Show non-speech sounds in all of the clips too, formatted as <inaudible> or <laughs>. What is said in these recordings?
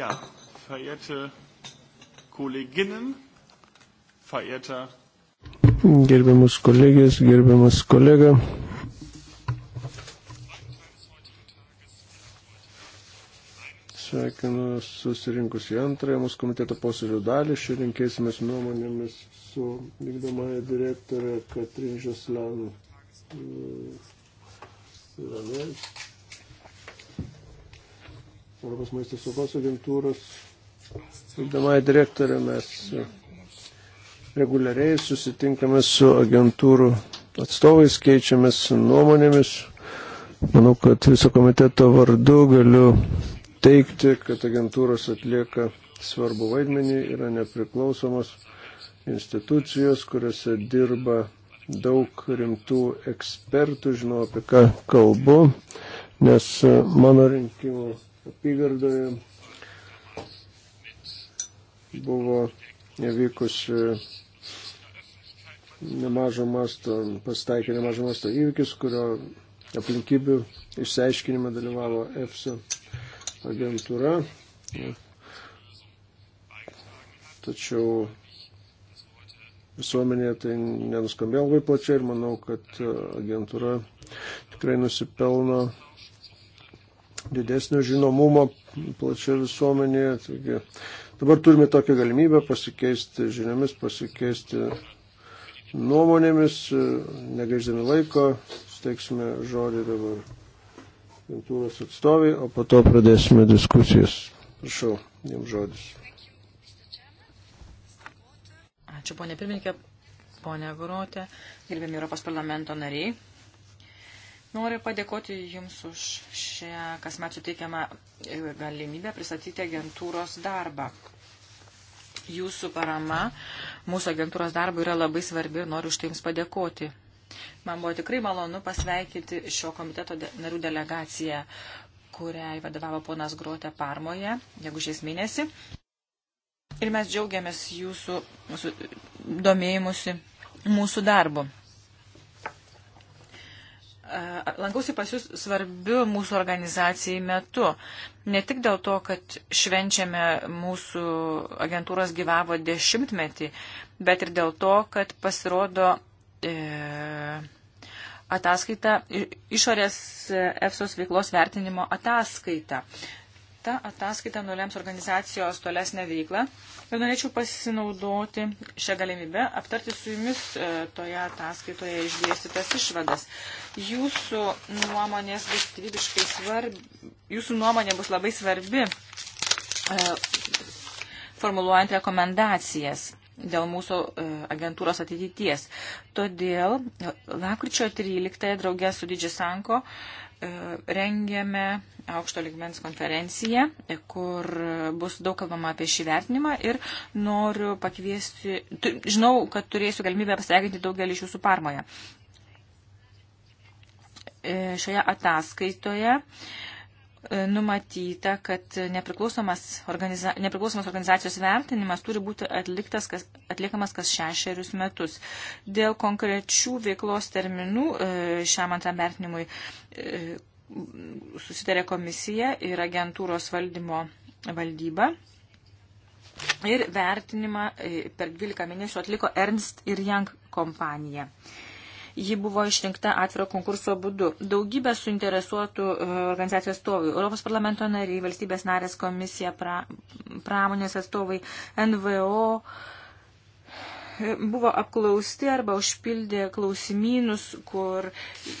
Ja, verehrte Kolleginnen, verehrter. Gerbiamas kolegės, gerbiamas kolega. Sveikinu susirinkus į antrąją mūsų komiteto posėdžių dalį. Šiandien keisimės nuomonėmis su vykdomąją direktorę Katrin Žaslan. Uh, Europos maisto saugos agentūros vykdomąją direktorę mes reguliariai susitinkame su agentūrų atstovais, keičiamės nuomonėmis. Manau, kad viso komiteto vardu galiu teikti, kad agentūros atlieka svarbu vaidmenį, yra nepriklausomos institucijos, kuriuose dirba daug rimtų ekspertų, žinau apie ką kalbu, nes mano rinkimų apygardoje buvo nevykusi nemažo masto, pasitaikė nemažo masto įvykis, kurio aplinkybių išsiaiškinime dalyvavo EFSA agentūra. Tačiau visuomenėje tai nenuskambėjo labai plačiai ir manau, kad agentūra tikrai nusipelno didesnio žinomumo plačia visuomenėje. Taigi, dabar turime tokią galimybę pasikeisti žiniomis, pasikeisti nuomonėmis, negaiždami laiko, steiksime žodį dabar agentūros atstoviai, o po to pradėsime diskusijas. Prašau, jums žodis. Ačiū, ponė pirmininkė, ponė Gurotė, gerbėmi Europos parlamento nariai. Noriu padėkoti Jums už šią kasmet suteikiamą e, galimybę pristatyti agentūros darbą. Jūsų parama mūsų agentūros darbui yra labai svarbi ir noriu už tai Jums padėkoti. Man buvo tikrai malonu pasveikinti šio komiteto de narių delegaciją, kuriai vadovavo ponas Gruotė Parmoje, jeigu šiais mėnesį. Ir mes džiaugiamės Jūsų domėjimusi mūsų darbu lankiausi pas jūs svarbiu mūsų organizacijai metu. Ne tik dėl to, kad švenčiame mūsų agentūros gyvavo dešimtmetį, bet ir dėl to, kad pasirodo e, ataskaita, išorės EFSOS veiklos vertinimo ataskaita. Ta ataskaita nulems organizacijos tolesnę veiklą ir norėčiau pasinaudoti šią galimybę aptarti su jumis e, toje ataskaitoje išdėstytas išvadas. E, jūsų nuomonės bus gyvybiškai svarbi, jūsų nuomonė bus labai svarbi e, formuluojant rekomendacijas dėl mūsų e, agentūros ateities. Todėl e, lakryčio 13 draugė su Didžisanko rengėme aukšto ligmens konferenciją, kur bus daug kalbama apie šį vertinimą ir noriu pakviesti, žinau, kad turėsiu galimybę pasveikinti daugelį iš jūsų parmoje. E, šioje ataskaitoje e, numatyta, kad nepriklausomas, organiza, nepriklausomas organizacijos vertinimas turi būti atliktas, kas, atliekamas kas šešerius metus. Dėl konkrečių veiklos terminų e, šiam antram vertinimui susitarė komisija ir agentūros valdymo valdyba. Ir vertinimą per 12 mėnesių atliko Ernst ir Young kompanija. Ji buvo išrinkta atviro konkurso būdu. Daugybė suinteresuotų e, organizacijų atstovų, Europos parlamento nariai, valstybės narės komisija, pra, pramonės atstovai, NVO buvo apklausti arba užpildė klausimynus, kur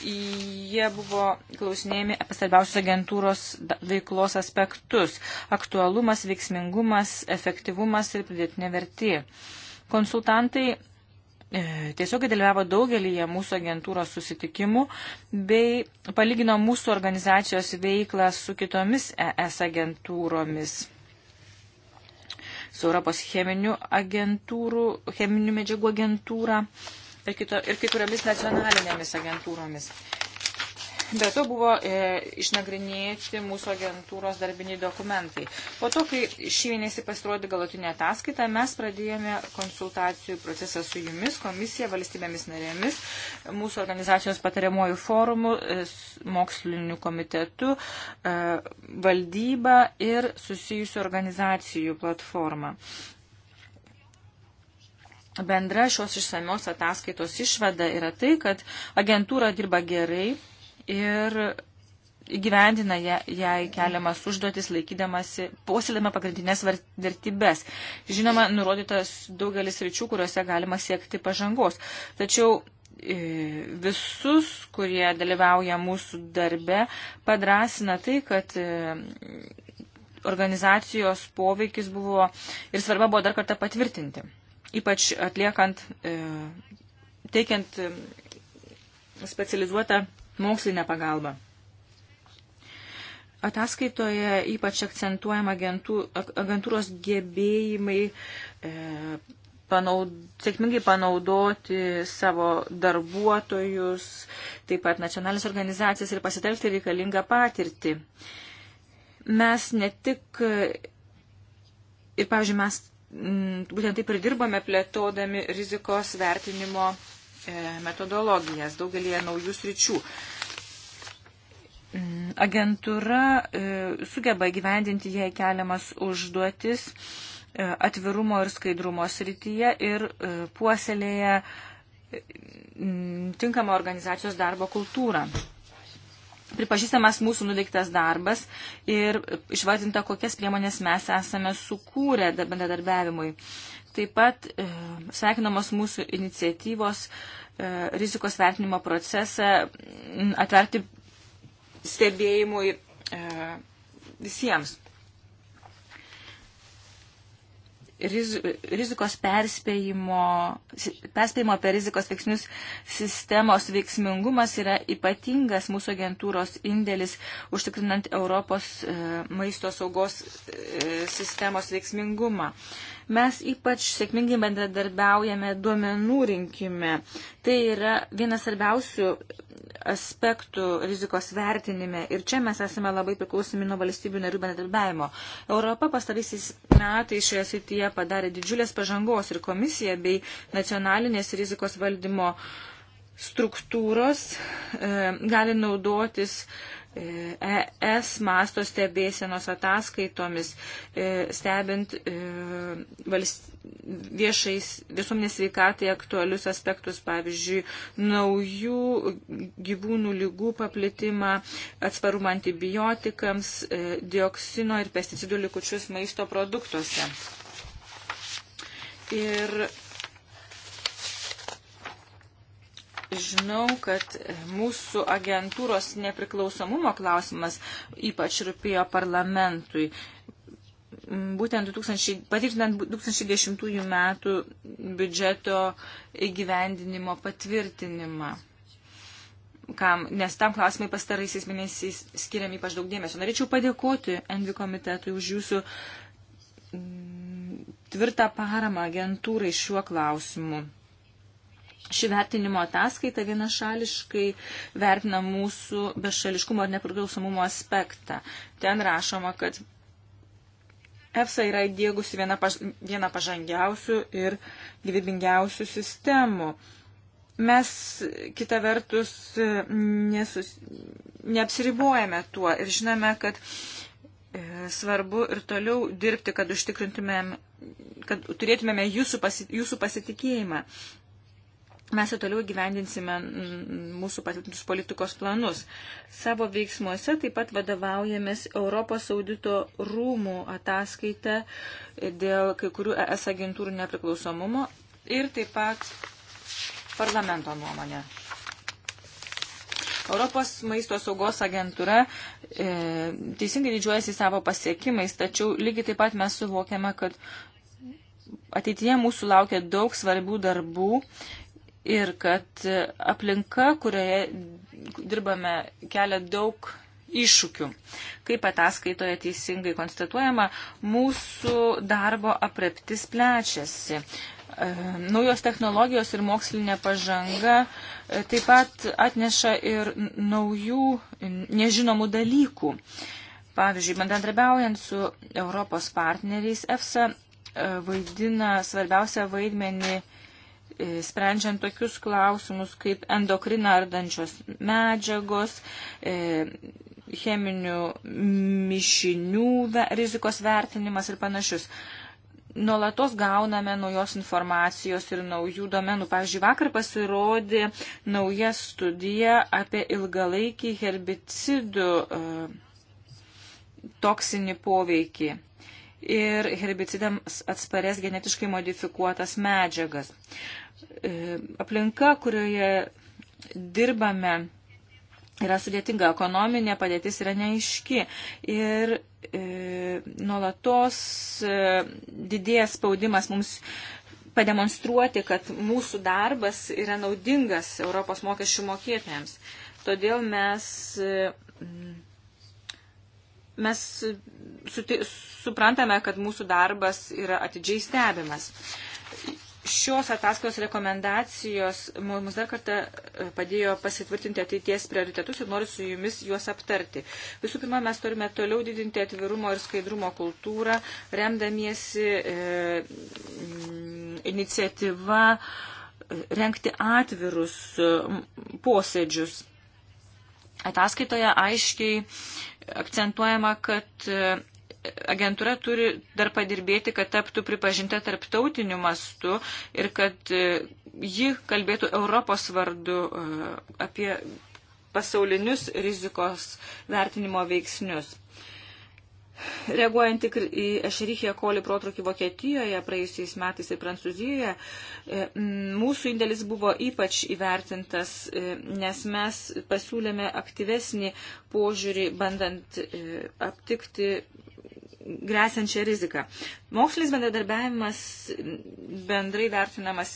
jie buvo klausinėjami apie svarbiausius agentūros veiklos aspektus - aktualumas, veiksmingumas, efektyvumas ir pridėtinė vertė. Konsultantai E, tiesiog dalyvavo daugelįje mūsų agentūros susitikimų bei palygino mūsų organizacijos veiklą su kitomis ES agentūromis, su Europos cheminių, agentūrų, cheminių medžiagų agentūra ir, kito, ir kai kuriomis nacionalinėmis agentūromis. Be to buvo e, išnagrinėti mūsų agentūros darbiniai dokumentai. Po to, kai šį mėnesį pasirodė galutinė ataskaita, mes pradėjome konsultacijų procesą su jumis, komisija, valstybėmis narėmis, mūsų organizacijos patariamojų forumų, e, mokslinių komitetų, e, valdyba ir susijusių organizacijų platforma. Bendra šios išsamios ataskaitos išvada yra tai, kad agentūra dirba gerai ir gyvendina jai keliamas užduotis, laikydamasi, puoselėma pagrindinės vertybės. Žinoma, nurodytas daugelis ryčių, kuriuose galima siekti pažangos. Tačiau e, visus, kurie dalyvauja mūsų darbe, padrasina tai, kad e, organizacijos poveikis buvo ir svarba buvo dar kartą patvirtinti. Ypač atliekant, e, teikiant specializuotą mokslinę pagalbą. Ataskaitoje ypač akcentuojama agentų, agentūros gebėjimai e, panaud, sėkmingai panaudoti savo darbuotojus, taip pat nacionalinės organizacijas ir pasitelkti reikalingą patirtį. Mes ne tik, ir pavyzdžiui, mes būtent taip ir dirbame plėtodami rizikos vertinimo E, metodologijas daugelį naujų sričių. Mm, agentūra e, sugeba gyvendinti jai keliamas užduotis e, atvirumo ir skaidrumo srityje ir puoselėja mm, tinkamą organizacijos darbo kultūrą. Pripažįstamas mūsų nuveiktas darbas ir išvardinta, kokias priemonės mes esame sukūrę bendradarbiavimui. Taip pat e, sveikinamos mūsų iniciatyvos e, rizikos vertinimo procesą atverti stebėjimui e, visiems. Riz, rizikos perspėjimo, perspėjimo apie rizikos veiksnius sistemos veiksmingumas yra ypatingas mūsų agentūros indėlis, užtikrinant Europos e, maisto saugos e, sistemos veiksmingumą. E, Mes ypač sėkmingai bendradarbiaujame duomenų rinkime. Tai yra vienas svarbiausių aspektų rizikos vertinime ir čia mes esame labai priklausomi nuo valstybių narių bendradarbiavimo. Europa pastaraisiais metais šioje srityje padarė didžiulės pažangos ir komisija bei nacionalinės rizikos valdymo struktūros e, gali naudotis e, E, ES masto stebėsienos ataskaitomis, e, stebint e, viešais, visuomenės sveikatai aktualius aspektus, pavyzdžiui, naujų gyvūnų lygų paplitimą, atsparumą antibiotikams, dioksino ir pesticidų likučius maisto produktuose. Ir žinau, kad mūsų agentūros nepriklausomumo klausimas ypač rūpėjo parlamentui. Būtent 2000, patikrinant 2010 metų biudžeto įgyvendinimo patvirtinimą. Kam, nes tam klausimai pastaraisiais mėnesiais skiriam ypač daug dėmesio. Norėčiau padėkoti Envi komitetui už jūsų mm, tvirtą paramą agentūrai šiuo klausimu. Ši vertinimo ataskaita vienašališkai vertina mūsų bešališkumo ir nepriklausomumo aspektą. Ten rašoma, kad EFSA yra įdėgusi vieną, paž vieną pažangiausių ir gyvybingiausių sistemų. Mes kitą vertus nesus, neapsiribuojame tuo ir žinome, kad e, svarbu ir toliau dirbti, kad užtikrintumėm, kad turėtumėme jūsų, pasi, jūsų pasitikėjimą mes ir toliau gyvendinsime mm, mūsų patvirtintus politikos planus. Savo veiksmuose taip pat vadovaujamės Europos audito rūmų ataskaitą dėl kai kurių ES agentūrų nepriklausomumo ir taip pat parlamento nuomonė. Europos maisto saugos agentūra e, teisingai didžiuojasi savo pasiekimais, tačiau lygiai taip pat mes suvokiame, kad ateityje mūsų laukia daug svarbių darbų ir kad aplinka, kurioje dirbame, kelia daug iššūkių. Kaip ataskaitoje teisingai konstatuojama, mūsų darbo apreptis plečiasi. Ehm, naujos technologijos ir mokslinė pažanga e, taip pat atneša ir naujų nežinomų dalykų. Pavyzdžiui, bendradarbiaujant su Europos partneriais, EFSA e, vaidina svarbiausią vaidmenį E, sprendžiant tokius klausimus kaip endokriną ardančios medžiagos, e, cheminių mišinių rizikos vertinimas ir panašius. Nuolatos gauname naujos informacijos ir naujų domenų. Pavyzdžiui, vakar pasirodė nauja studija apie ilgalaikį herbicidų e, toksinį poveikį ir herbicidams atsparias genetiškai modifikuotas medžiagas. E, aplinka, kurioje dirbame, yra sudėtinga, ekonominė padėtis yra neaiški ir e, nuolatos e, didėjęs spaudimas mums pademonstruoti, kad mūsų darbas yra naudingas Europos mokesčių mokėtojams. Todėl mes, e, mes suti, suprantame, kad mūsų darbas yra atidžiai stebimas. E, Šios ataskaitos rekomendacijos mums dar kartą e, padėjo pasitvirtinti ateities prioritetus ir noriu su jumis juos aptarti. Visų pirma, mes turime toliau didinti atvirumo ir skaidrumo kultūrą, remdamiesi e, iniciatyva e, renkti atvirus e, posėdžius. Ataskaitoje aiškiai akcentuojama, kad agentūra turi dar padirbėti, kad taptų pripažinta tarptautiniu mastu ir kad e, ji kalbėtų Europos vardu e, apie pasaulinius rizikos vertinimo veiksnius. Reaguojant tik į Ešerichę kolį protrukį Vokietijoje praėjusiais metais ir Prancūzijoje, e, mūsų indėlis buvo ypač įvertintas, nes mes pasiūlėme aktyvesnį požiūrį, bandant aptikti grėsiančią riziką. Mokslinis bendradarbiavimas bendrai vertinamas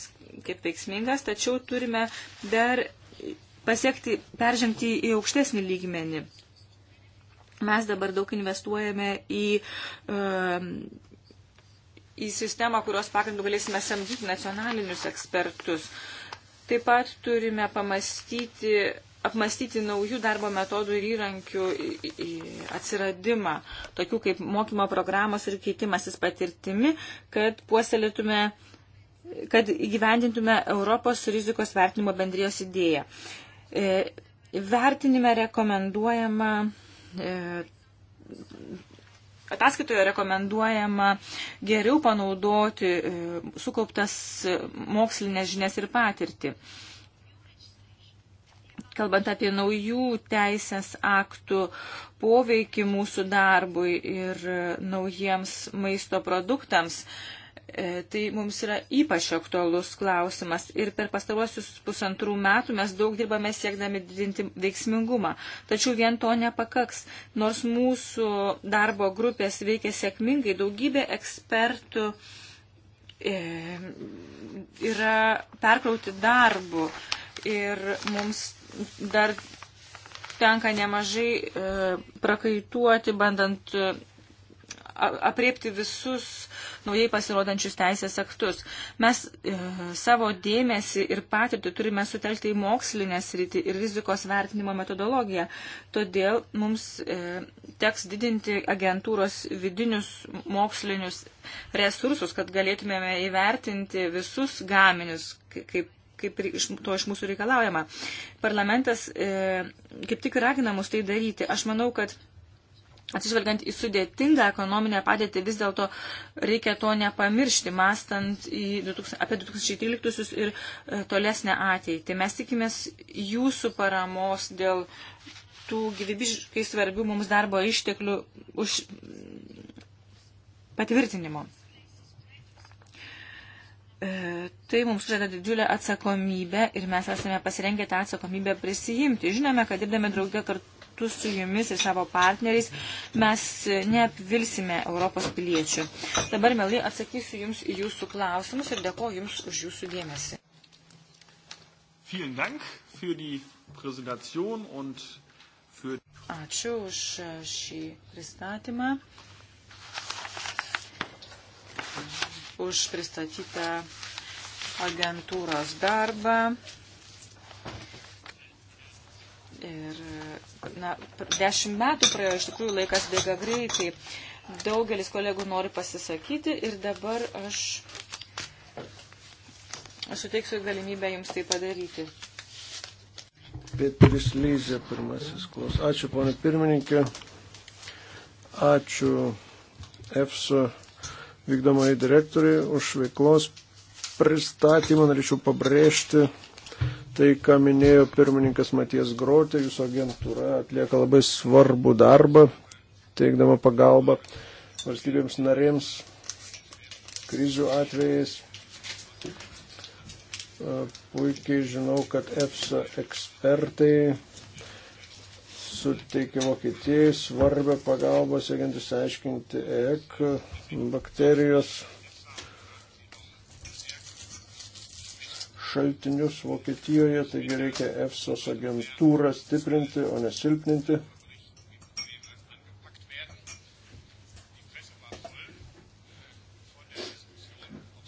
kaip veiksmingas, tačiau turime dar pasiekti, peržengti į aukštesnį lygmenį. Mes dabar daug investuojame į, um, į sistemą, kurios pagrindų galėsime samdyti nacionalinius ekspertus. Taip pat turime pamastyti apmastyti naujų darbo metodų ir įrankių atsiradimą, tokių kaip mokymo programos ir keitimasis patirtimi, kad puoselėtume kad įgyvendintume Europos rizikos vertinimo bendrijos idėją. E, vertinime rekomenduojama, e, ataskaitoje rekomenduojama geriau panaudoti e, sukauptas mokslinės žinias ir patirtį kalbant apie naujų teisės aktų poveikį mūsų darbui ir naujiems maisto produktams. E, tai mums yra ypač aktualus klausimas ir per pastaruosius pusantrų metų mes daug dirbame siekdami didinti veiksmingumą. Tačiau vien to nepakaks. Nors mūsų darbo grupės veikia sėkmingai, daugybė ekspertų e, yra perkrauti darbu ir mums dar tenka nemažai e, prakaituoti, bandant e, apriepti visus naujai pasirodančius teisės aktus. Mes e, savo dėmesį ir patirtį turime sutelkti į mokslinę sritį ir rizikos vertinimo metodologiją. Todėl mums e, teks didinti agentūros vidinius mokslinius resursus, kad galėtumėme įvertinti visus gaminius, kaip kaip iš, to iš mūsų reikalaujama. Parlamentas e, kaip tik ragina mus tai daryti. Aš manau, kad Atsižvelgiant į sudėtingą ekonominę padėtį, vis dėlto reikia to nepamiršti, mastant 2000, apie 2013 ir e, tolesnę ateitį. Mes tikimės jūsų paramos dėl tų gyvybiškai svarbių mums darbo išteklių už patvirtinimo. E, tai mums žada didžiulę atsakomybę ir mes esame pasirengę tą atsakomybę prisijimti. Žinome, kad dirbdami draugę kartu su jumis ir savo partneriais mes neapvilsime Europos piliečių. Dabar, melai, atsakysiu jums į jūsų klausimus ir dėkoju jums už jūsų dėmesį. Vielen Dank für die Präsentation und für Ačiū už šį pristatymą už pristatytą agentūros darbą. Ir, na, dešimt metų praėjo, iš tikrųjų laikas bėga greitai. Daugelis kolegų nori pasisakyti ir dabar aš, aš suteiksiu galimybę jums tai padaryti. Petris Lyzė pirmasis klaus. Ačiū, ponė pirmininkė. Ačiū EFSA vykdomai direktoriai už veiklos pristatymą. Norėčiau pabrėžti tai, ką minėjo pirmininkas Matijas Grotė. Jūsų agentūra atlieka labai svarbų darbą, teikdama pagalbą valstybėms narėms krizių atvejais. Puikiai žinau, kad EFSA ekspertai suteikė Vokietijai svarbę pagalbą siekiant išsiaiškinti EK bakterijos šaltinius Vokietijoje, taigi reikia EFSOS agentūrą stiprinti, o nesilpninti.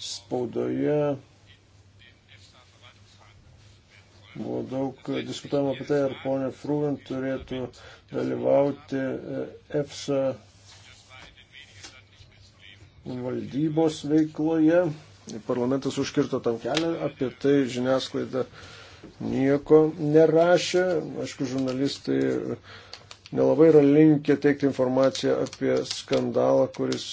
Spaudoje Buvo daug diskutavimo apie tai, ar ponė Frūvin turėtų dalyvauti e, EFSA valdybos veikloje. Parlamentas užkirto tam kelią, apie tai žiniasklaida nieko nerašė. Aišku, žurnalistai nelabai yra linkę teikti informaciją apie skandalą, kuris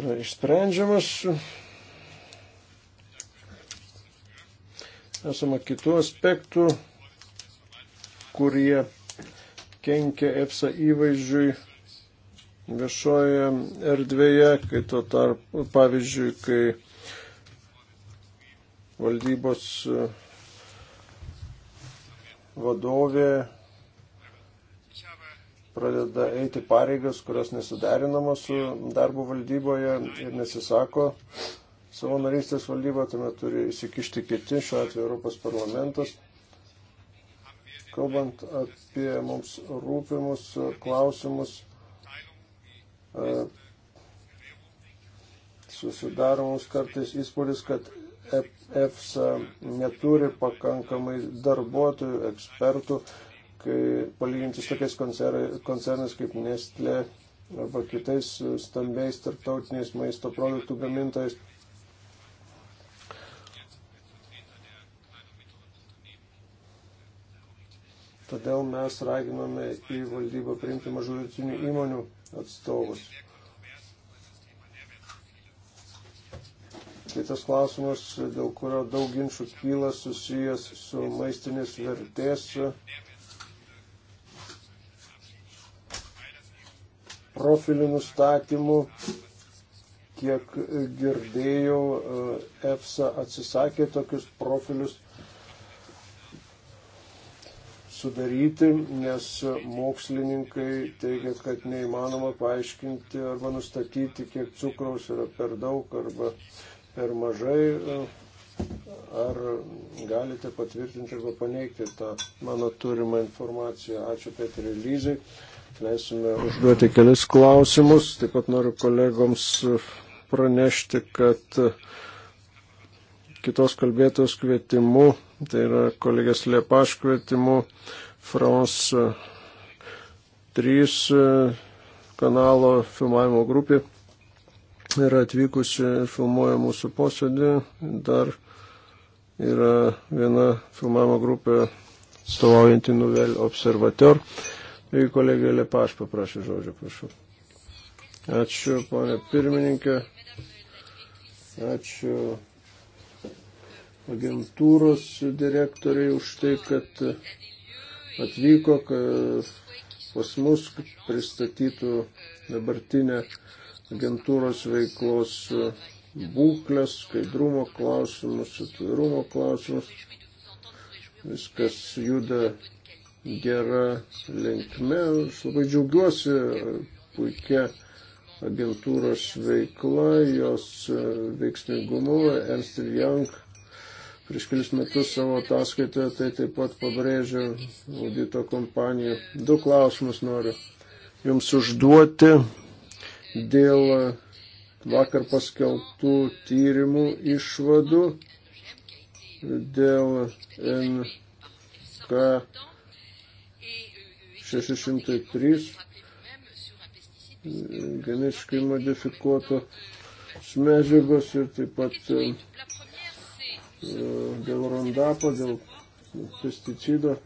yra išsprendžiamas. esama kitų aspektų, kurie kenkia EPSA įvaizdžiui viešoje erdvėje, kai tuo tarpu, pavyzdžiui, kai valdybos e, vadovė pradeda eiti pareigas, kurios nesuderinamos su darbo valdyboje ir nesisako savo narystės valdybą, tuomet turi įsikišti kiti, šiuo atveju Europos parlamentas. Kalbant apie mums rūpimus klausimus, e, susidaro mums kartais įspūdis, kad EFSA neturi pakankamai darbuotojų, ekspertų, kai palyginti su tokiais koncernais kaip Nestle arba kitais stambiais tarptautiniais maisto produktų gamintojais. Todėl mes raginame į valdybą priimti mažoritinių įmonių atstovus. Kitas klausimas, dėl kurio daug ginčių kyla, susijęs su maistinės vertės profilių nustatymu. Kiek girdėjau, e, EFSA atsisakė tokius profilius sudaryti, nes mokslininkai teigia, kad neįmanoma paaiškinti arba nustatyti, kiek cukraus yra per daug arba per mažai. Ar galite patvirtinti arba paneigti tą mano turimą informaciją? Ačiū Petriui Lyzai. Leisime užduoti kelis klausimus. Taip pat noriu kolegoms pranešti, kad uh, kitos kalbėtos kvietimu, tai yra kolegės Liepaš kvietimu, France 3 e, kanalo filmavimo grupė yra atvykusi ir filmuoja mūsų posėdį. Dar yra viena filmavimo grupė stovaujanti Nuvel Observator. Taigi kolegė Lepaš paprašė žodžio, prašau. Ačiū, ponė pirmininkė. Ačiū agentūros direktoriai už tai, kad atvyko kad pas mus, pristatytų dabartinę agentūros veiklos būklės, skaidrumo klausimus, atvirumo klausimus. Viskas juda gera linkme. Aš labai džiaugiuosi puikia agentūros veikla, jos veiksmingumu. Ernst Young prieš kelis metus savo ataskaitoje, tai taip pat pabrėžia audito kompanija. Du klausimus noriu jums užduoti dėl vakar paskelbtų tyrimų išvadų, dėl NK 603 geniškai modifikuotos medžiagos ir taip pat dėl rondapo, dėl pesticido.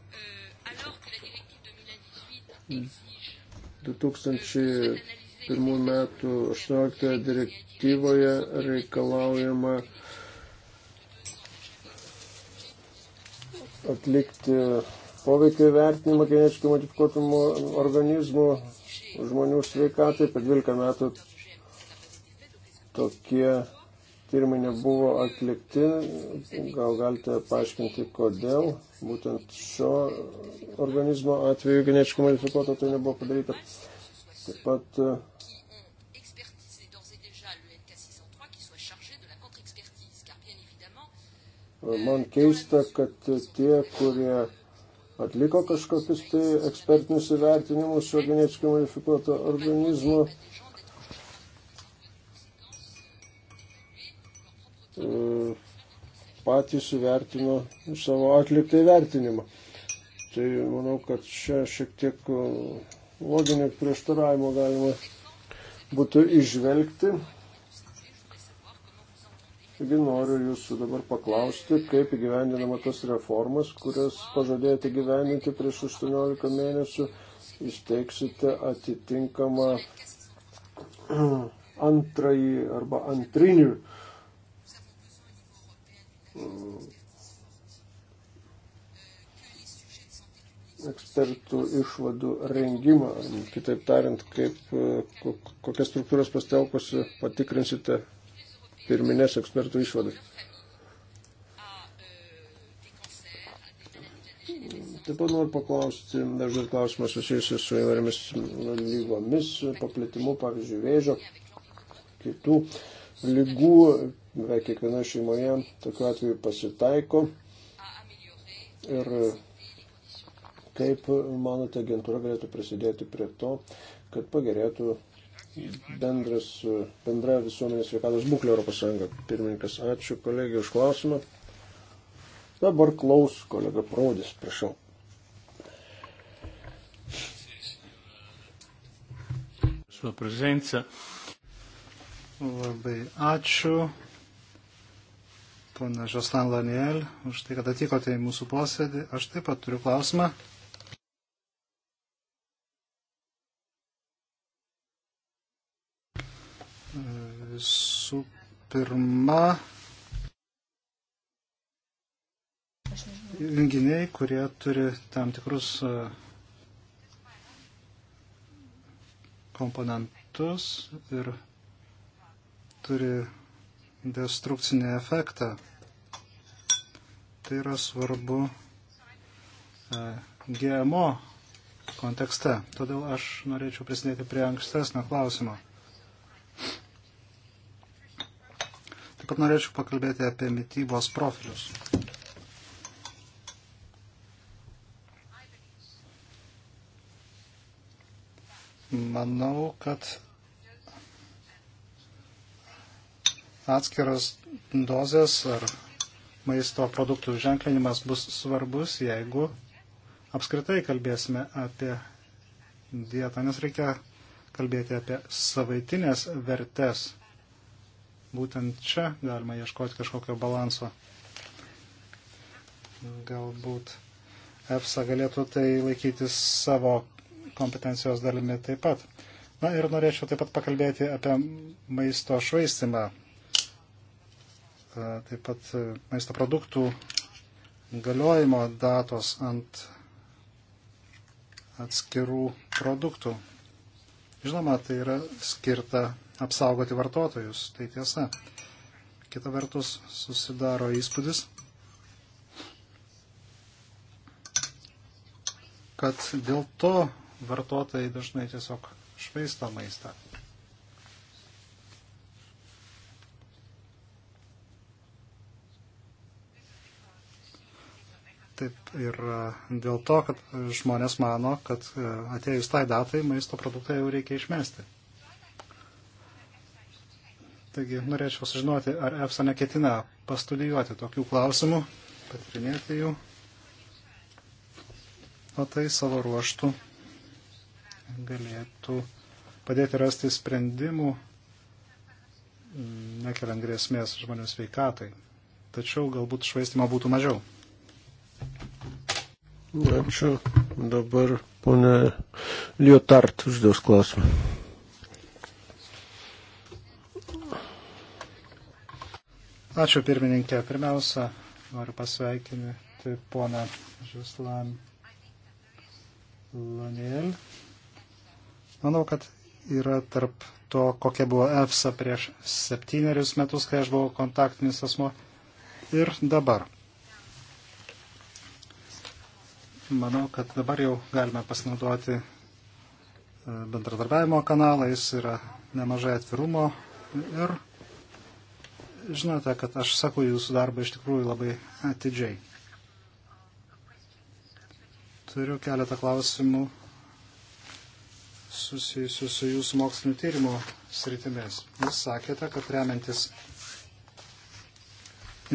2001 metų 18 direktyvoje reikalaujama atlikti poveikį vertinimą genetiškai modifikuotų organizmų žmonių sveikatai. Per 12 metų tokie tyrimai nebuvo atlikti. Gal galite paaiškinti, kodėl būtent šio organizmo atveju genetiškai modifikuoto tai nebuvo padaryta. Taip pat e, man keista, kad tie, kurie atliko kažkokius tai ekspertinius įvertinimus šio genetiškai modifikuoto organizmo, E, patys suvertino savo atliktą įvertinimą. Tai manau, kad čia šiek tiek e, loginio prieštaravimo galima būtų išvelgti. Taigi noriu jūsų dabar paklausti, kaip įgyvendinama tas reformas, kurias pažadėjote gyveninti prieš 18 mėnesių, įsteigsite atitinkamą <clears throat> antrąjį arba antrinių ekspertų išvadų rengimą. Kitaip tariant, kaip, e, kokias struktūras pastelkus patikrinsite pirminės ekspertų išvadas. Taip pat noriu paklausti, dažnai klausimas susijusi su įvairiamis lygomis, paplitimu, pavyzdžiui, vėžio, kitų lygų beveik kiekvienoje šeimoje tokiu atveju pasitaiko. Ir kaip manote, agentūra galėtų prisidėti prie to, kad pagerėtų bendras, bendra visuomenės sveikatos būklė Europos Sąjunga. Pirmininkas, ačiū kolegijai už klausimą. Dabar klaus kolega Prodis, prašau. sua prezenza. Labai ačiū pana Žostan Laniel, už tai, kad atvykote į mūsų posėdį. Aš taip pat turiu klausimą. Visų pirma, junginiai, kurie turi tam tikrus e, komponentus ir turi destrukcinį efektą. Tai yra svarbu e, GMO kontekste. Todėl aš norėčiau prisidėti prie ankstesnio klausimo. Taip pat norėčiau pakalbėti apie mytybos profilius. Manau, kad atskiros dozės ar maisto produktų ženklinimas bus svarbus, jeigu apskritai kalbėsime apie dietą, nes reikia kalbėti apie savaitinės vertes. Būtent čia galima ieškoti kažkokio balanso. Galbūt EFSA galėtų tai laikytis savo kompetencijos dalimi taip pat. Na ir norėčiau taip pat pakalbėti apie maisto švaistimą. E, taip pat e, maisto produktų galiojimo datos ant atskirų produktų. Žinoma, tai yra skirta apsaugoti vartotojus, tai tiesa. Kita vertus susidaro įspūdis, kad dėl to vartotojai dažnai tiesiog švaisto maistą. Taip yra e, dėl to, kad žmonės mano, kad e, atėjus tai datai maisto produktą jau reikia išmesti. Taigi norėčiau sužinoti, ar EFSA neketina pastudijuoti tokių klausimų, patirinėti jų. O tai savo ruoštų galėtų padėti rasti sprendimų, mm, nekeliant grėsmės žmonių sveikatai. Tačiau galbūt švaistimo būtų mažiau. Ačiū. Dabar ponė Liotart uždės klausimą. Ačiū pirmininkė. Pirmiausia, noriu pasveikinti poną Žuslan Lanėl. Manau, kad yra tarp to, kokia buvo EFSA prieš septynerius metus, kai aš buvau kontaktinis asmo, ir dabar. Manau, kad dabar jau galime pasinaudoti e, bendradarbiavimo kanalais, yra nemažai atvirumo ir žinote, kad aš sakau jūsų darbą iš tikrųjų labai atidžiai. Turiu keletą klausimų susijusių su jūsų mokslinių tyrimų sritimis. Jūs sakėte, kad remiantis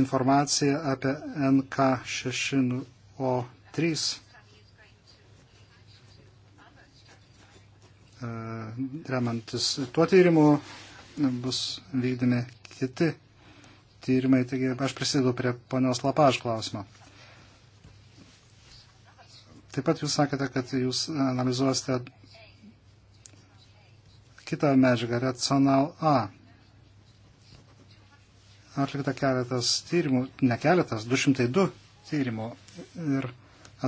informacija apie NK6O3 E, remantis tuo tyrimu bus vykdomi kiti tyrimai. Taigi aš prisidedu prie ponios Lapaž klausimo. Taip pat jūs sakėte, kad jūs analizuosite kitą medžiagą, Rational A. Atlikta keletas tyrimų, ne keletas, 202 tyrimų ir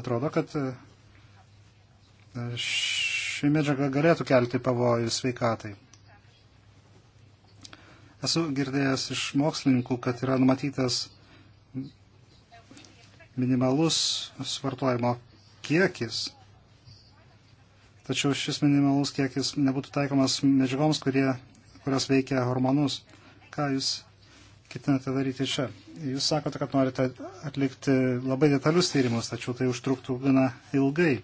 atrodo, kad e, š ši medžiaga galėtų kelti pavojų sveikatai. Esu girdėjęs iš mokslininkų, kad yra numatytas minimalus suvartojimo kiekis. Tačiau šis minimalus kiekis nebūtų taikomas medžiagoms, kurie, kurios veikia hormonus. Ką jūs ketinate daryti čia? Jūs sakote, kad norite atlikti labai detalius tyrimus, tačiau tai užtruktų gana ilgai.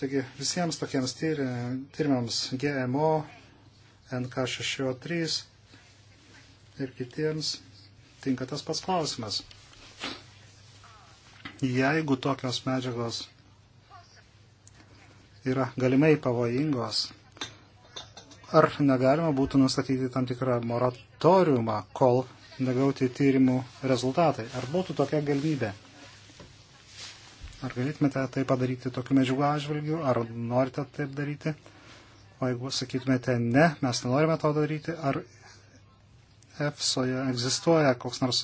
Taigi visiems tokiems tyrimams GMO, NK603 ir kitiems tinka tas pats klausimas. Jeigu tokios medžiagos yra galimai pavojingos, ar negalima būtų nustatyti tam tikrą moratoriumą, kol negauti tyrimų rezultatai? Ar būtų tokia galimybė? Ar galėtumėte tai padaryti tokių medžiagų atžvilgių, ar norite taip daryti? O jeigu sakytumėte ne, mes nenorime to daryti, ar EFSOje egzistuoja koks nors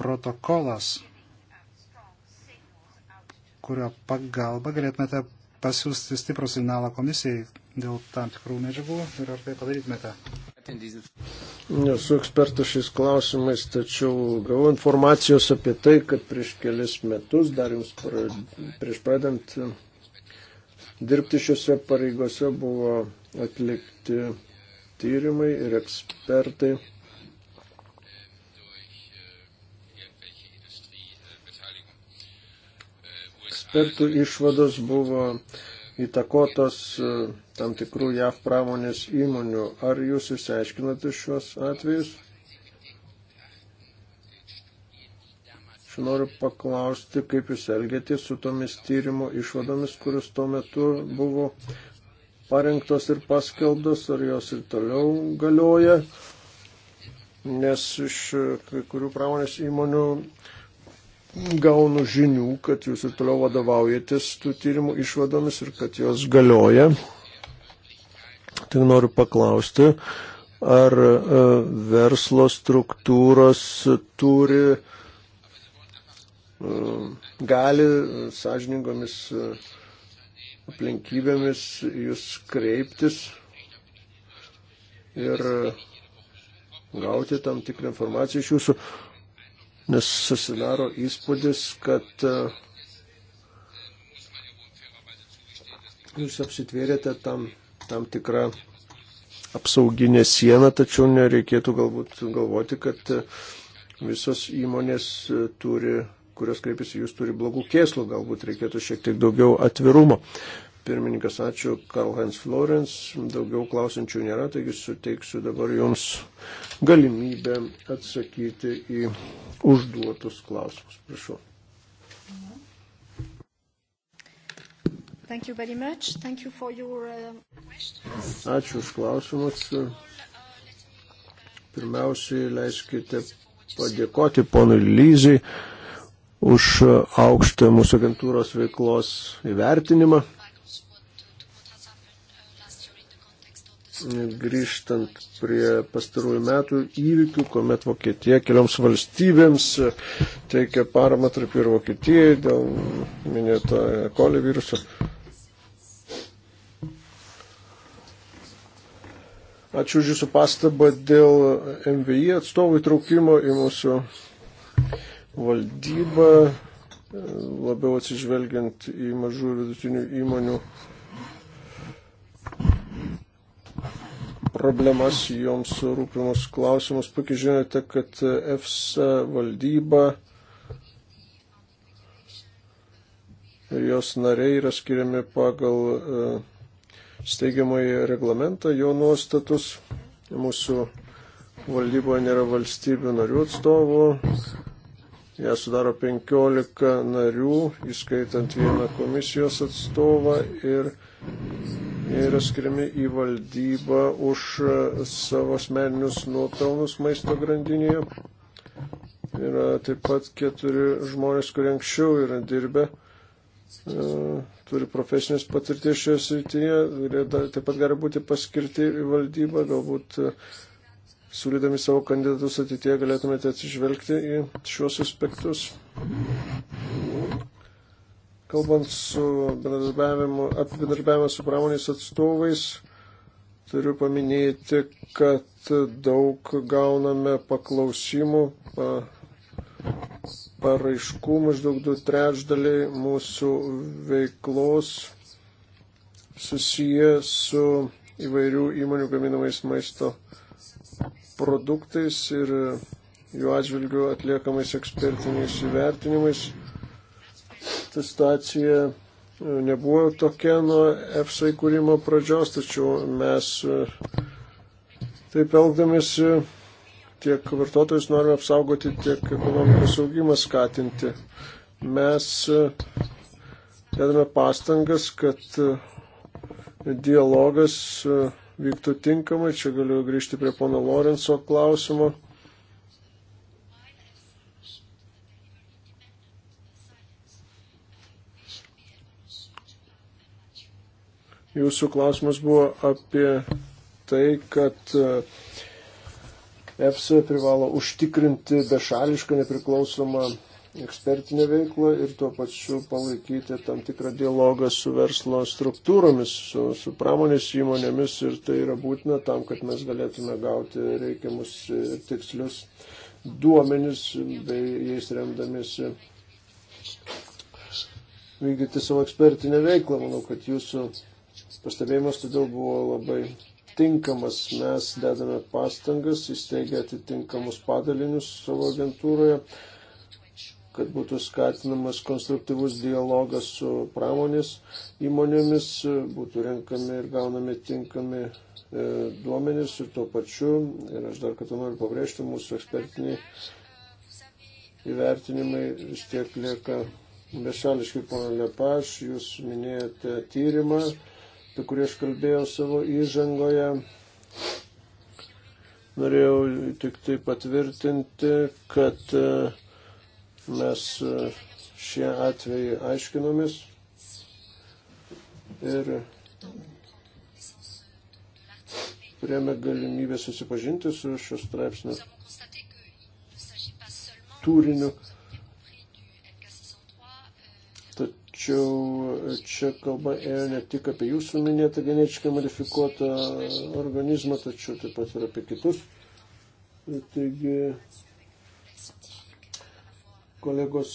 protokolas, kurio pagalba galėtumėte pasiūsti stiprų signalą komisijai dėl tam tikrų medžiagų ir ar tai padarytumėte? nesu ekspertas šiais klausimais, tačiau gavau informacijos apie tai, kad prieš kelis metus, dar jums pra, prieš pradant dirbti šiuose pareigose, buvo atlikti tyrimai ir ekspertai. Ekspertų išvados buvo įtakotos e, tam tikrų JAV pramonės įmonių. Ar jūs išsiaiškinote šios atvejus? Aš noriu paklausti, kaip jūs elgėtės su tomis tyrimo išvadomis, kuris tuo metu buvo parengtos ir paskelbtos, ar jos ir toliau galioja, nes iš kai kurių pramonės įmonių gaunu žinių, kad jūs ir toliau vadovaujatės tų tyrimų išvadomis ir kad jos galioja. Tik noriu paklausti, ar e, verslo struktūros turi, e, gali sąžiningomis e, aplinkybėmis jūs kreiptis ir gauti tam tikrą informaciją iš jūsų nes susidaro įspūdis, kad e, jūs apsitvėrėte tam, tam tikrą apsauginę sieną, tačiau nereikėtų galbūt galvoti, kad e, visos įmonės e, turi, kurios kreipiasi jūs, turi blogų kėslų, galbūt reikėtų šiek tiek daugiau atvirumo. Pirmininkas, ačiū Karl-Heinz Florence, daugiau klausinčių nėra, taigi suteiksiu dabar jums galimybę atsakyti į užduotus klausimus. Prašau. Thank you very much. Thank you for your questions. Uh, Ačiū už klausimus. Pirmiausiai leiskite padėkoti ponui Lyzai už aukštą mūsų agentūros veiklos įvertinimą. grįžtant prie pastarųjų metų įvykių, kuomet Vokietija kelioms valstybėms teikia paramą tarp ir Vokietijai dėl minėto kolio e. viruso. Ačiū už Jūsų pastabą dėl MVI atstovų įtraukimo į mūsų valdybą, labiau atsižvelgiant į mažų ir vidutinių įmonių problemas, joms rūpimus klausimus. Puikiai žinote, kad EFSA valdyba ir jos nariai yra skiriami pagal e, steigiamąjį reglamentą, jo nuostatus. Mūsų valdyboje nėra valstybių narių atstovų, ją sudaro 15 narių, įskaitant vieną komisijos atstovą ir yra skiriami į valdybą už e, savo asmeninius nuopelnus maisto grandinėje. Yra taip pat keturi žmonės, kurie anksčiau yra dirbę, e, turi profesinės patirties šioje srityje, kurie taip pat gali būti paskirti į valdybą, galbūt e, siūlydami savo kandidatus ateitie galėtumėte atsižvelgti į šiuos aspektus. Kalbant su bendradarbiavimu su pramonės atstovais, turiu paminėti, kad daug gauname paklausimų, pa, paraiškų, maždaug du trečdaliai mūsų veiklos susiję su įvairių įmonių gaminamais maisto produktais ir jų atžvilgių atliekamais ekspertiniais įvertinimais ta situacija e, nebuvo tokia nuo EFSA įkūrimo pradžios, tačiau mes e, taip elgdamėsi tiek vartotojus norime apsaugoti, tiek ekonomikos augimą skatinti. Mes e, dedame pastangas, kad dialogas vyktų tinkamai. Čia galiu grįžti prie pono Lorenzo klausimo. Jūsų klausimas buvo apie tai, kad EFSA privalo užtikrinti bešališką nepriklausomą ekspertinę veiklą ir tuo pačiu palaikyti tam tikrą dialogą su verslo struktūromis, su, su pramonės įmonėmis ir tai yra būtina tam, kad mes galėtume gauti reikiamus ir e, tikslius duomenis bei jais remdamėsi vykdyti savo ekspertinę veiklą. Manau, kad jūsų pastebėjimas todėl buvo labai tinkamas. Mes dedame pastangas, įsteigę atitinkamus padalinius savo agentūroje, kad būtų skatinamas konstruktyvus dialogas su pramonės įmonėmis, būtų renkami ir gaunami tinkami e, duomenys ir tuo pačiu, ir aš dar kartą noriu pabrėžti, mūsų ekspertiniai įvertinimai vis tiek lieka bešališkai, pana Lepaš, jūs minėjote tyrimą apie kurį aš kalbėjau savo įžangoje. Norėjau tik tai patvirtinti, kad e, mes e, šie atvejai aiškinomis ir turėjome galimybę susipažinti su šios straipsnio turiniu. tačiau čia kalba ėjo ne tik apie jūsų minėtą genetiškai modifikuotą organizmą, tačiau taip pat ir apie kitus. Taigi, kolegos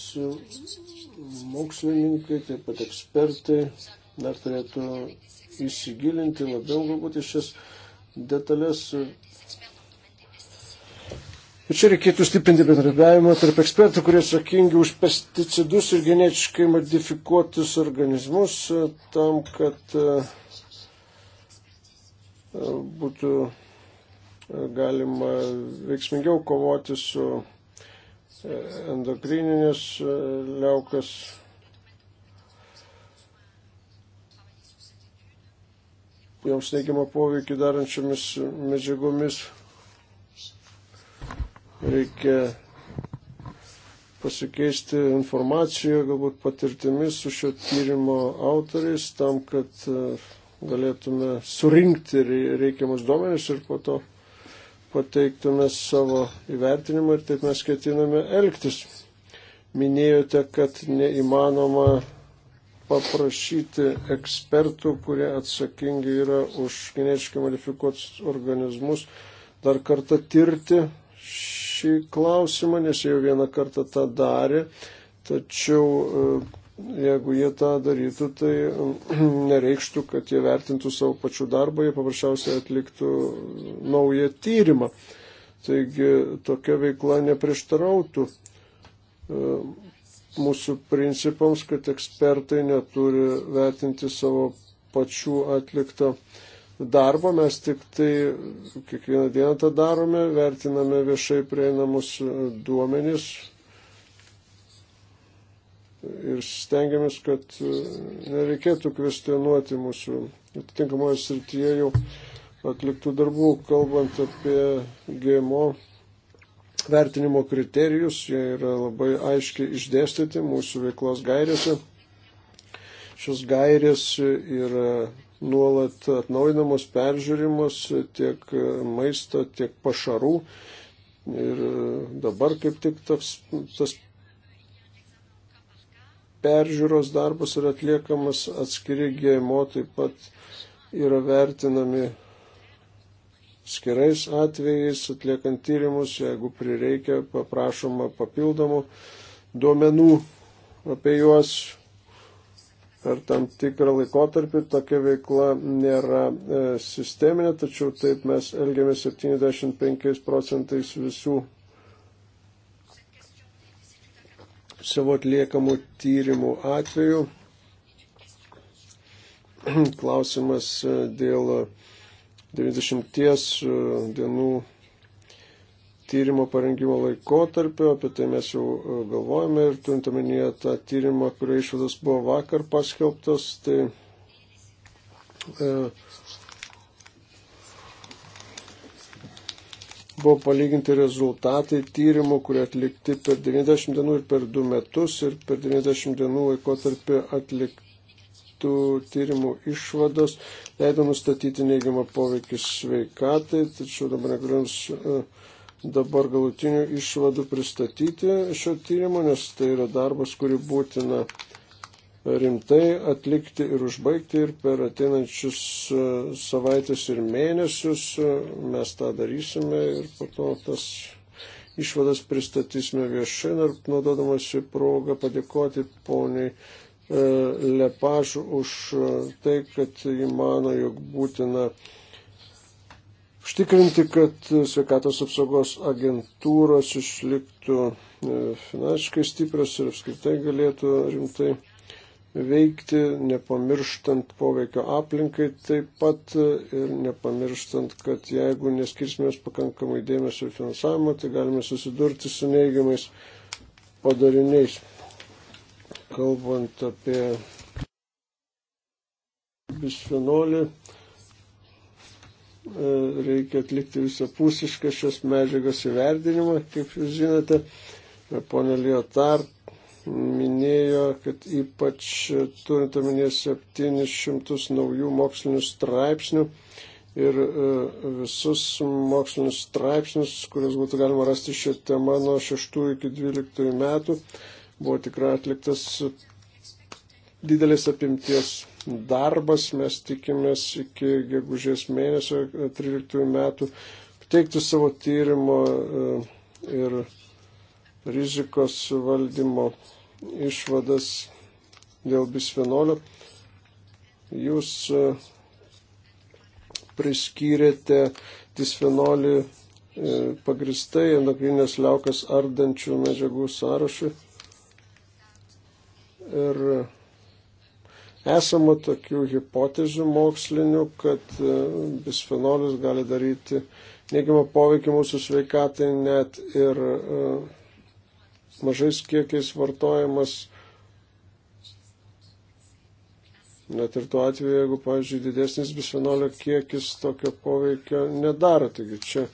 mokslininkai, taip pat ekspertai dar turėtų įsigilinti labiau galbūt iš šias detalės Ir čia reikėtų stiprinti bendradarbiavimą tarp ekspertų, kurie atsakingi už pesticidus ir genetiškai modifikuotus organizmus, e, tam, kad e, e, būtų galima veiksmingiau kovoti su endokrininės liaukas. joms neigiamą poveikį darančiomis medžiagomis Reikia pasikeisti informaciją, galbūt patirtimis su šio tyrimo autoriais, tam, kad e, galėtume surinkti reikiamus duomenis ir po to pateiktume savo įvertinimą ir taip mes ketiname elgtis. Minėjote, kad neįmanoma paprašyti ekspertų, kurie atsakingi yra už genetiškai modifikuotus organizmus, dar kartą tirti šį klausimą, nes jau vieną kartą tą darė, tačiau e, jeigu jie tą darytų, tai e, <clears throat> nereikštų, kad jie vertintų savo pačių darbą, jie paprasčiausiai atliktų naują tyrimą. Taigi tokia veikla neprieštarautų e, mūsų principams, kad ekspertai neturi vertinti savo pačių atlikto tyrimą darbo, mes tik tai kiekvieną dieną tą darome, vertiname viešai prieinamus e, duomenys ir stengiamės, kad e, nereikėtų kvestionuoti mūsų atitinkamoje srityje jau atliktų darbų, kalbant apie GMO vertinimo kriterijus, jie yra labai aiškiai išdėstyti mūsų veiklos gairėse. Šios gairės yra nuolat atnaujinamos, peržiūrimos tiek maisto, tiek pašarų. Ir dabar kaip tik toks, tas peržiūros darbas yra atliekamas atskiri gėjimo, taip pat yra vertinami skirais atvejais, atliekant tyrimus, jeigu prireikia, paprašoma papildomų duomenų apie juos per tam tikrą laikotarpį. Tokia veikla nėra e, sisteminė, tačiau taip mes elgiamės 75 procentais visų savo atliekamų tyrimų atveju. <clears throat> Klausimas e, dėl 90 e, dienų tyrimo parengimo laikotarpio, apie tai mes jau e, galvojame ir turint omenyje tą tyrimą, kurio išvados buvo vakar paskelbtos, tai e, buvo palyginti rezultatai tyrimų, kurie atlikti per 90 dienų ir per 2 metus ir per 90 dienų laikotarpį atlikti tų tyrimų išvados leido nustatyti neigiamą poveikį sveikatai, tačiau dabar negaliu jums e, dabar galutinių išvadų pristatyti šio tyrimo, nes tai yra darbas, kurį būtina rimtai atlikti ir užbaigti ir per ateinančius e, savaitės ir mėnesius e, mes tą darysime ir po to tas išvadas pristatysime viešai ir naudodamasi progą padėkoti poniai e, Lepaž už tai, kad įmano, jog būtina užtikrinti, kad sveikatos apsaugos agentūros išliktų e, finansiškai stiprios ir apskritai galėtų rimtai veikti, nepamirštant poveikio aplinkai taip pat e, ir nepamirštant, kad jeigu neskirsime pakankamai dėmesio ir finansavimo, tai galime susidurti su neigiamais padariniais. Kalbant apie bisfenolį, E, reikia atlikti visapusišką šios medžiagos įverdinimą, kaip jūs žinote. E, pone Liotar minėjo, kad ypač turint omenyje 700 naujų mokslinių straipsnių ir e, visus mokslinius straipsnius, kuriuos būtų galima rasti šią temą nuo 6 iki 12 metų, buvo tikrai atliktas didelės apimties darbas. Mes tikimės iki gegužės mėnesio 13 e, metų pateikti savo tyrimo e, ir rizikos valdymo išvadas dėl bisfenolio. Jūs e, priskyrėte disfenolį pagristai endokrinės liaukas ardančių medžiagų sąrašui. Ir Esama tokių hipotezių mokslinių, kad e, bisfenolis gali daryti neigiamą poveikį mūsų sveikatai net ir e, mažais kiekiais vartojamas, net ir tuo atveju, jeigu, pavyzdžiui, didesnis bisfenolio kiekis tokio poveikio nedaro. Taigi čia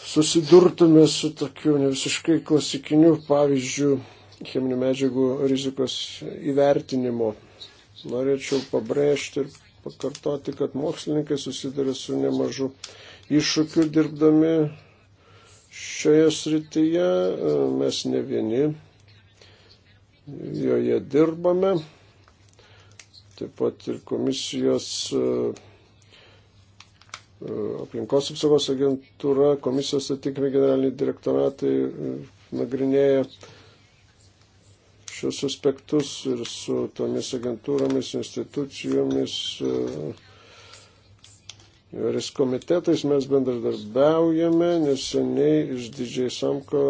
susidurtume su tokiu ne visiškai klasikiniu pavyzdžiu cheminių medžiagų rizikos įvertinimo. Norėčiau pabrėžti ir pakartoti, kad mokslininkai susiduria su nemažu iššūkiu dirbdami šioje srityje. Mes ne vieni joje dirbame. Taip pat ir komisijos aplinkos apsaugos agentūra, komisijos atitinkami generaliniai direktoratai nagrinėja šios aspektus ir su tomis agentūromis, institucijomis, e, įvairiais komitetais mes bendradarbiaujame. Neseniai iš didžiai Samko,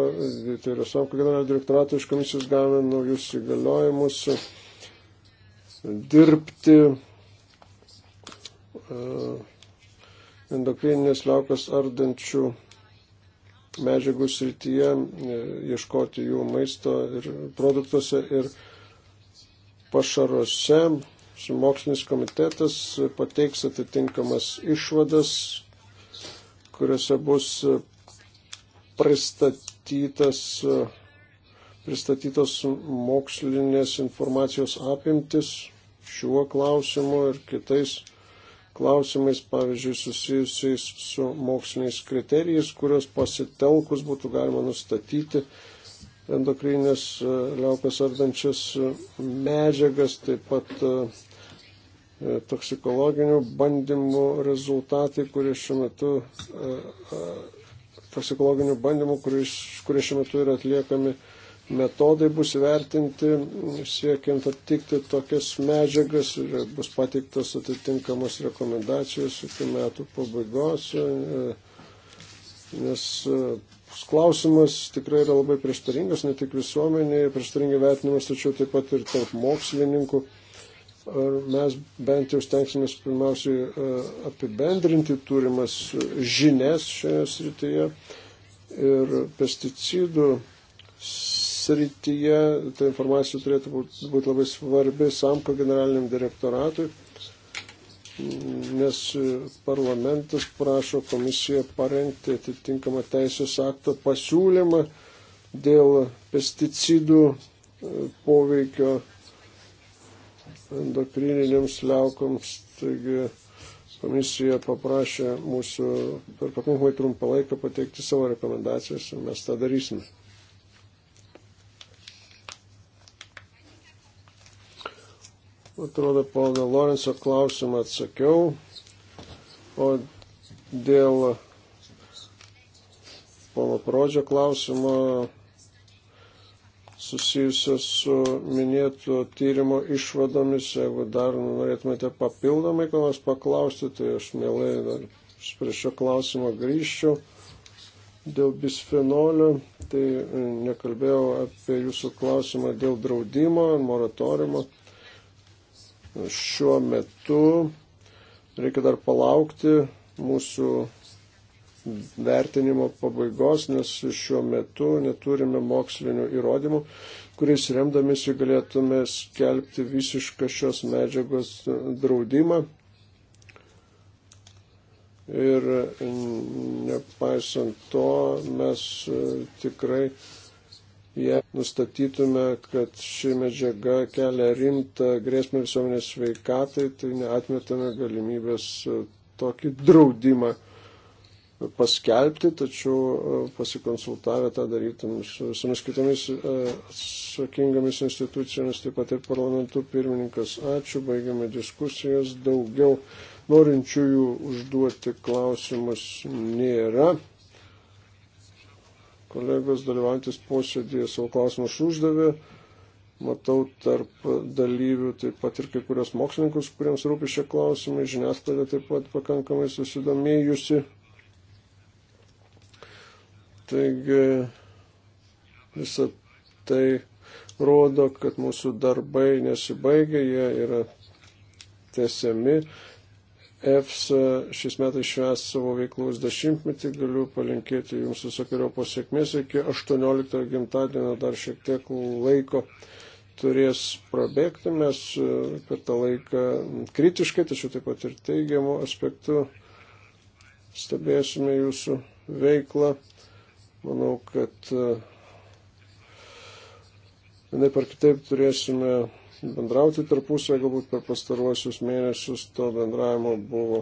tai yra Samko generalinio direktorato iš komisijos gavome naujus įgaliojimus e, dirbti e, endokrininės liaukas ardančių medžiagų srityje, e, ieškoti jų maisto ir produktuose ir pašaruose. Mokslinis komitetas pateiks atitinkamas išvadas, kuriuose bus pristatytas, pristatytos mokslinės informacijos apimtis šiuo klausimu ir kitais klausimais, pavyzdžiui, susijusiais su moksliniais kriterijais, kuriuos pasitelkus būtų galima nustatyti endokrinės e, liaukas ardančias e, medžiagas, taip pat e, toksikologinių bandymų rezultatai, kurie šiuo metu toksikologinių bandymų, kurie šiuo metu yra atliekami metodai bus vertinti, siekiant aptikti tokias medžiagas ir bus pateiktas atitinkamos rekomendacijos iki metų pabaigos, nes e, klausimas tikrai yra labai prieštaringas, ne tik visuomenėje, prieštaringai vertinimas, tačiau taip pat ir tarp mokslininkų. Ar mes bent jau stengsimės pirmiausiai e, apibendrinti turimas žinias šioje srityje ir pesticidų srityje, ta informacija turėtų būti, būti labai svarbi SAMKO generaliniam direktoratui, nes parlamentas prašo komisiją parengti atitinkamą teisės akto pasiūlymą dėl pesticidų e, poveikio endokrininiams liaukoms. Taigi, komisija paprašė mūsų per pakankamai trumpą laiką pateikti savo rekomendacijas ir mes tą darysime. Atrodo, pono Lorenzo klausimą atsakiau. O dėl pono Prodžio klausimo susijusio su minėto tyrimo išvadomis, jeigu dar norėtumėte papildomai ko nors paklausti, tai aš mielai dar prie šio klausimo grįžčiau. Dėl bisfenolio, tai nekalbėjau apie jūsų klausimą dėl draudimo, moratoriumo šiuo metu reikia dar palaukti mūsų vertinimo pabaigos, nes šiuo metu neturime mokslinių įrodymų, kuriais remdamėsi galėtume skelbti visišką šios medžiagos draudimą. Ir nepaisant to, mes tikrai jei nustatytume, kad ši medžiaga kelia rimtą grėsmę visuomenės sveikatai, tai neatmetame galimybės e, tokį draudimą paskelbti, tačiau e, pasikonsultavę tą darytum su visomis kitomis e, atsakingomis institucijomis, taip pat ir parlamentų pirmininkas. Ačiū, baigiame diskusijas. Daugiau norinčiųjų užduoti klausimus nėra kolegos dalyvantis posėdėje savo klausimus uždavė. Matau tarp dalyvių taip pat ir kai kurios mokslininkus, kuriems rūpi šie klausimai, žiniasklaida taip pat pakankamai susidomėjusi. Taigi visą tai rodo, kad mūsų darbai nesibaigia, jie yra tesiami. EFSA šiais metais švęs savo veiklos dešimtmetį, galiu palinkėti jums visokiojo pasiekmės, iki 18 gimtadienio dar šiek tiek laiko turės prabėgti, mes e, per tą laiką kritiškai, tačiau taip pat ir teigiamų aspektų stebėsime jūsų veiklą. Manau, kad e, vienaip ar kitaip turėsime bendrauti tarpusą, galbūt per pastaruosius mėnesius to bendravimo buvo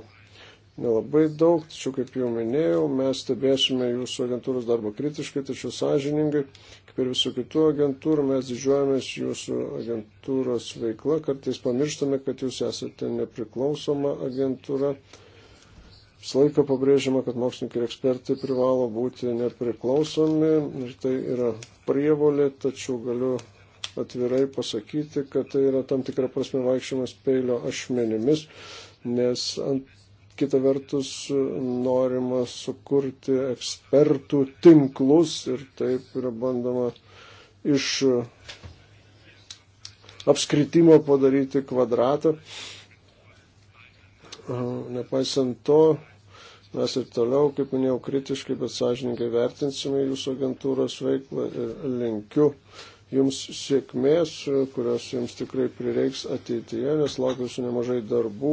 nelabai daug, tačiau kaip jau minėjau, mes stebėsime jūsų agentūros darbą kritiškai, tačiau sąžiningai, kaip ir visų kitų agentūrų, mes didžiuojamės jūsų agentūros veikla, kartais pamirštame, kad jūs esate nepriklausoma agentūra. Visą laiką pabrėžiama, kad mokslininkai ir ekspertai privalo būti nepriklausomi ir tai yra prievolė, tačiau galiu atvirai pasakyti, kad tai yra tam tikra prasme vaikščiamas peilio ašmenimis, nes ant kita vertus norima sukurti ekspertų tinklus ir taip yra bandoma iš apskritimo padaryti kvadratą. Nepaisant to, mes ir toliau, kaip minėjau, kritiškai, bet sąžininkai vertinsime jūsų agentūros veiklą ir linkiu jums sėkmės, kurios jums tikrai prireiks ateityje, nes laukiu su nemažai darbų,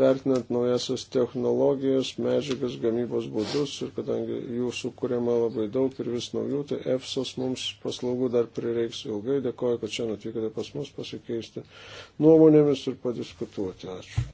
vertinant naujasias technologijas, medžiagas, gamybos būdus ir kadangi jų sukūrėma labai daug ir vis naujų, tai EFSOS mums paslaugų dar prireiks ilgai. Dėkoju, kad šiandien atvykote pas mus pasikeisti nuomonėmis ir padiskutuoti. Ačiū.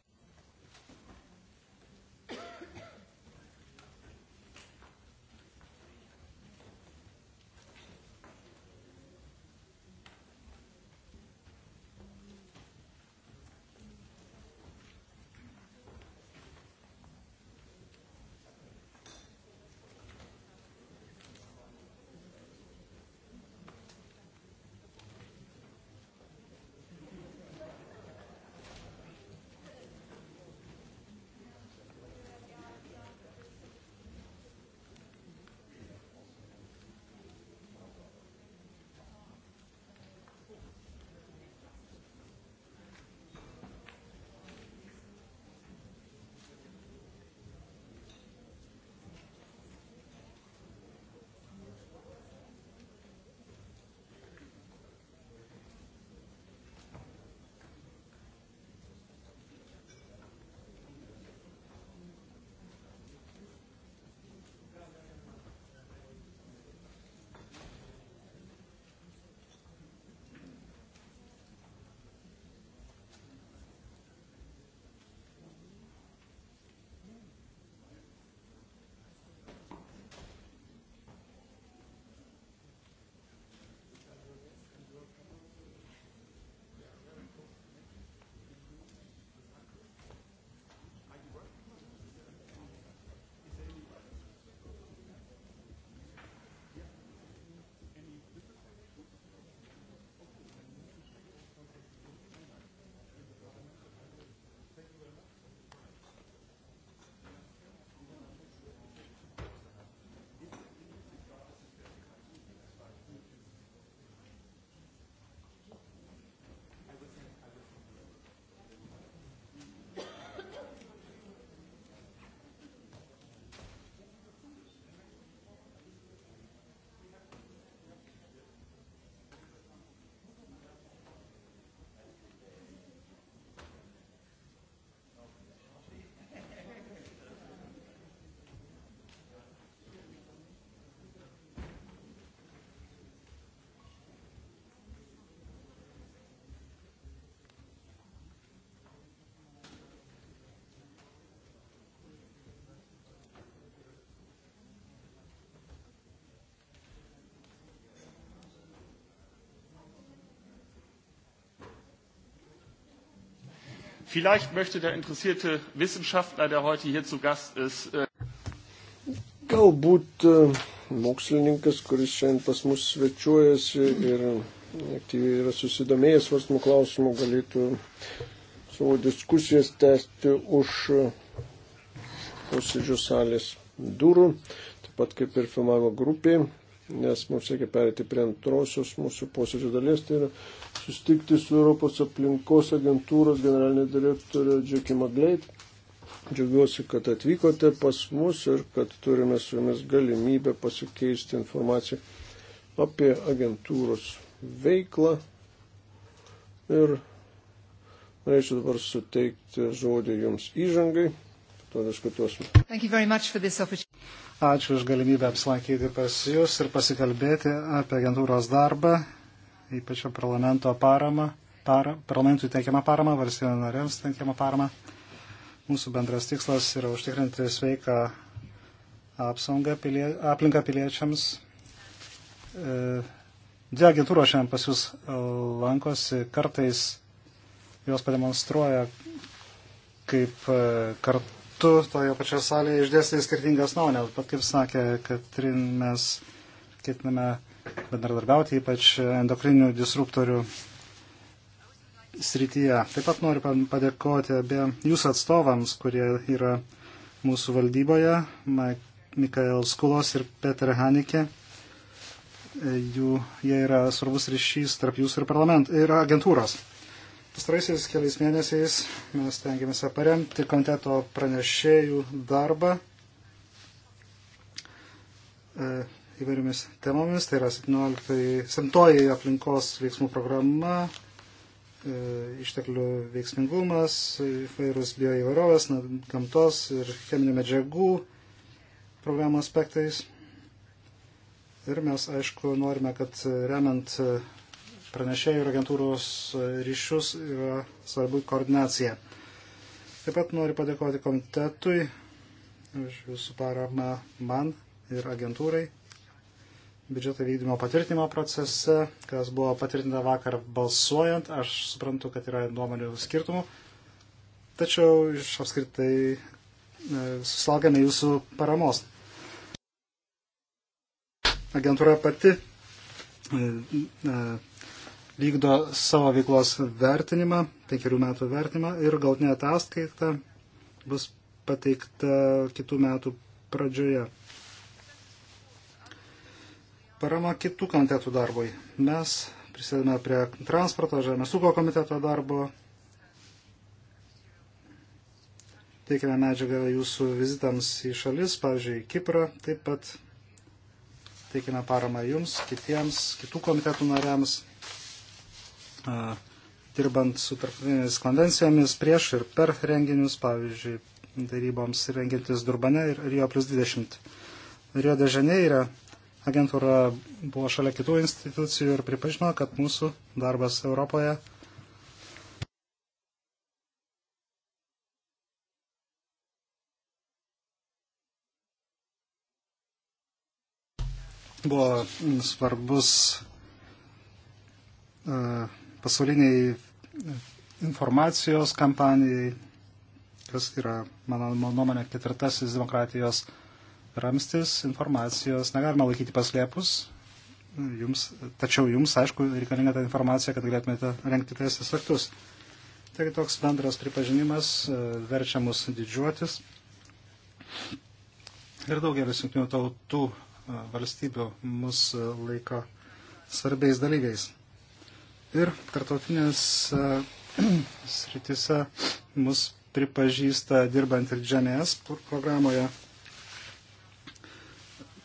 Vielleicht möchte der interessierte Wissenschaftler, der heute hier zu Gast ist. Äh, Galbūt äh, mokslininkas, kuris šiandien pas mus svečiuojasi ir mm, aktyviai yra susidomėjęs svarstumų klausimų, galėtų savo diskusijas tęsti už e, posėdžių salės durų, taip pat kaip ir filmavimo grupė, nes mums reikia perėti prie antrosios mūsų posėdžių dalies, tai yra sustikti su Europos aplinkos agentūros generalinė direktorė Džekė Magleit. Džiaugiuosi, kad atvykote pas mus ir kad turime su jumis galimybę pasikeisti informaciją apie agentūros veiklą. Ir norėčiau dabar suteikti žodį jums įžangai, to diskutuosime. Ačiū už galimybę apsilankyti pas Jūs ir pasikalbėti apie agentūros darbą ypač parlamento paramą, para, parlamentui teikiamą paramą, valstybė narėms teikiamą paramą. Mūsų bendras tikslas yra užtikrinti sveiką apsaugą pilie, aplinką piliečiams. E, Dvi agentūros šiandien pas jūs lankosi, kartais jos pademonstruoja, kaip e, kartu toje pačioje salėje išdėstė skirtingas nuomonės, bet kaip sakė, kad mes ketiname bendradarbiauti, ypač endokrinių disruptorių srityje. Taip pat noriu padėkoti abiem jūsų atstovams, kurie yra mūsų valdyboje, Mikael Skulos ir Peter Hanikė. Jų, jie yra svarbus ryšys tarp jūsų ir, parlament, ir agentūros. Pastaraisiais keliais mėnesiais mes tengiamės paremti komiteto pranešėjų darbą e, įvairiomis temomis. Tai yra 7 aplinkos veiksmų programa, e, išteklių veiksmingumas, įvairūs bioįvairovės, gamtos ir cheminių medžiagų programų aspektais. Ir mes, aišku, norime, kad remiant pranešėjų ir agentūros ryšius yra svarbu koordinacija. Taip pat noriu padėkoti komitetui už jūsų paramą man ir agentūrai biudžeto vykdymo patvirtinimo procese, kas buvo patvirtinta vakar balsuojant. Aš suprantu, kad yra nuomonių skirtumų, tačiau iš apskritai e, susilaukėme jūsų paramos. Agentūra pati e, e, vykdo savo veiklos vertinimą, penkerių metų vertinimą ir galtinė ataskaita bus pateikta kitų metų pradžioje. Parama kitų komitetų darbui. Mes prisidame prie transporto, žemės ūkio komiteto darbo. Teikiame medžiagą jūsų vizitams į šalis, pavyzdžiui, Kiprą. Taip pat teikiame paramą jums, kitiems, kitų komitetų nariams, dirbant su tarptautinėmis konvencijomis prieš ir per renginius, pavyzdžiui, daryboms rengintis Durbane ir Rio plus 20. Rio de Žaneire agentūra buvo šalia kitų institucijų ir pripažino, kad mūsų darbas Europoje buvo svarbus e, pasauliniai e, informacijos kampanijai, kas yra, mano nuomonė, ketvirtasis demokratijos ramstis informacijos negalima laikyti paslėpus. Jums, tačiau jums, aišku, reikalinga ta informacija, kad galėtumėte renkti teisės aktus. Taigi toks bendras pripažinimas e, verčia mus didžiuotis. Ir daugelis jungtinių tautų e, valstybių mus e, laiko svarbiais dalyviais. Ir tartautinės <clears throat> sritise mus pripažįsta dirbant ir GNS programoje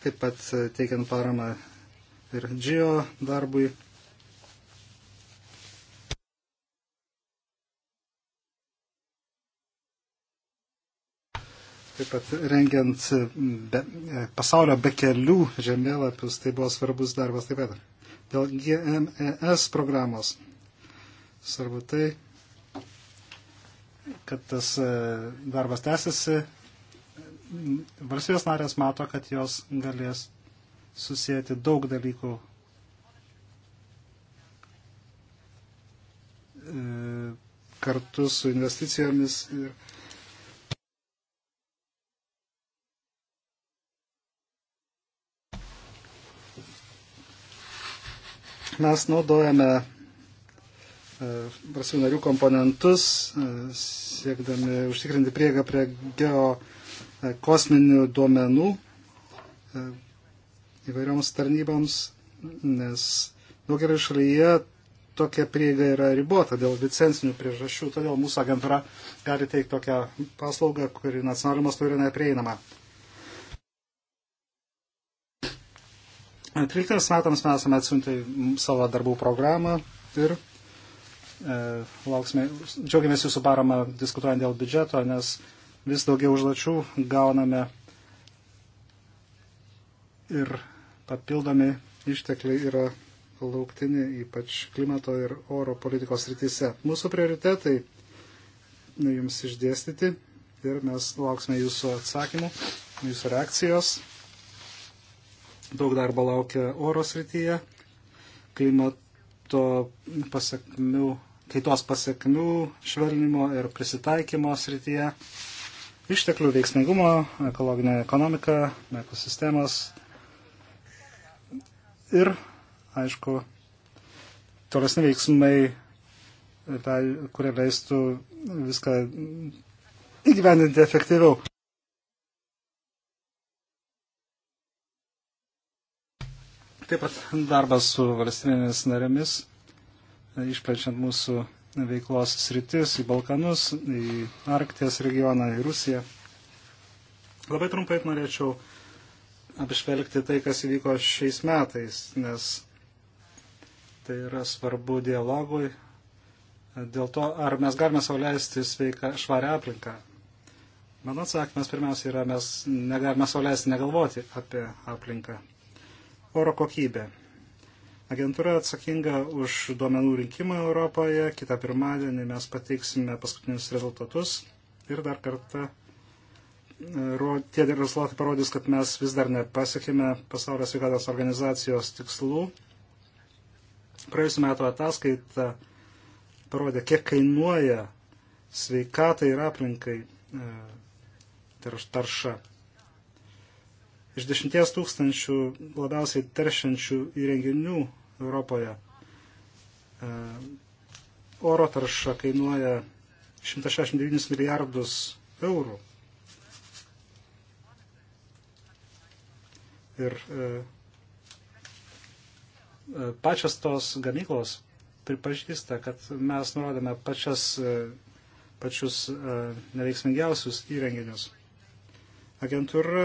taip pat teikiant paramą ir džio darbui. Taip pat rengiant be, pasaulio be kelių žemėlapius, tai buvo svarbus darbas taip pat. Dėl GMES programos. Svarbu tai, kad tas e, darbas tęsiasi valstybės narės mato, kad jos galės susijęti daug dalykų e, kartu su investicijomis ir mes naudojame e, valstybių narių komponentus, e, siekdami užtikrinti priegą prie geo E, kosminių duomenų e, įvairioms tarnyboms, nes daugelį šalyje tokia prieiga yra ribota dėl licencinių priežasčių, todėl mūsų agentūra gali teikti tokią paslaugą, kuri nacionaliniu mastu yra neprieinama. 13 metams mes esame atsiuntę savo darbų programą ir e, lauksime, džiaugiamės jūsų paramą diskutuojant dėl biudžeto, nes vis daugiau užduočių gauname ir papildomi ištekliai yra lauktini, ypač klimato ir oro politikos rytise. Mūsų prioritetai jums išdėstyti ir mes lauksime jūsų atsakymų, jūsų reakcijos. Daug darbo laukia oro srityje, klimato pasiekmių, kaitos pasiekmių švelnimo ir prisitaikymo srityje išteklių veiksmingumo, ekologinė ekonomika, ekosistemos ir, aišku, tolesni veiksmai, kurie leistų viską įgyvendinti efektyviau. Taip pat darbas su valstybėmis narėmis, išplečiant mūsų veiklos sritis, į Balkanus, į Arkties regioną, į Rusiją. Labai trumpai norėčiau apžvelgti tai, kas įvyko šiais metais, nes tai yra svarbu dialogui. Dėl to, ar mes galime sauliaisti sveiką, švarę aplinką. Mano atsakymas pirmiausia yra, mes negalime sauliaisti negalvoti apie aplinką. Oro kokybė. Agentūra atsakinga už duomenų rinkimą Europoje. Kita pirmadienį mes pateiksime paskutinius rezultatus ir dar kartą e, tie rezultatai parodys, kad mes vis dar nepasiekime pasaulio sveikatos organizacijos tikslų. Praėjusiu metu ataskaita parodė, kiek kainuoja sveikatai ir aplinkai e, tarša. Iš dešimties tūkstančių labiausiai teršiančių įrenginių Europoje e, oro tarša kainuoja 169 milijardus eurų. Ir e, e pačias tos gamyklos pripažįsta, kad mes nurodėme pačias, e, pačius neveiksmingiausius įrenginius. Agentūra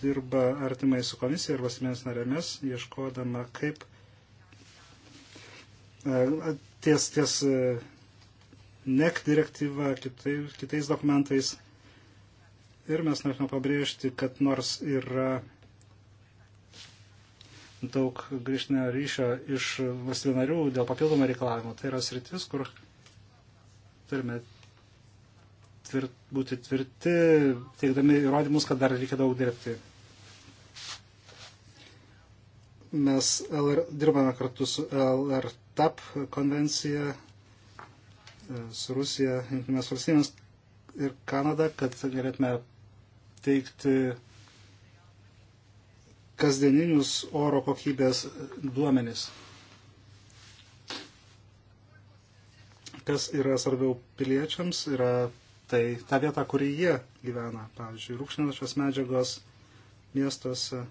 dirba artimai su komisija ir valstybėmis narėmis, ieškodama kaip e, ties, ties e, NEC direktyva, kitai, kitais dokumentais. Ir mes norime pabrėžti, kad nors yra daug grįžtinio ryšio iš valstybių narių dėl papildomų reikalavimų, tai yra sritis, kur turime tvirt, būti tvirti, teikdami įrodymus, kad dar reikia daug dirbti. Mes LR, dirbame kartu su LRTAP konvencija, e, su Rusija, Junktinėmis valstybėmis ir Kanada, kad galėtume teikti kasdieninius oro kokybės duomenis. Kas yra svarbiau piliečiams, yra tai ta vieta, kur jie gyvena. Pavyzdžiui, rūkšninuočios medžiagos miestuose.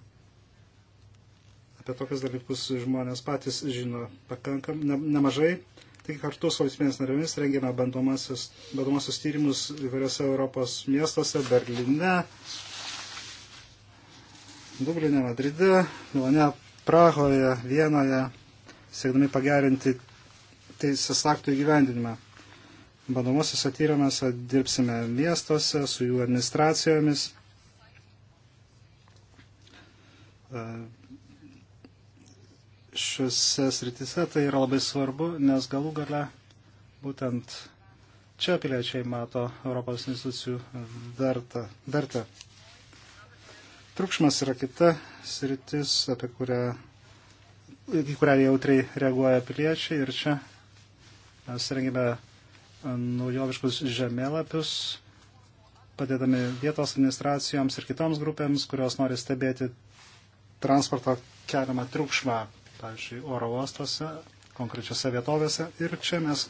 Apie tokius dalykus žmonės patys žino pakankam ne, nemažai. Tai kartu su valstybės narėmis rengiame bandomasius, bandomasius tyrimus įvairiose Europos miestuose, Berlyne, Dublinė, Madride, Milane, Prahoje, Vienoje, siekdami pagerinti teisės aktų įgyvendinimą bandomosiuose tyrimuose dirbsime miestuose su jų administracijomis. E, šiuose srityse tai yra labai svarbu, nes galų gale būtent čia piliečiai mato Europos institucijų vertą. vertę. Trukšmas yra kita sritis, apie kurią, į kurią jautriai reaguoja piliečiai ir čia mes rengime naujoviškus žemėlapius, padėdami vietos administracijoms ir kitoms grupėms, kurios nori stebėti transporto keliamą triukšmą, pavyzdžiui, oro uostose, konkrečiose vietovėse. Ir čia mes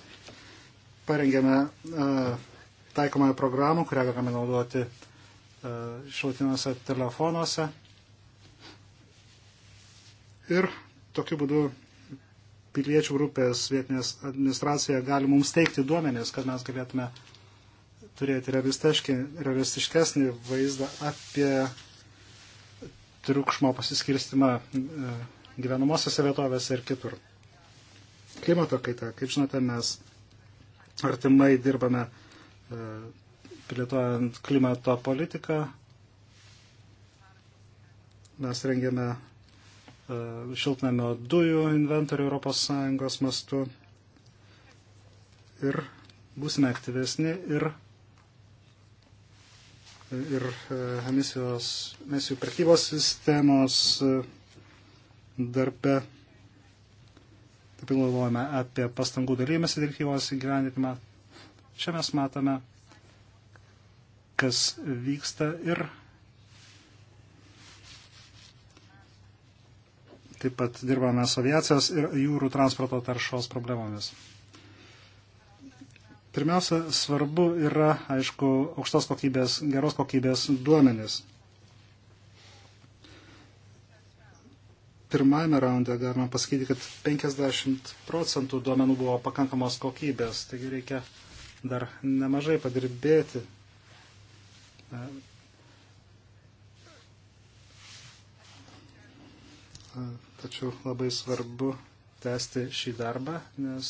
parengėme uh, taikomąją programą, kurią galime naudoti uh, e, šautiniuose telefonuose. Ir tokiu būdu piliečių grupės vietinės administracija gali mums teikti duomenis, kad mes galėtume turėti realistiškesnį vaizdą apie triukšmo pasiskirstimą e, gyvenamosiose vietovėse ir kitur. Klimato kaita, kaip žinote, mes artimai dirbame e, plėtojant klimato politiką. Mes rengiame E, šiltnamio dujų inventorių ES mastu ir būsime aktyvesni ir, ir e, emisijos, emisijų prekybos sistemos e, darbe. Taip galvojame apie pastangų dalymas direktyvos įgyvendinimą. Čia mes matome, kas vyksta ir taip pat dirbame su aviacijos ir jūrų transporto taršos problemomis. Pirmiausia, svarbu yra, aišku, aukštos kokybės, geros kokybės duomenys. Pirmajame raunde galima pasakyti, kad 50 procentų duomenų buvo pakankamos kokybės, taigi reikia dar nemažai padirbėti. Uh tačiau labai svarbu tęsti šį darbą, nes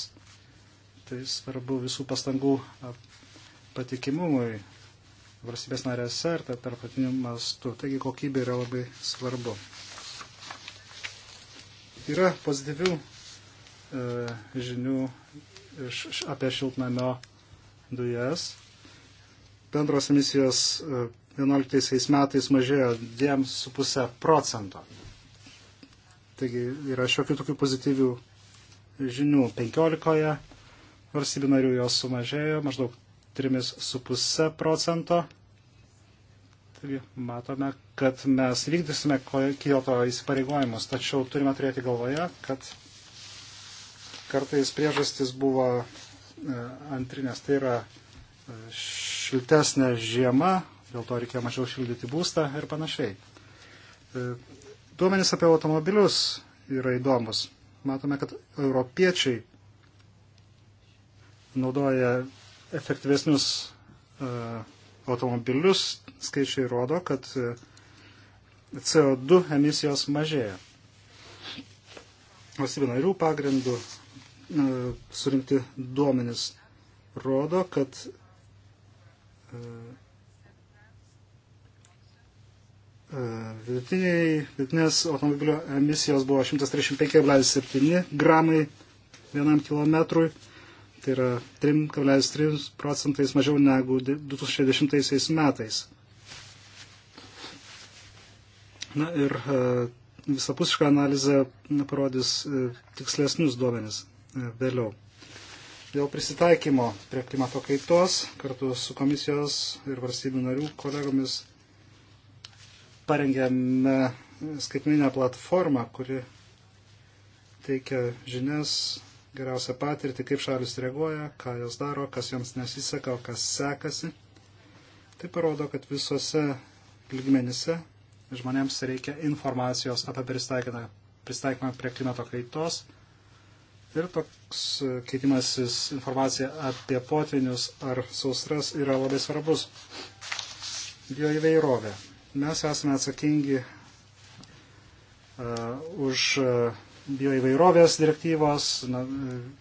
tai svarbu visų pastangų patikimumui valstybės narėse ir tarptautiniu mastu. Taigi kokybė yra labai svarbu. Yra pozityvių e, žinių iš, š, apie šiltnamio dujas. Bendros emisijos 2011 e, metais mažėjo 2,5 procento. Taigi yra šiokių tokių pozityvių žinių. 15 valstybių narių jos sumažėjo maždaug 3,5 procento. Taigi matome, kad mes vykdysime Kyoto įsipareigojimus, tačiau turime turėti galvoje, kad kartais priežastis buvo e, antrinės, tai yra e, šiltesnė žiema, dėl to reikėjo mažiau šildyti būstą ir panašiai. E, Duomenys apie automobilius yra įdomus. Matome, kad europiečiai naudoja efektyvesnius uh, automobilius. Skaičiai rodo, kad e, CO2 emisijos mažėja. Valstybių narių pagrindų uh, surinkti duomenys rodo, kad uh, E, vidutiniai, vidutinės automobilio emisijos buvo 135,7 gramai vienam kilometrui, tai yra 3,3 procentais mažiau negu 2010 metais. Na ir e, visapusiška analizė parodys e, tikslesnius duomenis vėliau. Dėl prisitaikymo prie klimato kaitos kartu su komisijos ir valstybių narių kolegomis parengėme skaitminę platformą, kuri teikia žinias, geriausią patirtį, kaip šalis reaguoja, ką jos daro, kas joms nesiseka, kas sekasi. Tai parodo, kad visose lygmenyse žmonėms reikia informacijos apie pristaikymą prie klimato kaitos ir toks keitimasis informacija apie potvinius ar sausras yra labai svarbus. Bioįvairovė. Mes esame atsakingi uh, už e, bioįvairovės direktyvos,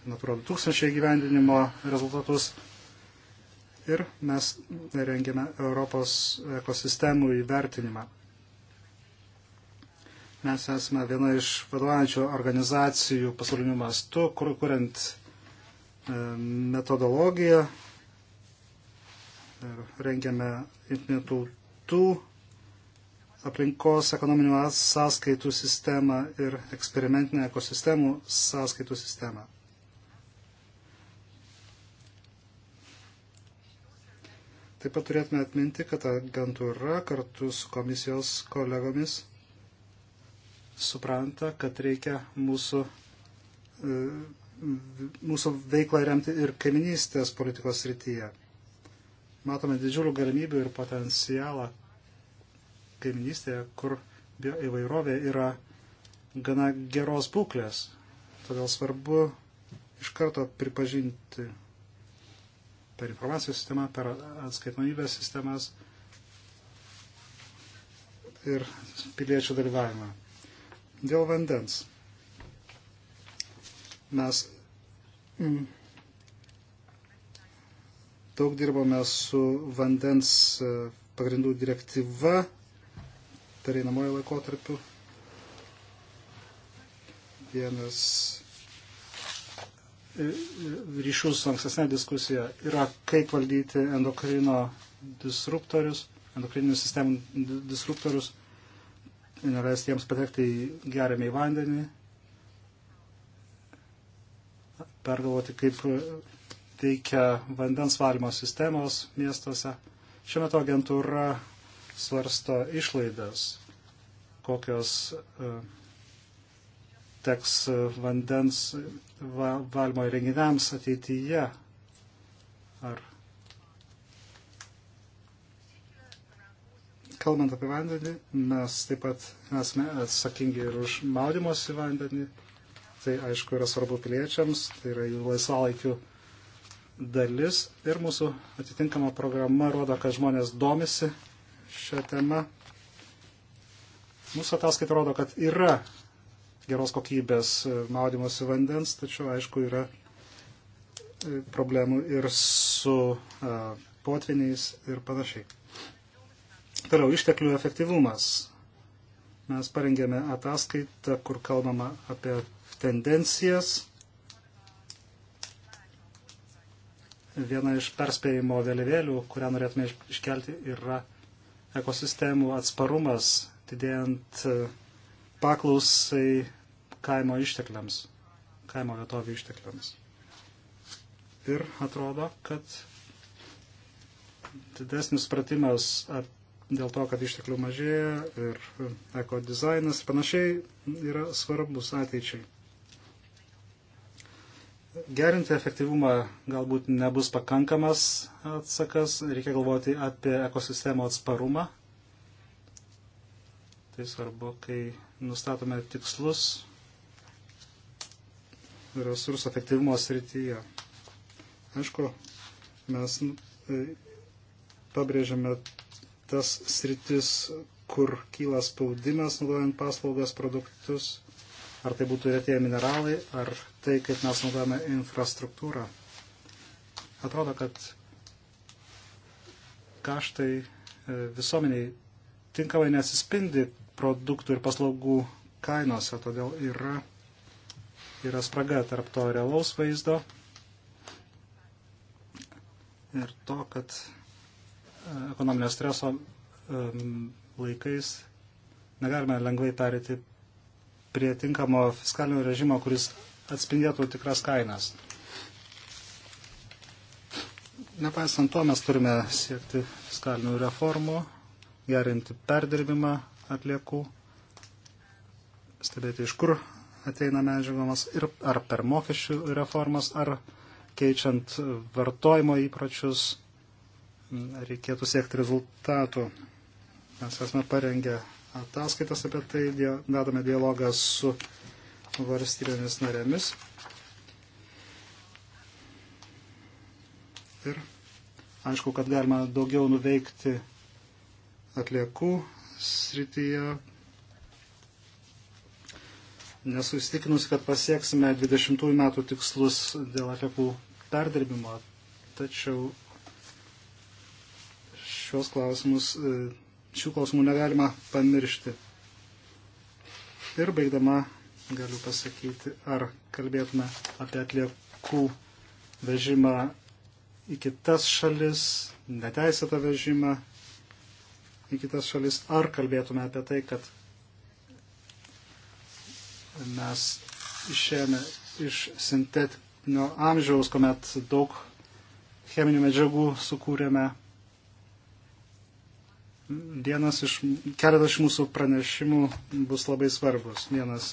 Natura 2000 gyvendinimo rezultatus ir mes rengiame Europos ekosistemų įvertinimą. Mes esame viena iš vadovaujančių organizacijų pasauliniu mastu, kur kuriant e, metodologiją, rengiame internetautų aplinkos ekonominių sąskaitų sistemą ir eksperimentinę ekosistemų sąskaitų sistemą. Taip pat turėtume atminti, kad agentūra kartu su komisijos kolegomis supranta, kad reikia mūsų, e, mūsų veiklą remti ir kaiminystės politikos srityje. Matome didžiulių galimybių ir potencialą, kaiminystėje, kur įvairovė yra gana geros būklės. Todėl svarbu iš karto pripažinti per informacijos sistemą, per atskaitomybės sistemas ir piliečių dalyvavimą. Dėl vandens. Mes mm, daug dirbame su vandens e, pagrindų direktyva pereinamojo laikotarpiu. Vienas e, e, ryšių su ankstesnė diskusija yra, kaip valdyti endokrino disruptorius, endokrininių sistemų disruptorius, neleisti jiems patekti į geriamį į vandenį, pergalvoti, kaip veikia vandens valymo sistemos miestuose. Šiuo metu agentūra svarsto išlaidas, kokios e, teks e, vandens valymo įrenginiams ateityje. Ar kalbant apie vandenį, mes taip pat esame atsakingi ir už maudimosi vandenį. Tai aišku yra svarbu piliečiams, tai yra jų laisvalaikių dalis ir mūsų atitinkama programa rodo, kad žmonės domisi šią temą. Mūsų ataskaita rodo, kad yra geros kokybės e, maudimosi vandens, tačiau aišku yra e, problemų ir su e, potviniais ir panašiai. Toliau išteklių efektyvumas. Mes parengėme ataskaitą, kur kalbama apie tendencijas. Viena iš perspėjimo vėliavėlių, kurią norėtume iškelti, yra ekosistemų atsparumas, didėjant e, paklausai kaimo ištekliams, kaimo vietovių ištekliams. Ir atrodo, kad didesnis pratimas dėl to, kad išteklių mažėja ir e, ekodizainas panašiai yra svarbus ateičiai gerinti efektyvumą galbūt nebus pakankamas atsakas, reikia galvoti apie ekosistemo atsparumą. Tai svarbu, kai nustatome tikslus resursų efektyvumo srityje. Aišku, mes e, pabrėžiame tas sritis, kur kyla spaudimas naudojant paslaugas, produktus ar tai būtų retieji mineralai, ar tai, kaip mes naudojame infrastruktūrą. Atrodo, kad kaštai e, visuomeniai tinkamai nesispindi produktų ir paslaugų kainose, todėl yra, yra spraga tarp to realaus vaizdo ir to, kad e, ekonominio streso um, laikais negalime lengvai perėti prie tinkamo fiskalinio režimo, kuris atspindėtų tikras kainas. Nepaisant to, mes turime siekti fiskalinių reformų, gerinti perdirbimą atliekų, stebėti iš kur ateina medžiagomas ir ar per mokesčių reformas, ar keičiant vartojimo įpročius reikėtų siekti rezultatų. Mes esame parengę ataskaitas apie tai, vedame dialogą su valstybėmis narėmis. Ir aišku, kad galima daugiau nuveikti atliekų srityje. Nesu įstikinus, kad pasieksime 20 metų tikslus dėl atliekų perdirbimo, tačiau šios klausimus e, šių klausimų negalima pamiršti. Ir baigdama galiu pasakyti, ar kalbėtume apie atliekų vežimą į kitas šalis, neteisėtą vežimą į kitas šalis, ar kalbėtume apie tai, kad mes išėjome iš sintetinio amžiaus, kuomet daug cheminių medžiagų sukūrėme vienas iš, keletas iš mūsų pranešimų bus labai svarbus. Vienas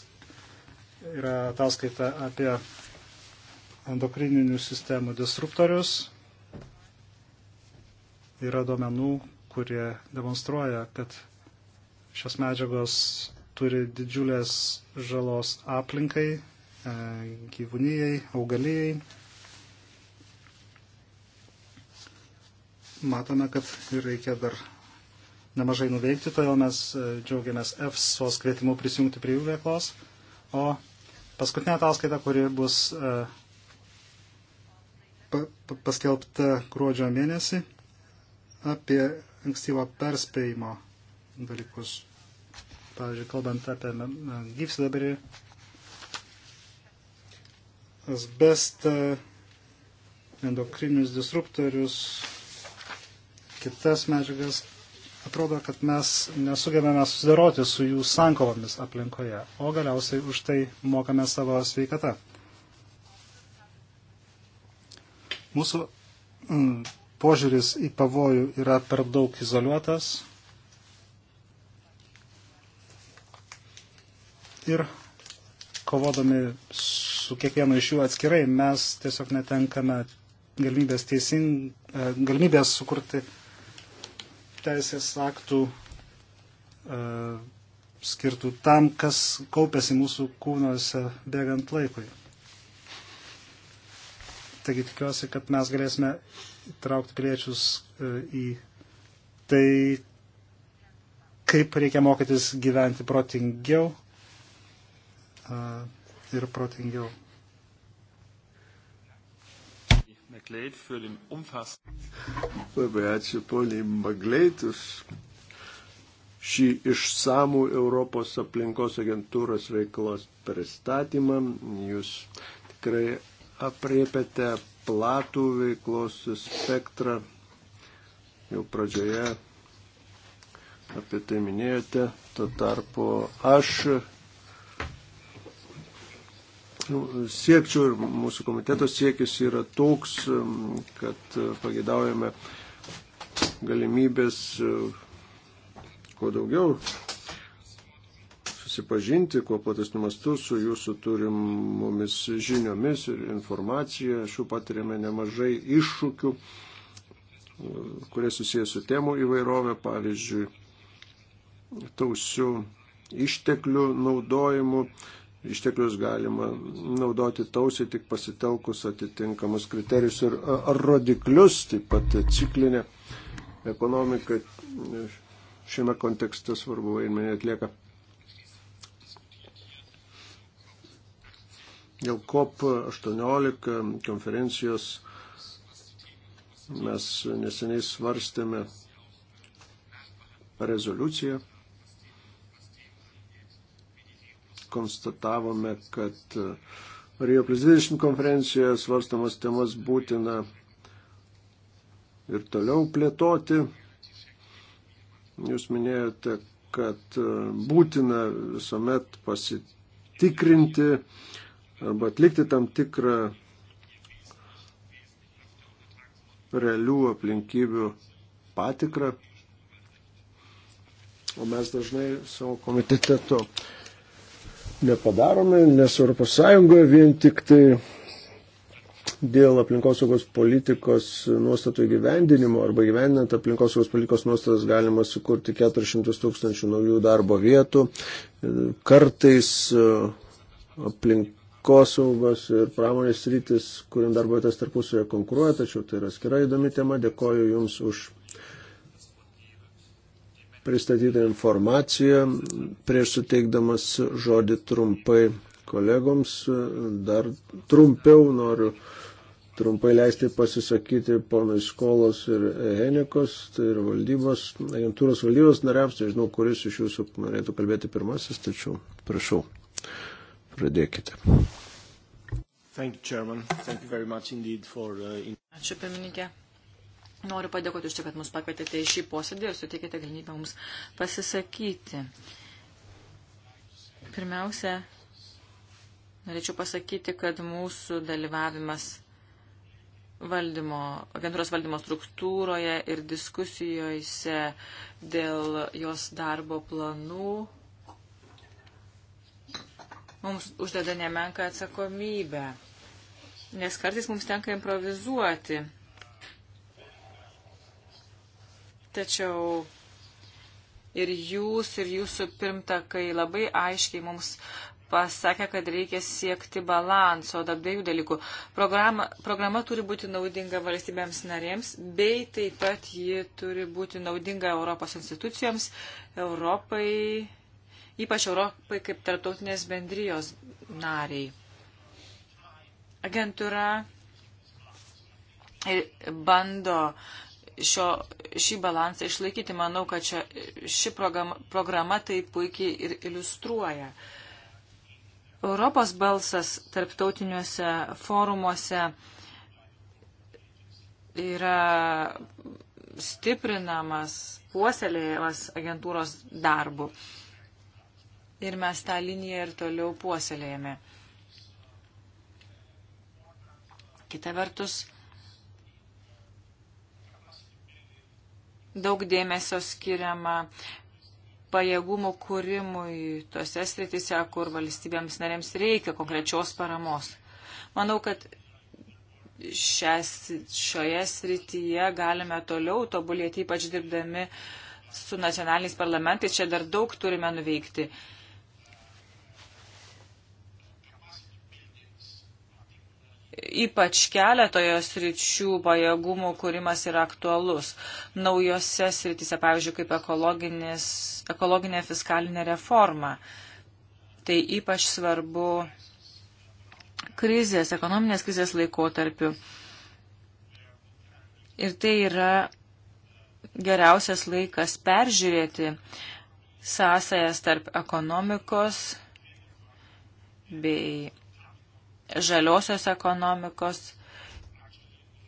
yra ataskaita apie endokrininių sistemų destruktorius. Yra duomenų, kurie demonstruoja, kad šios medžiagos turi didžiulės žalos aplinkai, e, gyvūnyjei, augalijai. Matome, kad reikia dar nemažai nuveikti, todėl mes e, džiaugiamės EFSOS kvietimu prisijungti prie jų veiklos. O paskutinė ataskaita, kuri bus e, paskelbta gruodžio mėnesį apie ankstyvo perspėjimo dalykus. Pavyzdžiui, kalbant apie gyvsidabrį, asbestą, endokrinius disruptorius, kitas medžiagas, Atrodo, kad mes nesugebame susidaroti su jų sankovomis aplinkoje, o galiausiai už tai mokame savo sveikatą. Mūsų mm, požiūris į pavojų yra per daug izoliuotas ir kovodami su kiekvienu iš jų atskirai mes tiesiog netenkame galimybės, teising, e, galimybės sukurti teisės aktų uh, skirtų tam, kas kaupėsi mūsų kūnuose bėgant laikui. Taigi tikiuosi, kad mes galėsime traukti piliečius uh, į tai, kaip reikia mokytis gyventi protingiau uh, ir protingiau. Labai ačiū poniai Magleit už šį išsamų Europos aplinkos agentūros veiklos pristatymą. Jūs tikrai apriepėte platų veiklos spektrą. Jau pradžioje apie tai minėjote. Tuo tarpu aš siekčiau ir mūsų komiteto siekis yra toks, kad e, pagėdaujame galimybės e, kuo daugiau susipažinti, kuo platesniu mastu su jūsų turimomis žiniomis ir informacija. Aš jau patiriame nemažai iššūkių, e, kurie susijęs su temų įvairovė, pavyzdžiui, tausių išteklių naudojimu, išteklius galima naudoti tausiai tik pasitelkus atitinkamus kriterijus ir rodiklius, taip pat ciklinė ekonomika šiame kontekste svarbu vaidmenį atlieka. Dėl COP18 konferencijos mes neseniai svarstėme rezoliuciją konstatavome, kad e, Rio plus 20 konferencijoje svarstamas temas būtina ir toliau plėtoti. Jūs minėjote, kad e, būtina visuomet pasitikrinti arba atlikti tam tikrą realių aplinkybių patikrą. O mes dažnai savo komitete to nepadarome, nes ES vien tik tai dėl aplinkosaugos politikos nuostatų įgyvendinimo arba gyvendinant aplinkosaugos politikos nuostatas galima sukurti 400 tūkstančių naujų darbo vietų. Kartais e, aplinkosaugos ir pramonės rytis, kuriam darbo vietas tarpusioje konkuruoja, tačiau tai yra skira įdomi tema. Dėkoju Jums už pristatytą informaciją. Prieš suteikdamas žodį trumpai kolegoms, dar trumpiau noriu trumpai leisti pasisakyti ponai Skolos ir Henikos, tai ir valdybos, agentūros valdybos nariams, tai žinau, kuris iš jūsų norėtų kalbėti pirmasis, tačiau prašau, pradėkite. Thank you, Chairman. Thank you very much indeed for... Uh, in... Ačiū, pirmininkė. Noriu padėkoti už tai, kad mus pakvietėte į šį posėdį ir suteikėte galimybę mums pasisakyti. Pirmiausia, norėčiau pasakyti, kad mūsų dalyvavimas valdymo, agentūros valdymo struktūroje ir diskusijose dėl jos darbo planų mums uždeda nemenka atsakomybę, nes kartais mums tenka improvizuoti Tačiau ir jūs, ir jūsų pirmtakai labai aiškiai mums pasakė, kad reikia siekti balanso tarp dviejų dalykų. Programa, programa turi būti naudinga valstybėms narėms, bei taip pat ji turi būti naudinga Europos institucijoms, Europai, ypač Europai kaip tarptautinės bendrijos nariai. Agentūra bando šio, šį balansą išlaikyti. Manau, kad čia, ši programa, programa tai puikiai ir iliustruoja. Europos balsas tarptautiniuose forumuose yra stiprinamas, puoselėjamas agentūros darbu. Ir mes tą liniją ir toliau puoselėjame. Kita vertus, daug dėmesio skiriama pajėgumų kūrimui tose sritise, kur valstybėms narėms reikia konkrečios paramos. Manau, kad šias, šioje srityje galime toliau tobulėti, ypač dirbdami su nacionaliniais parlamentais. Čia dar daug turime nuveikti. Uh, ypač keletoje sričių pajėgumų kūrimas yra aktualus. Naujose sritise, pavyzdžiui, kaip ekologinė fiskalinė reforma. Tai ypač svarbu krizės, ekonominės krizės laikotarpiu. Ir tai yra geriausias laikas peržiūrėti sąsajas tarp ekonomikos bei žaliosios ekonomikos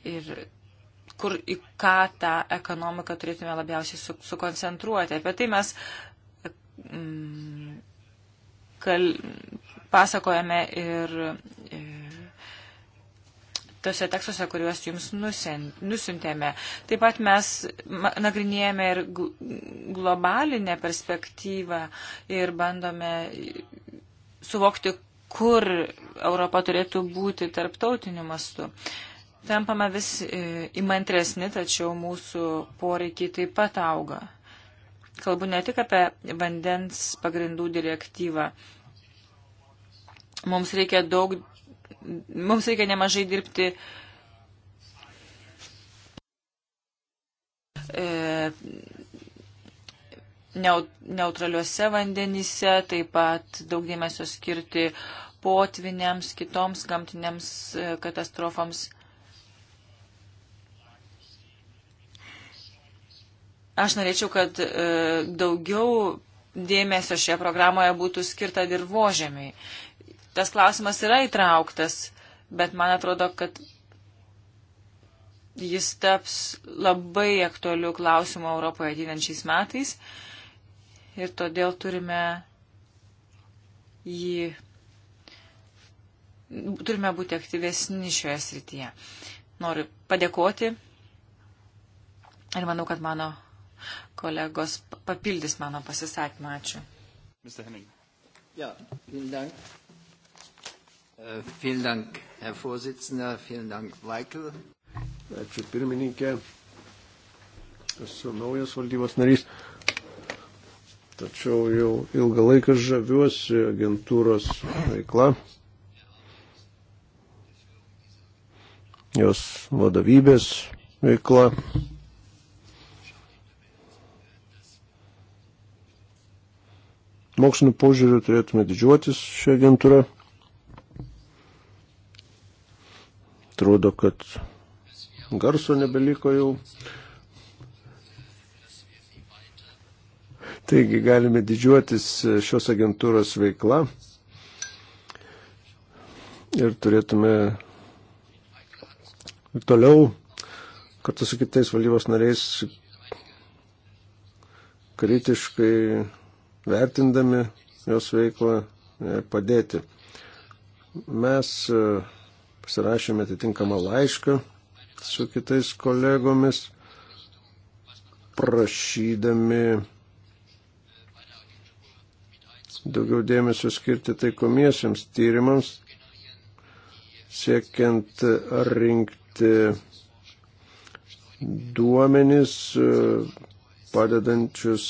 ir kur į ką tą ekonomiką turėtume labiausiai su, sukoncentruoti. Apie tai mes mm, kal, pasakojame ir, ir e, tose tekstuose, kuriuos jums nusintėme. Taip pat mes nagrinėjame ir globalinę perspektyvą ir bandome suvokti, kur Europa turėtų būti tarptautiniu mastu. Tampame vis e, įmantresni, tačiau mūsų poreikiai taip pat auga. Kalbu ne tik apie vandens pagrindų direktyvą. Mums reikia daug, mums reikia nemažai dirbti e, neutraliuose vandenyse, taip pat daug dėmesio skirti potviniams, kitoms gamtinėms e, katastrofoms. Aš norėčiau, kad e, daugiau dėmesio šioje programoje būtų skirta dirbožėmiai. Tas klausimas yra įtrauktas, bet man atrodo, kad jis taps labai aktualių klausimų Europoje ateinančiais metais. Uh, ir todėl turime jį. Turime būti aktyvesni šioje srityje. Noriu padėkoti ir manau, kad mano kolegos papildys mano pasisakymą. Ačiū. Mr. Henning. Ja, vielen Dank. Uh, vielen Dank, Herr Vorsitzender, vielen Dank, Michael. Ačiū pirmininkė. Esu naujas valdybos narys. Uh, Tačiau jau ilgą laiką žaviuosi agentūros veikla, jos vadovybės veikla. Mokslinio požiūriu turėtume didžiuotis šią agentūrą. Atrodo, kad garso nebeliko jau. Taigi galime didžiuotis šios agentūros veikla ir turėtume toliau kartu su kitais valdybos nariais kritiškai vertindami jos veiklą e, padėti. Mes e, pasirašėme atitinkamą laišką su kitais kolegomis, prašydami daugiau dėmesio skirti taikomiesiams tyrimams, siekiant rinkti duomenis, padedančius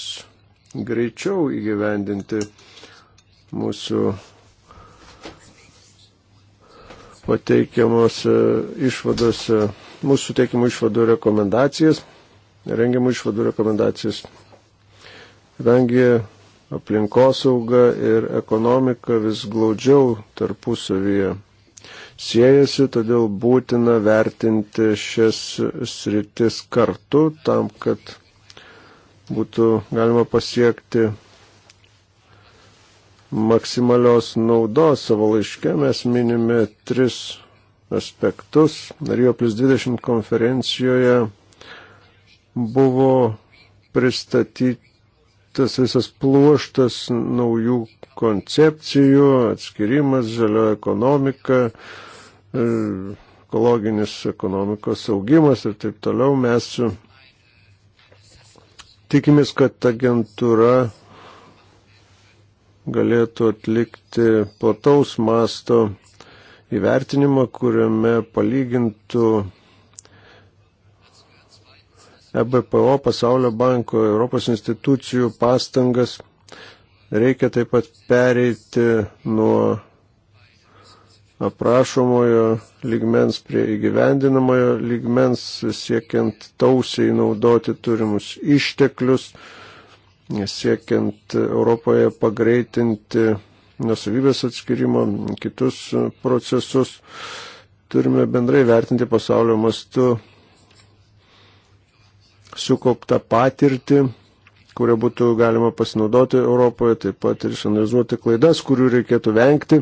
greičiau įgyvendinti mūsų pateikiamos e, išvados, e, mūsų teikiamų išvadų rekomendacijas, rengiamų išvadų rekomendacijas. Kadangi aplinkosauga ir ekonomika vis glaudžiau tarpusavyje siejasi, todėl būtina vertinti šias sritis kartu tam, kad būtų galima pasiekti maksimalios naudos. Savo laiške mes minime tris aspektus. Rio plus 20 konferencijoje buvo pristatyti tas visas pluoštas naujų koncepcijų, atskirimas, žalio ekonomika, e, ekologinis ekonomikos augimas ir taip toliau. Mes tikimės, kad agentūra galėtų atlikti plataus masto įvertinimą, kuriame palygintų EBPO, Pasaulio banko, Europos institucijų pastangas. Reikia taip pat pereiti nuo aprašomojo lygmens prie įgyvendinamojo lygmens, siekiant tausiai naudoti turimus išteklius, siekiant Europoje pagreitinti nusavybės atskirimo kitus procesus. Turime bendrai vertinti pasaulio mastu sukauptą patirtį, kurią būtų galima pasinaudoti Europoje, taip pat ir išanalizuoti klaidas, kurių reikėtų vengti.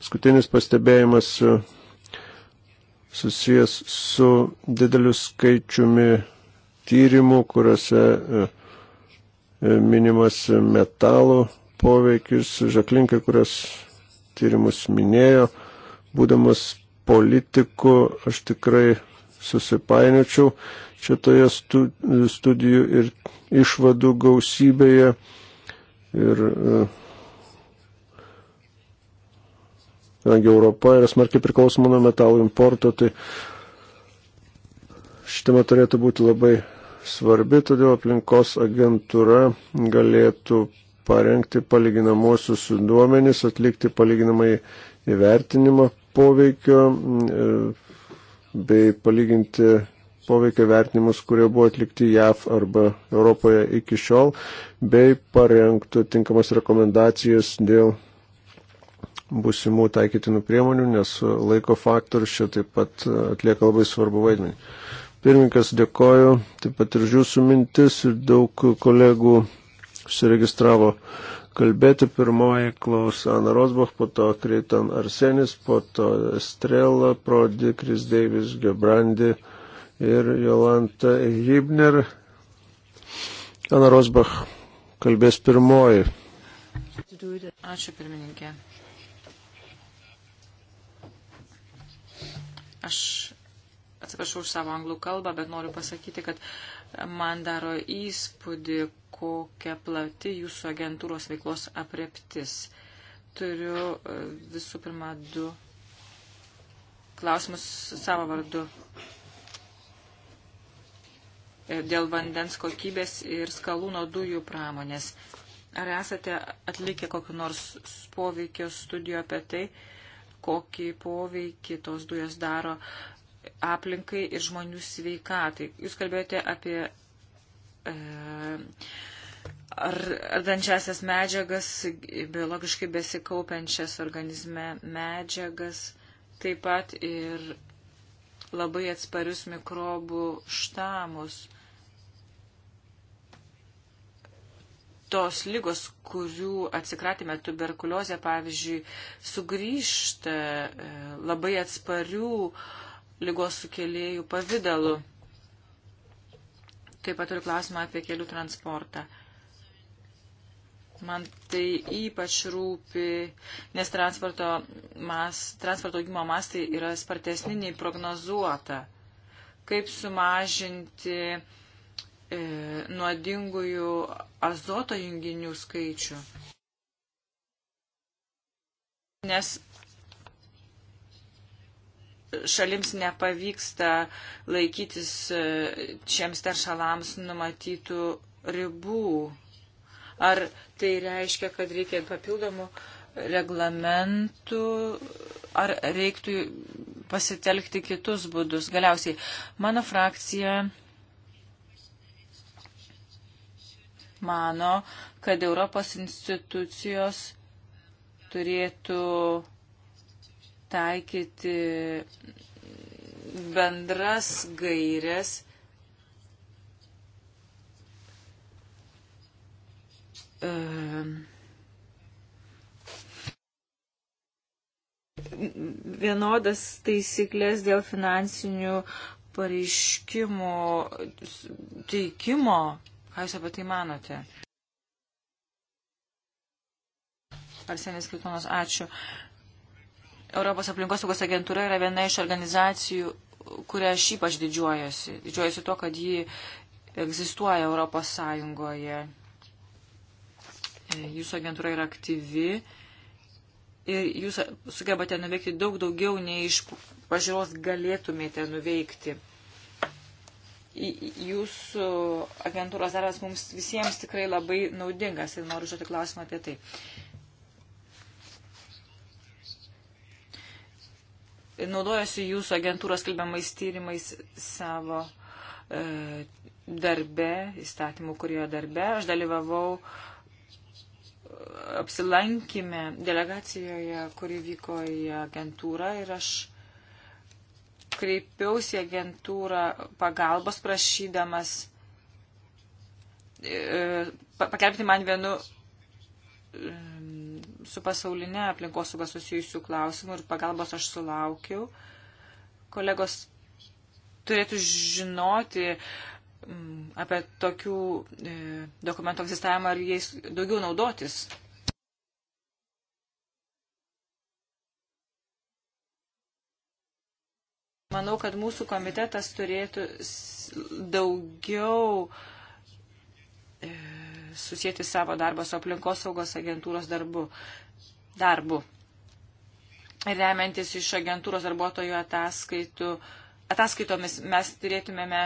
Paskutinis pastebėjimas e, susijęs su dideliu skaičiumi tyrimų, kuriuose e, e, minimas metalų poveikis. Žaklinkai, kurias tyrimus minėjo, būdamas politiku, aš tikrai susipainiočiau šitoje studijų ir išvadų gausybėje. Ir e, kadangi Europa yra smarkiai priklausoma nuo metalų importo, tai šitama turėtų būti labai svarbi, todėl aplinkos agentūra galėtų parengti palyginamosius duomenis, atlikti palyginamai įvertinimą poveikio e, bei palyginti poveikio vertinimus, kurie buvo atlikti JAV arba Europoje iki šiol, bei parengtų tinkamas rekomendacijas dėl būsimų taikytinų priemonių, nes laiko faktorius čia taip pat e, atlieka labai svarbu vaidmenį. Pirmininkas dėkoju, taip pat ir jūsų mintis ir daug kolegų užsiregistravo kalbėti. Pirmoji klaus Ana Rosbach, po to Kreiton Arsenis, po to Estrela, Prodi, Kris Deivis, Gebrandi ir Jolanta Hibner. Ana Rosbach kalbės pirmoji. Ačiū pirmininkė. Aš atsiprašau už savo anglų kalbą, bet noriu pasakyti, kad man daro įspūdį, kokia plati jūsų agentūros veiklos apreptis. Turiu e, visų pirma du klausimus savo vardu dėl vandens kokybės ir skalūno dujų pramonės. Ar esate atlikę kokiu nors poveikio studijų apie tai, kokį poveikį tos dujos daro aplinkai ir žmonių sveikatai? Jūs kalbėjote apie e, ardančiasias medžiagas, biologiškai besikaupiančias organizme medžiagas, taip pat ir labai atsparius mikrobų štamus. tos lygos, kurių atsikratėme tuberkuliozę, pavyzdžiui, sugrįžta e, labai atsparių lygos sukėlėjų pavydalu. Taip pat turiu klausimą apie kelių transportą. Man tai ypač rūpi, nes transporto, mas, transporto augimo mastai yra spartesni nei prognozuota. Kaip sumažinti uh, e, nuodingųjų azoto junginių skaičių. Nes šalims nepavyksta laikytis e, šiems teršalams numatytų ribų. Ar tai reiškia, kad reikia papildomų reglamentų, ar reiktų pasitelkti kitus būdus? Galiausiai, mano frakcija mano, kad Europos institucijos turėtų taikyti bendras gairias ehm. vienodas taisyklės dėl finansinių pareiškimų teikimo Ką Jūs apie tai manote? Arsenis Kiltonas, ačiū. Europos aplinkosaugos agentūra yra viena iš organizacijų, kurią aš ypač didžiuojasi. Didžiuojasi to, kad ji egzistuoja Europos Sąjungoje. Jūsų agentūra yra aktyvi ir jūs sugebate nuveikti daug daugiau, nei iš pažiūros galėtumėte nuveikti jūsų agentūros darbas mums visiems tikrai labai naudingas ir noriu žodžiu klausimą apie tai. Naudojuosi jūsų agentūros kalbiamais tyrimais savo e, darbe, įstatymų kurioje darbe. Aš dalyvavau e, apsilankime delegacijoje, kuri vyko į agentūrą ir aš kreipiausi agentūrą pagalbos prašydamas e, pakelbti man vienu e, su pasaulinė aplinkosauga susijusių klausimų ir pagalbos aš sulaukiau. Kolegos turėtų žinoti apie tokių e, dokumentų egzistavimą ir jais daugiau naudotis. Manau, kad mūsų komitetas turėtų daugiau e, susijęti savo darbą su aplinkosaugos agentūros darbu. darbu. Remiantis iš agentūros darbuotojų ataskaitų, ataskaitomis mes turėtumėme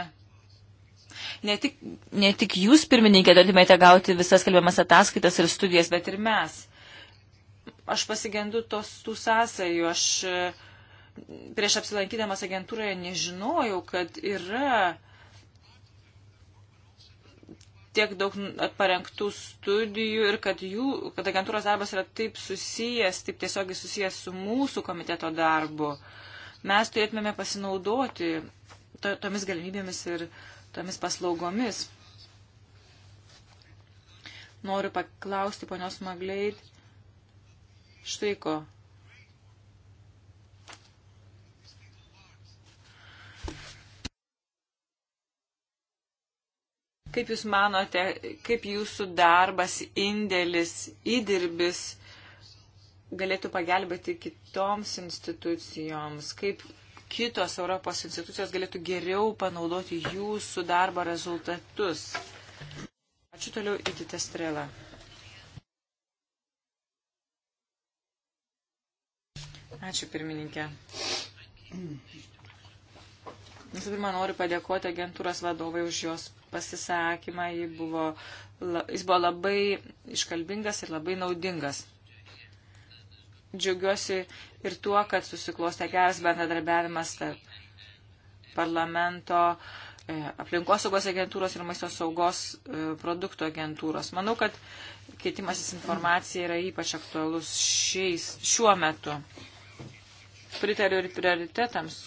ne tik, ne tik jūs, pirmininkė, turėtumėte gauti visas kalbiamas ataskaitas ir studijas, bet ir mes. Aš pasigendu tos tų sąsajų, aš prieš apsilankydamas agentūroje nežinojau, kad yra tiek daug parengtų studijų ir kad, jų, kad agentūros darbas yra taip susijęs, taip tiesiogiai susijęs su mūsų komiteto darbu. Mes turėtumėme pasinaudoti to, tomis galimybėmis ir tomis paslaugomis. Noriu paklausti ponios Magleit štai ko Kaip Jūs manote, kaip Jūsų darbas, indėlis, įdirbis galėtų pagelbėti kitoms institucijoms? Kaip kitos Europos institucijos galėtų geriau panaudoti Jūsų darbo rezultatus? Ačiū toliau į kitą strėlą. Ačiū pirmininkė. Visų pirma, noriu padėkoti agentūros vadovai už jos pasisakymą. Jis buvo, jis buvo labai iškalbingas ir labai naudingas. Džiaugiuosi ir tuo, kad susiklostė geras bendradarbiavimas tarp parlamento, e, aplinkosaugos agentūros ir maisto saugos e, produktų agentūros. Manau, kad keitimasis informacija yra ypač aktualus šiais, šiuo metu. Pritariu ir prioritetams,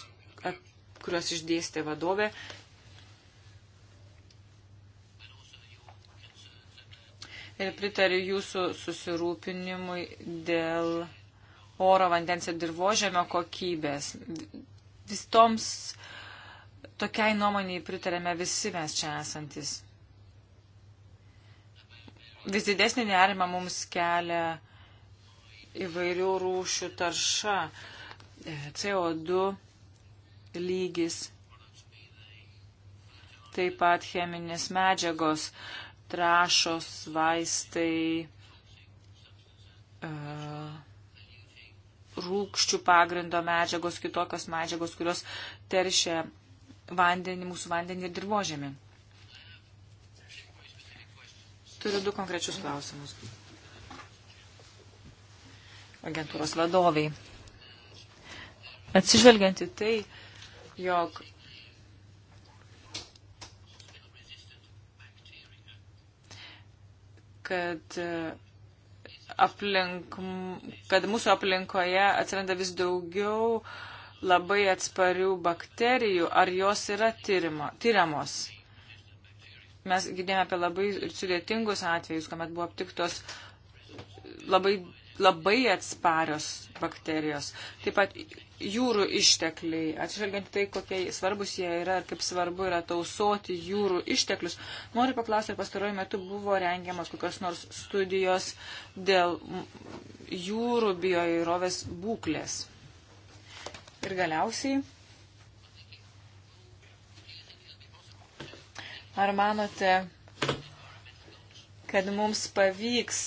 kuriuos išdėstė vadovė. Ir pritariu jūsų susirūpinimui dėl oro, vandens ir dirbožėmio kokybės. Vistoms tokiai nuomoniai pritarėme visi mes čia esantis. Vis didesnį nerimą mums kelia įvairių rūšių tarša, e, CO2 lygis, taip pat cheminės medžiagos, trašos, vaistai, e, rūkščių pagrindo medžiagos, kitokios medžiagos, kurios teršia vandenį, mūsų vandenį ir dirbožėmį. Turiu du konkrečius klausimus. Agentūros vadoviai. Atsižvelgiant į tai, jog kad e, aplink, kad mūsų aplinkoje atsiranda vis daugiau labai atsparių bakterijų, ar jos yra tyrimo, tyriamos. Mes girdėjome apie labai sudėtingus atvejus, kuomet buvo aptiktos labai labai atsparios bakterijos. Taip pat jūrų ištekliai, atsižvelgiant tai, kokie svarbus jie yra ir kaip svarbu yra tausoti jūrų išteklius. Noriu paklausti, ar pastaruoju metu buvo rengiamas kokios nors studijos dėl jūrų bioįrovės būklės. Ir galiausiai. Ar manote, kad mums pavyks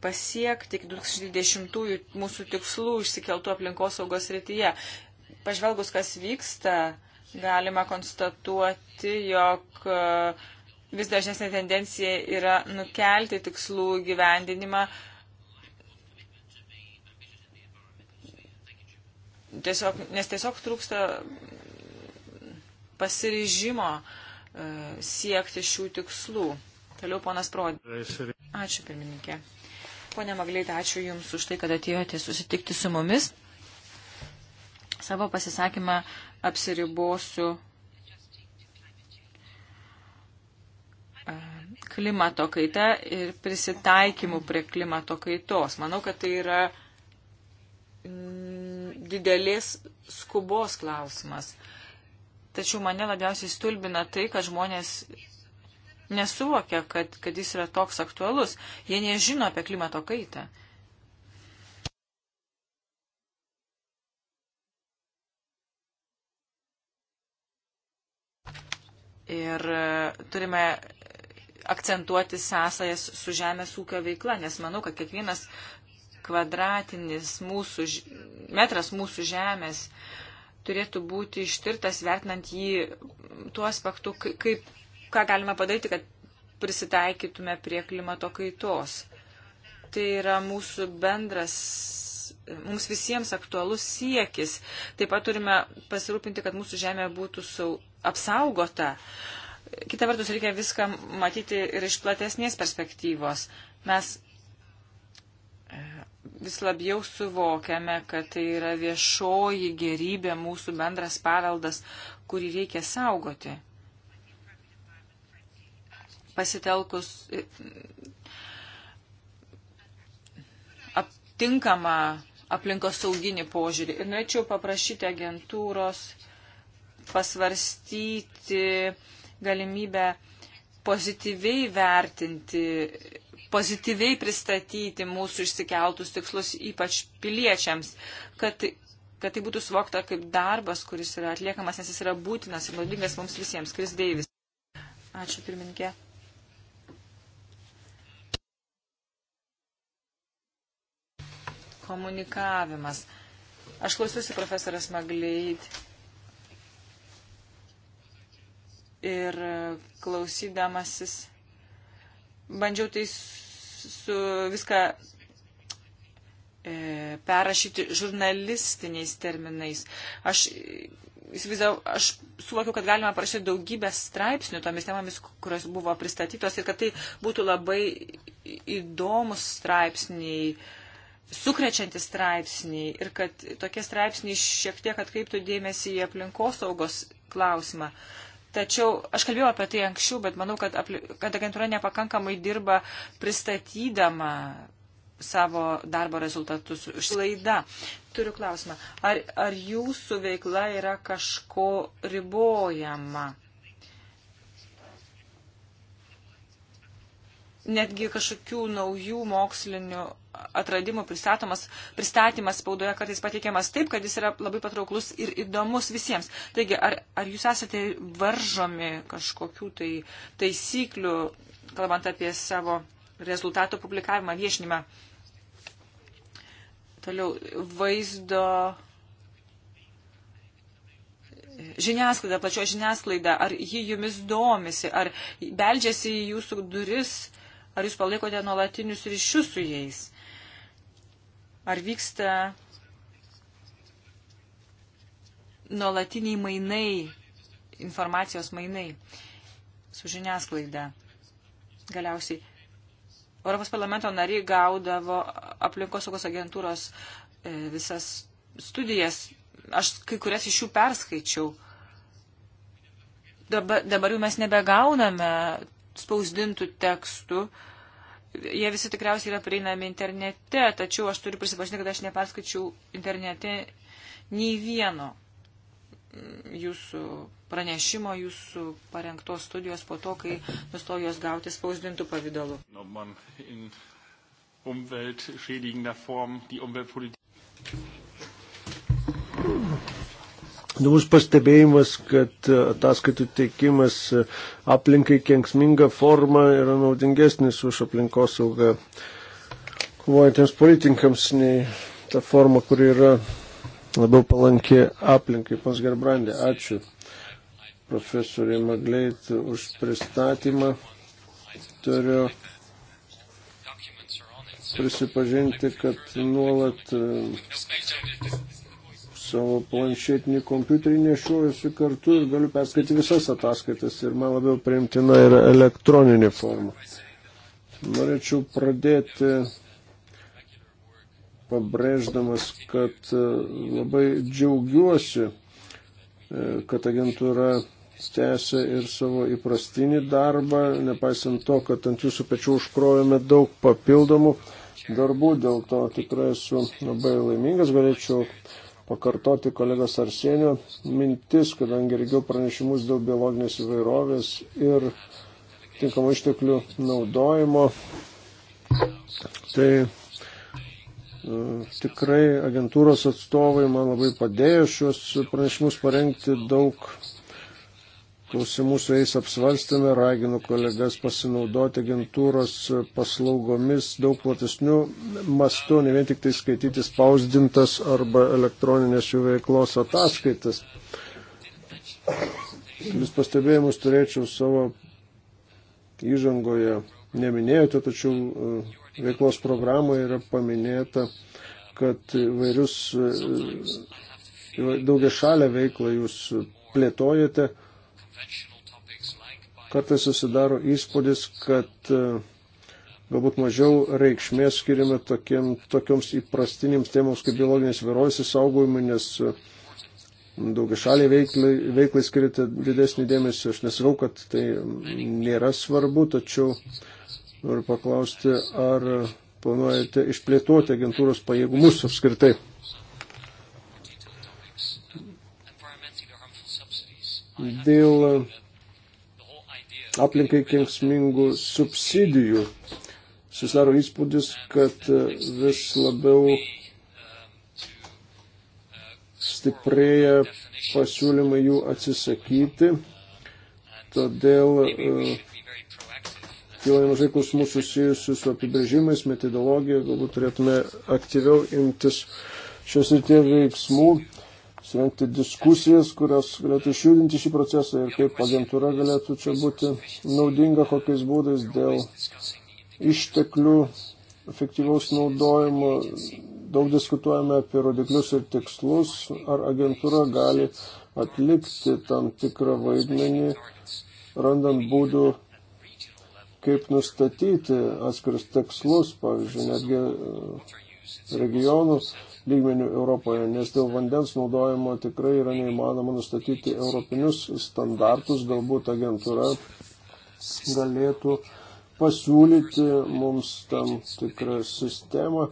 pasiekti iki 2020-ųjų mūsų tikslų išsikeltų aplinkosaugos rytyje. Pažvelgus, kas vyksta, galima konstatuoti, jog e, vis dažnesnė tendencija yra nukelti tikslų gyvendinimą. Tiesiog, nes tiesiog trūksta pasiryžimo e, siekti šių tikslų. Toliau ponas Prodė. Ačiū, pirmininkė. Pone Magleitė, ačiū Jums už tai, kad atėjote susitikti su mumis. Savo pasisakymą apsiribosiu e, klimato kaita ir prisitaikymu prie klimato kaitos. Manau, kad tai yra mm, didelės skubos klausimas. Tačiau mane labiausiai stulbina tai, kad žmonės nesuvokia, kad, kad jis yra toks aktualus. Jie nežino apie klimato kaitą. Ir e, turime akcentuoti sąsajas su žemės ūkio veikla, nes manau, kad kiekvienas kvadratinis mūsų, metras mūsų žemės turėtų būti ištirtas, vertinant jį tuo aspektu, kaip ką galime padaryti, kad prisitaikytume prie klimato kaitos. Tai yra mūsų bendras, mums visiems aktualus siekis. Taip pat turime pasirūpinti, kad mūsų žemė būtų sau, apsaugota. Kita vertus, reikia viską matyti ir iš platesnės perspektyvos. Mes e, vis labiau suvokiame, kad tai yra viešoji gerybė, mūsų bendras paveldas, kurį reikia saugoti pasitelkus e, aptinkamą aplinkos sauginį požiūrį. Ir norėčiau paprašyti agentūros pasvarstyti galimybę pozityviai vertinti, pozityviai pristatyti mūsų išsikeltus tikslus, ypač piliečiams, kad, kad tai būtų suvokta kaip darbas, kuris yra atliekamas, nes jis yra būtinas ir naudingas mums visiems. Kris Deivis. Ačiū pirmininkė. komunikavimas. Aš klausiuosi profesoras Magleit ir klausydamasis bandžiau tai su viską e, perrašyti žurnalistiniais terminais. Aš įsivaizdavau, aš suvokiau, kad galima parašyti daugybę straipsnių tomis temomis, kurios buvo pristatytos ir kad tai būtų labai įdomus straipsniai, sukrečiantys straipsniai ir kad tokie straipsniai šiek tiek atkreiptų dėmesį į aplinkosaugos klausimą. Tačiau aš kalbėjau apie tai anksčiau, bet manau, kad, apli... kad agentūra nepakankamai dirba pristatydama savo darbo rezultatus išlaida. Turiu klausimą. Ar, ar jūsų veikla yra kažko ribojama? Netgi kažkokių naujų mokslinių atradimų pristatomas, pristatymas spaudoje kartais pateikiamas taip, kad jis yra labai patrauklus ir įdomus visiems. Taigi, ar, ar jūs esate varžomi kažkokių tai taisyklių, kalbant apie savo rezultatų publikavimą, viešinimą? Toliau, vaizdo žiniasklaida, plačio žiniasklaida, ar ji jumis domisi, ar beldžiasi į jūsų duris, ar jūs palaikote nuolatinius ryšius su jais. Ar vyksta nuolatiniai mainai, informacijos mainai su žiniasklaida? Galiausiai Europos parlamento nariai gaudavo aplinkosaugos agentūros e, visas studijas. Aš kai kurias iš jų perskaičiau. Dabar, dabar jau mes nebegauname spausdintų tekstų, uh, jie visi tikriausiai yra prieinami internete, tačiau aš turiu prisipažinti, kad aš neperskaičiau internete nei vieno jūsų pranešimo, jūsų parengtos studijos po to, kai nustojo jos gauti spausdintų pavydalu. Umweltschädigender Form die Umweltpolitik. Įdomus pastebėjimas, kad e, ataskaitų teikimas e, aplinkai kenksminga forma yra naudingesnis už aplinkosaugą kovojantiems politinkams nei ta forma, kuri yra labiau palanki aplinkai. Pas Gerbrandė, ačiū profesoriai Magleit už pristatymą. Turiu prisipažinti, kad nuolat e, savo planšetinį kompiuterį nešiuojusi kartu ir galiu perskaityti visas ataskaitas ir man labiau priimtina yra elektroninė forma. Norėčiau pradėti pabrėždamas, kad e, labai džiaugiuosi, e, kad agentūra tęsia ir savo įprastinį darbą, nepaisant to, kad ant jūsų pečių užkrovėme daug papildomų darbų, dėl to tikrai esu labai laimingas, galėčiau pakartoti kolegos Arsenio mintis, kadangi regiau pranešimus dėl biologinės įvairovės ir tinkamų išteklių naudojimo. Tai e, tikrai agentūros atstovai man labai padėjo šios pranešimus parengti daug klausimų su jais apsvarstėme, raginu kolegas pasinaudoti agentūros paslaugomis daug platesnių mastų, ne vien tik tai skaityti spausdintas arba elektroninės jų veiklos ataskaitas. Vis pastebėjimus turėčiau savo įžangoje, neminėjote, tačiau e, veiklos programoje yra paminėta, kad vairius e, daugia šalia veiklą jūs plėtojate Kartais susidaro įspūdis, kad e, galbūt mažiau reikšmės skiriame tokiem, tokioms įprastinėms tėmoms kaip biologinės vėrovės įsaugojimui, nes e, daugia šaliai veiklai, veiklai skirite didesnį dėmesį. Aš nesakau, kad tai nėra svarbu, tačiau noriu paklausti, ar planuojate išplėtoti agentūros pajėgumus apskritai. dėl aplinkai kenksmingų subsidijų. Susidaro įspūdis, kad vis labiau stiprėja pasiūlymai jų atsisakyti. Todėl e, kyla nemažai klausimų susijusių su apibrėžimais, metodologija, galbūt turėtume aktyviau imtis šios ir tie veiksmų surenkti diskusijas, kurios galėtų išjudinti šį procesą ir kaip agentūra galėtų čia būti naudinga, kokiais būdais dėl išteklių efektyvaus naudojimo. Daug diskutuojame apie rodiklius ir tikslus, ar agentūra gali atlikti tam tikrą vaidmenį, randant būdų kaip nustatyti atskirus tikslus, pavyzdžiui, netgi e, regionų lygmenių Europoje, nes dėl vandens naudojimo tikrai yra neįmanoma nustatyti europinius standartus, galbūt agentūra galėtų pasiūlyti mums tam tikrą sistemą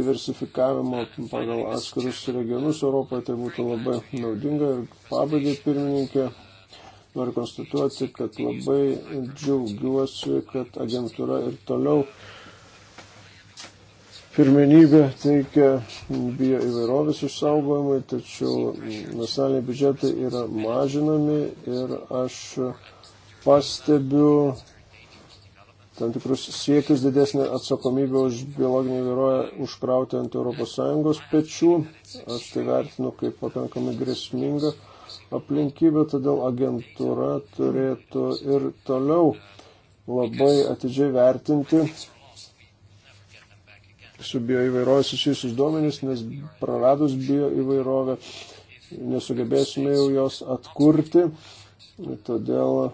diversifikavimo pagal atskirus regionus Europoje, tai būtų labai naudinga ir pabaigai pirmininkė. Noriu konstatuoti, kad labai džiaugiuosi, kad agentūra ir toliau pirmenybę teikia bio įvairovės išsaugojimui, tačiau nacionaliniai biudžetai yra mažinami ir aš pastebiu tam tikrus siekius didesnį atsakomybę už biologinį įvairovę užkrauti ant ES pečių. Aš tai vertinu kaip pakankamai grėsmingą aplinkybę, todėl agentūra turėtų ir toliau labai atidžiai vertinti su bioįvairovė susijusius duomenis, nes praradus bioįvairovę nesugebėsime jau jos atkurti. Todėl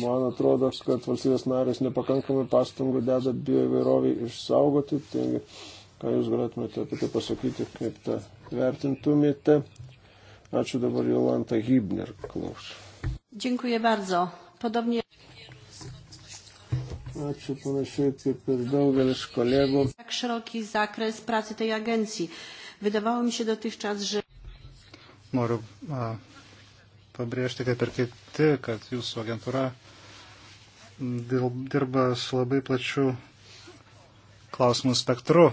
man atrodo, kad valstybės narės nepakankamai pastangų deda bioįvairoviai išsaugoti. Taigi, ką Jūs galėtumėte apie tai pasakyti, kaip tą vertintumėte? Ačiū dabar Jolanta Hibner klaus. Dziękuję bardzo. Podobnie. Ačiū panašiai kaip ir daugelis kolegų. Tak szeroki zakres pracy tej agencji. Wydawało mi się dotychczas, że... Noriu a, pabrėžti, kaip ir kiti, kad jūsų agentūra dirba su labai plačiu klausimų spektru.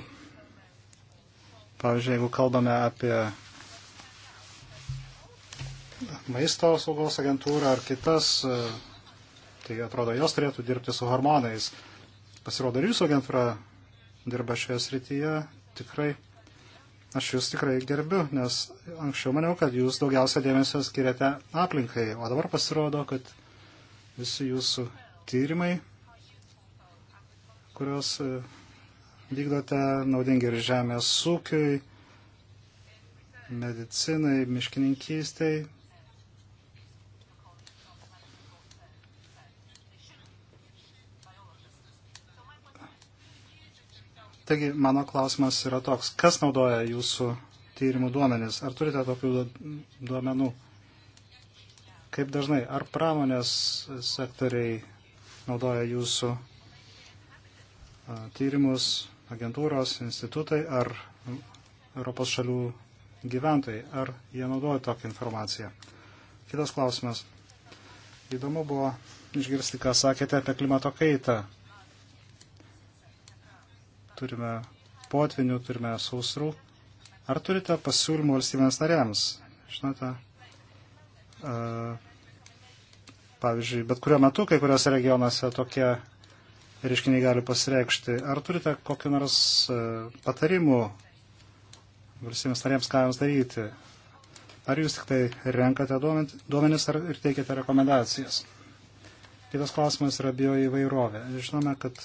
Pavyzdžiui, jeigu kalbame apie maisto saugos agentūrą ar kitas a, Tai atrodo, jos turėtų dirbti su hormonais. Pasirodo, ir jūsų agentūra dirba šioje srityje tikrai. Aš jūs tikrai gerbiu, nes anksčiau maniau, kad jūs daugiausia dėmesio skiriate aplinkai, o dabar pasirodo, kad visi jūsų tyrimai, kurios e, vykdote naudingi ir žemės ūkiui, medicinai, miškininkystai, Taigi mano klausimas yra toks, kas naudoja jūsų tyrimų duomenis? Ar turite tokių duomenų? Kaip dažnai? Ar pramonės sektoriai naudoja jūsų tyrimus, agentūros, institutai, ar Europos šalių gyventojai, ar jie naudoja tokią informaciją? Kitas klausimas. Įdomu buvo išgirsti, ką sakėte apie klimato kaitą turime potvinių, turime sausrų. Ar turite pasiūlymų valstybėms narėms? Žinote, e, pavyzdžiui, bet kuriuo metu kai kuriuose regionuose tokie reiškiniai gali pasireikšti. Ar turite kokiu nors e, patarimu valstybėms narėms, ką jums daryti? Ar jūs tik tai renkate duomenis ar ir teikiate rekomendacijas? Kitas klausimas yra bioįvairovė. Žinome, kad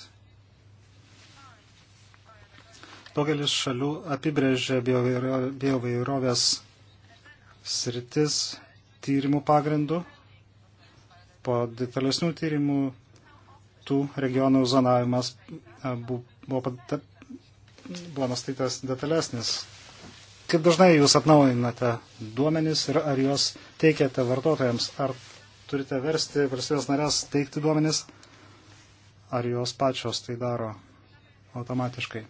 Daugelis šalių apibrėžia biovairovės sritis tyrimų pagrindų. Po detalesnių tyrimų tų regionų zonavimas buvo, padata, buvo nustatytas detalesnis. Kaip dažnai jūs atnaujinate duomenis ir ar juos teikiate vartotojams? Ar turite versti valstybės narės teikti duomenis, ar jos pačios tai daro automatiškai?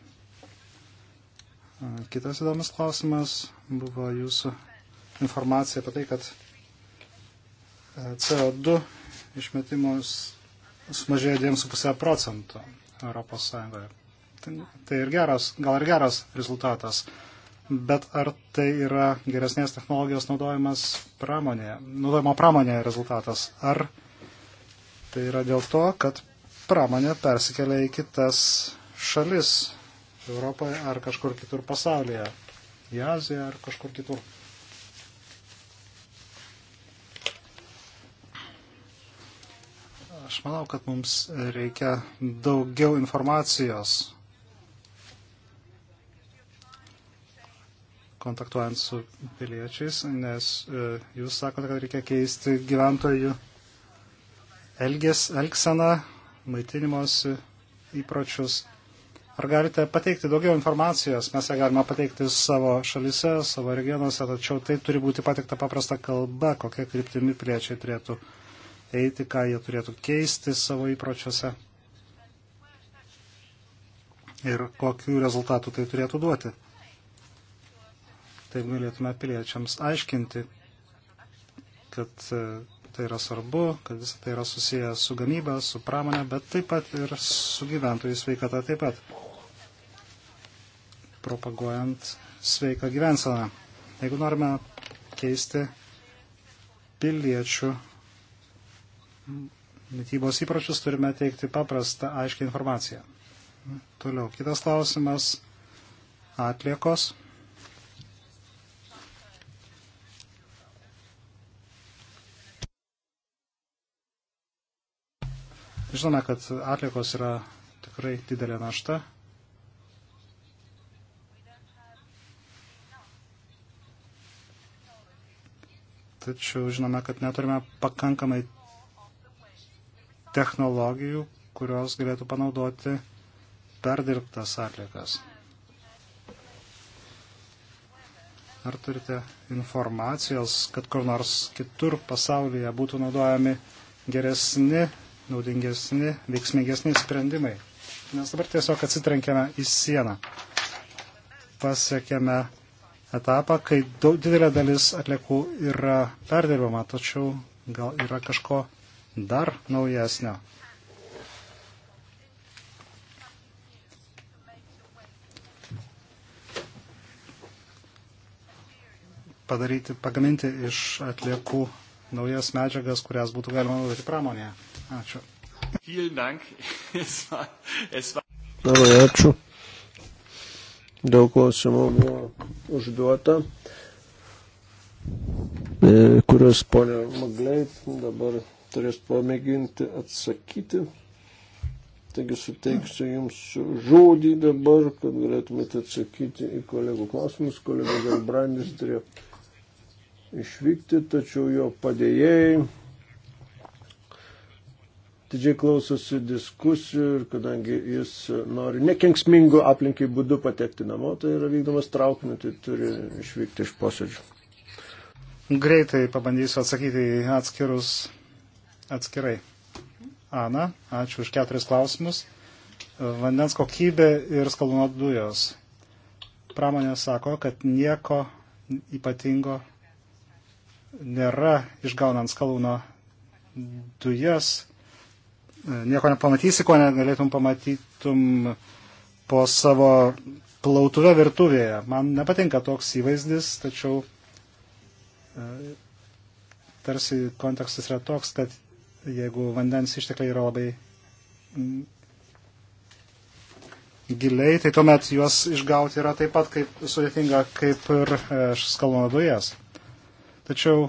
Kitas įdomus klausimas buvo jūsų informacija apie tai, kad e, CO2 išmetimus sumažėjo 2,5 procento Europos Sąjungoje. Tai, tai ir geras, gal ir geras rezultatas, bet ar tai yra geresnės technologijos naudojimas pramonėje, naudojimo pramonėje rezultatas, ar tai yra dėl to, kad pramonė persikelia į kitas šalis, Europoje ar kažkur kitur pasaulyje, į Aziją ar kažkur kitur. Aš manau, kad mums reikia daugiau informacijos kontaktuojant su piliečiais, nes e, jūs sakote, kad reikia keisti gyventojų elgės, elgseną, maitinimosi įpročius. Ar galite pateikti daugiau informacijos? Mes ją galime pateikti savo šalise, savo regionuose, tačiau tai turi būti pateikta paprasta kalba, kokia kryptimi piliečiai turėtų eiti, ką jie turėtų keisti savo įpročiuose ir kokiu rezultatu tai turėtų duoti. Taip galėtume piliečiams aiškinti, kad e, tai yra svarbu, kad visą tai yra susiję su gamyba, su pramonė, bet taip pat ir su gyventojų sveikata taip pat propaguojant sveiką gyvenseną. Jeigu norime keisti piliečių mytybos įpročius, turime teikti paprastą, aiškę informaciją. Toliau, kitas klausimas - atliekos. Žinome, kad atliekos yra tikrai didelė našta tačiau žinome, kad neturime pakankamai technologijų, kurios galėtų panaudoti perdirbtas atliekas. Ar turite informacijos, kad kur nors kitur pasaulyje būtų naudojami geresni, naudingesni, veiksmingesni sprendimai? Nes dabar tiesiog atsitrenkėme į sieną. Pasiekėme etapą, kai daug, didelė dalis atliekų yra perdirbama, tačiau gal yra kažko dar naujesnio. padaryti, pagaminti iš atliekų naujas medžiagas, kurias būtų galima naudoti pramonėje. Ačiū. <laughs> Labai ačiū. Daug klausimų buvo užduota, e, kuriuos ponia Magleit dabar turės pamėginti atsakyti. Taigi suteiksiu Jums žodį dabar, kad galėtumėte atsakyti į kolegų klausimus. Kolega Gerbrandis turėjo išvykti, tačiau jo padėjėjai didžiai klausosi diskusijų ir kadangi jis nori nekenksmingų aplinkai būdų patekti namo, tai yra vykdomas traukiniu, tai turi išvykti iš posėdžių. Greitai pabandysiu atsakyti į atskirus atskirai. Ana, ačiū už keturis klausimus. Vandens kokybė ir skalūno dujos. Pramonė sako, kad nieko ypatingo nėra išgaunant skalūno dujas nieko nepamatysi, ko negalėtum pamatytum po savo plautuvę virtuvėje. Man nepatinka toks įvaizdis, tačiau e, tarsi kontekstas yra toks, kad jeigu vandens ištekliai yra labai giliai, tai tuomet juos išgauti yra taip pat kaip, sudėtinga kaip ir e, šis kalno dujas. Tačiau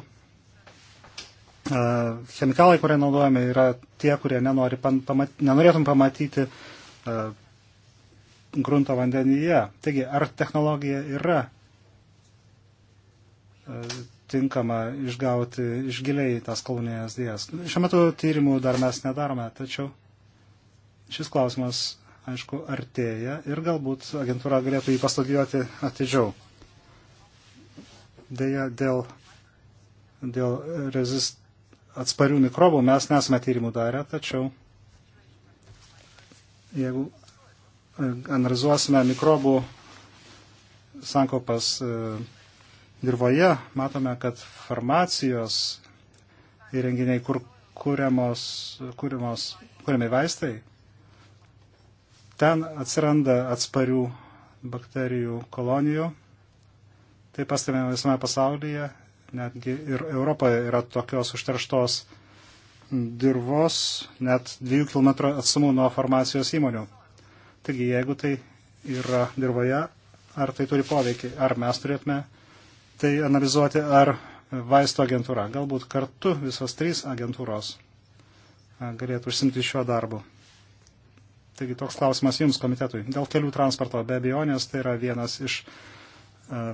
chemikalai, kurie naudojami, yra tie, kurie nenori pamat, nenorėtum pamatyti grunto vandenyje. Taigi, ar technologija yra tinkama išgauti išgiliai tas kolonijas dėjas? Šiuo metu tyrimų dar mes nedarome, tačiau šis klausimas, aišku, artėja ir galbūt agentūra galėtų jį pastudijuoti atidžiau. Deja, dėl, dėl rezist atsparių mikrobų mes nesame tyrimų darę, tačiau jeigu e, analizuosime mikrobų sankopas e, dirboje, matome, kad farmacijos įrenginiai, kur kūriamos, kūriamos, kūriami vaistai, ten atsiranda atsparių bakterijų kolonijų. Tai pastebėjome visame pasaulyje netgi ir Europoje yra tokios užterštos dirvos net 2 km atstumų nuo farmacijos įmonių. Taigi, jeigu tai yra dirboje, ar tai turi poveikį, ar mes turėtume tai analizuoti, ar vaisto agentūra, galbūt kartu visos trys agentūros galėtų užsimti šiuo darbu. Taigi toks klausimas Jums komitetui. Dėl kelių transporto be abejonės tai yra vienas iš uh,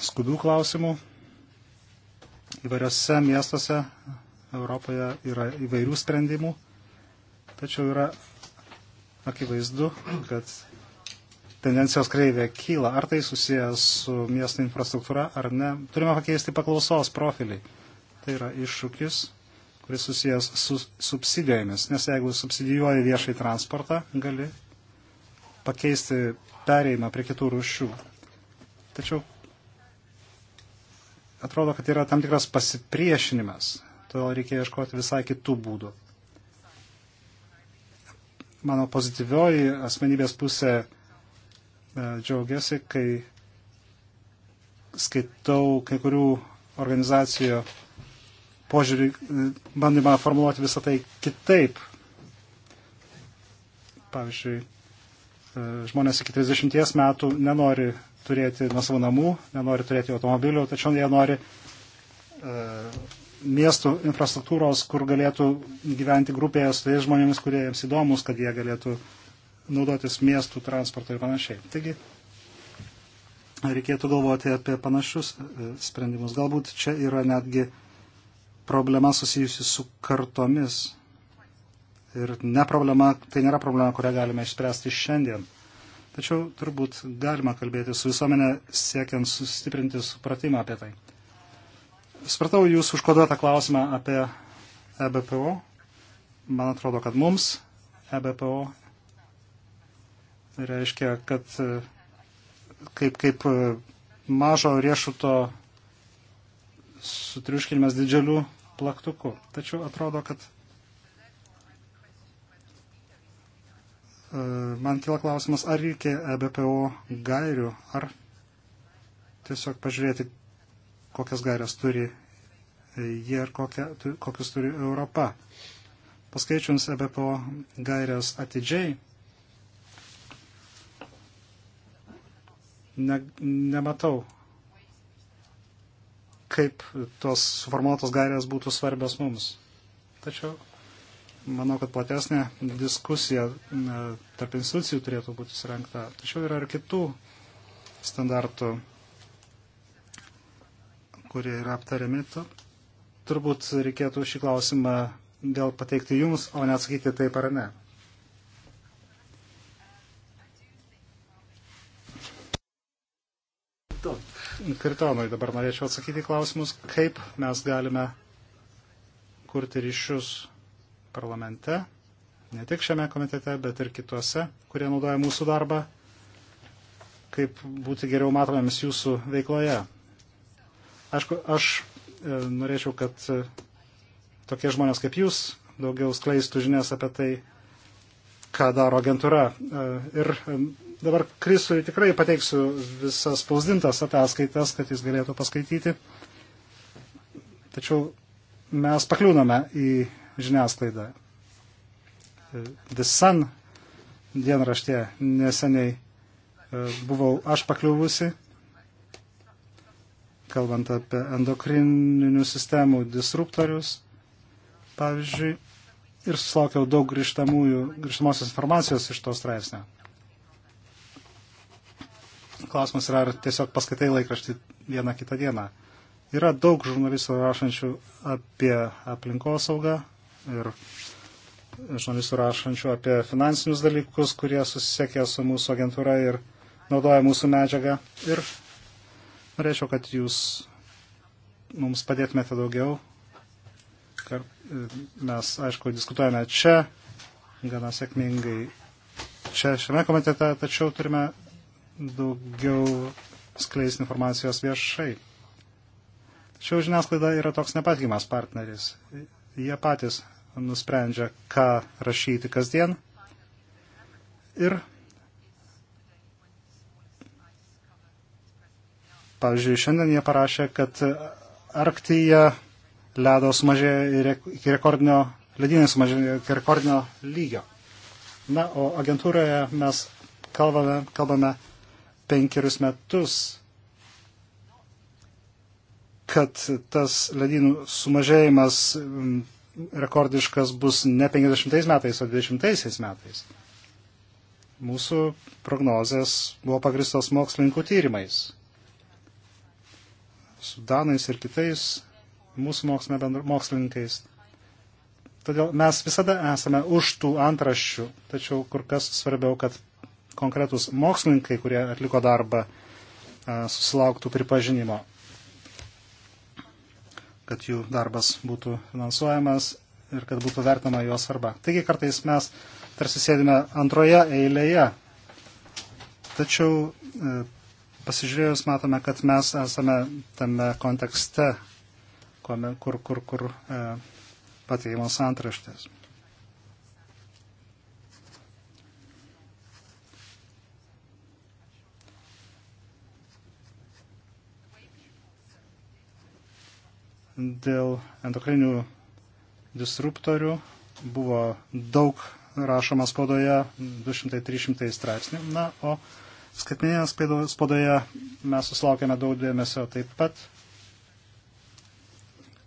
skubių klausimų. Įvairiose miestuose Europoje yra įvairių sprendimų, tačiau yra akivaizdu, kad tendencijos kreivė kyla. Ar tai susijęs su miesto infrastruktūra ar ne, turime pakeisti paklausos profilį. Tai yra iššūkis, kuris susijęs su subsidijomis, nes jeigu subsidijuoji viešai transportą, gali pakeisti pereimą prie kitų rušių. Tačiau atrodo, kad yra tam tikras pasipriešinimas, todėl reikia ieškoti visai kitų būdų. Mano pozityvioji asmenybės pusė e, džiaugiasi, kai skaitau kai kurių organizacijų požiūrį, e, bandymą formuluoti visą tai kitaip. Pavyzdžiui, e, žmonės iki 30 metų nenori turėti nuo namų, nenori turėti automobilių, tačiau jie nori e, miestų infrastruktūros, kur galėtų gyventi grupėje su tais žmonėmis, kurie jiems įdomus, kad jie galėtų naudotis miestų transportu ir panašiai. Taigi reikėtų galvoti apie panašius e, sprendimus. Galbūt čia yra netgi problema susijusi su kartomis. Ir ne problema, tai nėra problema, kurią galime išspręsti šiandien. Tačiau turbūt galima kalbėti su visuomenė siekiant sustiprinti supratimą apie tai. Supratau jūsų užkoduotą klausimą apie EBPO. Man atrodo, kad mums EBPO reiškia, kad e, kaip, kaip e, mažo riešuto sutriuškinimas didžiuliu plaktuku. Tačiau atrodo, kad E, man kila klausimas, ar reikia EBPO gairių, ar tiesiog pažiūrėti, kokias gairias turi jie ir kokia, kokius turi Europa. Paskaičius EBPO gairias atidžiai, ne, nematau, kaip tos suformuotos gairias būtų svarbios mums. Tačiau manau, kad platesnė diskusija tarp institucijų turėtų būti surinkta. Tačiau yra ir kitų standartų, kurie yra aptariami. Turbūt reikėtų šį klausimą dėl pateikti jums, o ne atsakyti taip ar ne. Kritonui dabar norėčiau atsakyti klausimus, kaip mes galime kurti ryšius parlamente, ne tik šiame komitete, bet ir kituose, kurie naudoja mūsų darbą, kaip būti geriau matomėmis jūsų veikloje. Aišku, aš e, norėčiau, kad e, tokie žmonės kaip jūs daugiau skleistų žinias apie tai, ką daro agentūra. E, ir dabar Krisui tikrai pateiksiu visas spausdintas ataskaitas, kad jis galėtų paskaityti. Tačiau mes pakliūname į žiniasklaida. Visan dienraštė neseniai e, buvau aš pakliuvusi, kalbant apie endokrininių sistemų disruptorius, pavyzdžiui, ir susilaukiau daug grįžtamosios informacijos iš to straipsnio. Klausimas yra, ar tiesiog paskaitai laikraštį vieną kitą dieną. Yra daug žurnalistų rašančių apie aplinkosaugą, ir žurnalistų rašančių apie finansinius dalykus, kurie susisiekė su mūsų agentūra ir naudoja mūsų medžiagą. Ir norėčiau, kad jūs mums padėtumėte daugiau. Mes, aišku, diskutuojame čia, gana sėkmingai čia šiame komitete, tačiau turime daugiau skleisti informacijos viešai. Tačiau žiniasklaida yra toks nepatikimas partneris. Jie patys nusprendžia, ką rašyti kasdien. Ir, pavyzdžiui, šiandien jie parašė, kad Arktyje ledo sumažėjo iki rekordinio, ledynai sumažėjo iki rekordinio lygio. Na, o agentūroje mes kalbame, kalbame penkerius metus kad tas ledynų sumažėjimas rekordiškas bus ne 50 metais, o 20 metais. Mūsų prognozės buvo pagristos mokslininkų tyrimais. Su Danais ir kitais mūsų mokslininkais. Todėl mes visada esame už tų antraščių, tačiau kur kas svarbiau, kad konkretus mokslininkai, kurie atliko darbą, susilauktų pripažinimo kad jų darbas būtų finansuojamas ir kad būtų vertama jo svarba. Taigi kartais mes tarsi sėdime antroje eilėje, tačiau e, pasižiūrėjus matome, kad mes esame tame kontekste, kur, kur, kur e, pateikimos antraštės. dėl endokrinių disruptorių buvo daug rašoma spaudoje 200-300 straipsnių. Na, o skaitmeninėje spaudoje mes susilaukėme daug dėmesio taip pat.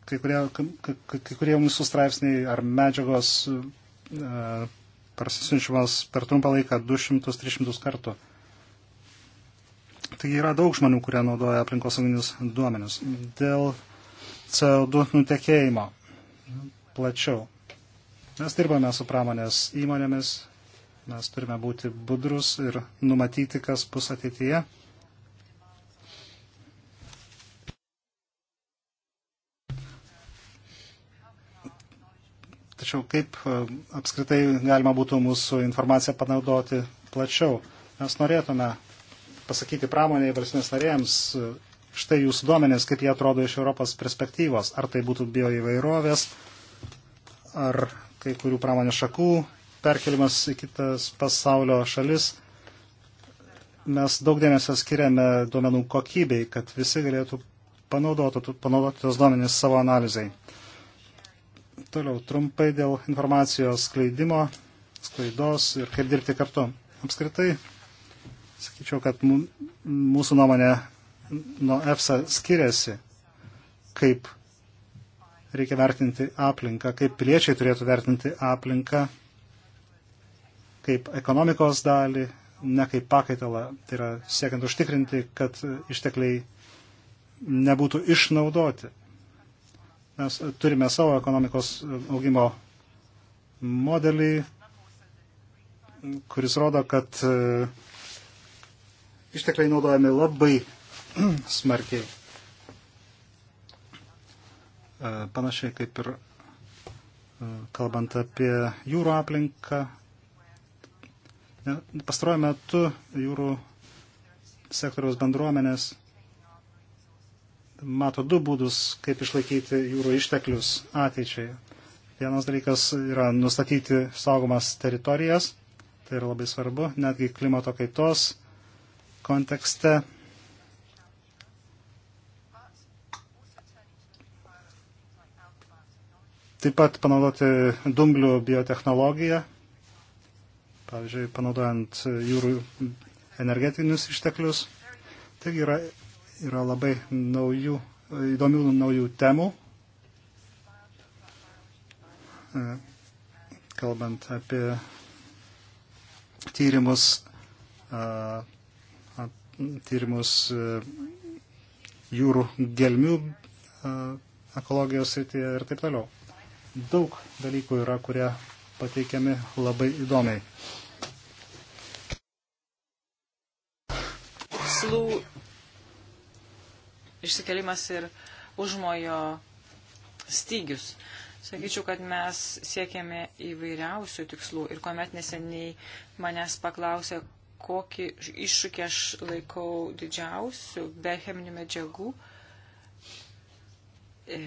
Kai kurie, kai, kai kurie mūsų straipsniai ar medžiagos e, prasisinčiamas per trumpą laiką 200-300 kartų. Taigi yra daug žmonių, kurie naudoja aplinkosauginius duomenis. Dėl CO2 nutekėjimo plačiau. Mes dirbame su pramonės įmonėmis, mes turime būti budrus ir numatyti, kas bus ateityje. Tačiau kaip e, apskritai galima būtų mūsų informaciją panaudoti plačiau? Mes norėtume pasakyti pramoniai valstybės narėjams, Štai jūsų duomenės, kaip jie atrodo iš Europos perspektyvos. Ar tai būtų bioįvairovės, ar kai kurių pramonės šakų perkelimas į kitas pasaulio šalis. Mes daug dėmesio skiriame duomenų kokybei, kad visi galėtų panaudoti, panaudoti tos duomenys savo analizai. Toliau trumpai dėl informacijos skleidimo, sklaidos ir kaip dirbti kartu. Apskritai, sakyčiau, kad mūsų nuomonė nuo EFSA skiriasi, kaip reikia vertinti aplinką, kaip piliečiai turėtų vertinti aplinką, kaip ekonomikos dalį, ne kaip pakaitalą, tai yra siekiant užtikrinti, kad ištekliai nebūtų išnaudoti. Mes turime savo ekonomikos augimo modelį, kuris rodo, kad e, ištekliai naudojami labai <clears throat> smarkiai. E, panašiai kaip ir e, kalbant apie jūrų aplinką. Pastaruoju metu jūrų sektoriaus bendruomenės mato du būdus, kaip išlaikyti jūrų išteklius ateičiai. Vienas dalykas yra nustatyti saugomas teritorijas, tai yra labai svarbu, netgi klimato kaitos kontekste Taip pat panaudoti dumblių biotehnologiją, pavyzdžiui, panaudojant jūrų energetinius išteklius. Taigi yra, yra labai naujų, įdomių naujų temų, e, kalbant apie tyrimus, e, tyrimus e, jūrų gelmių ekologijos srityje ir taip toliau daug dalykų yra, kurie pateikiami labai įdomiai. Slų išsikelimas ir užmojo stygius. Sakyčiau, kad mes siekėme įvairiausių tikslų ir kuomet neseniai manęs paklausė, kokį iššūkį aš laikau didžiausių be cheminių medžiagų. E,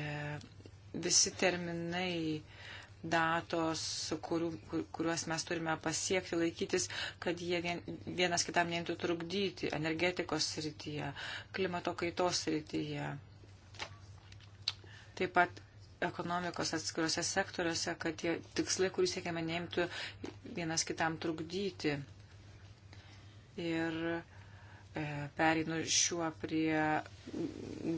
visi terminai datos, kurių, kuriuos mes turime pasiekti, laikytis, kad jie vien, vienas kitam neimtų trukdyti energetikos srityje, klimato kaitos srityje. Taip pat ekonomikos atskiruose sektoriuose, kad tie tikslai, kurių siekiame, neimtų vienas kitam trukdyti. Ir E, pereinu šiuo prie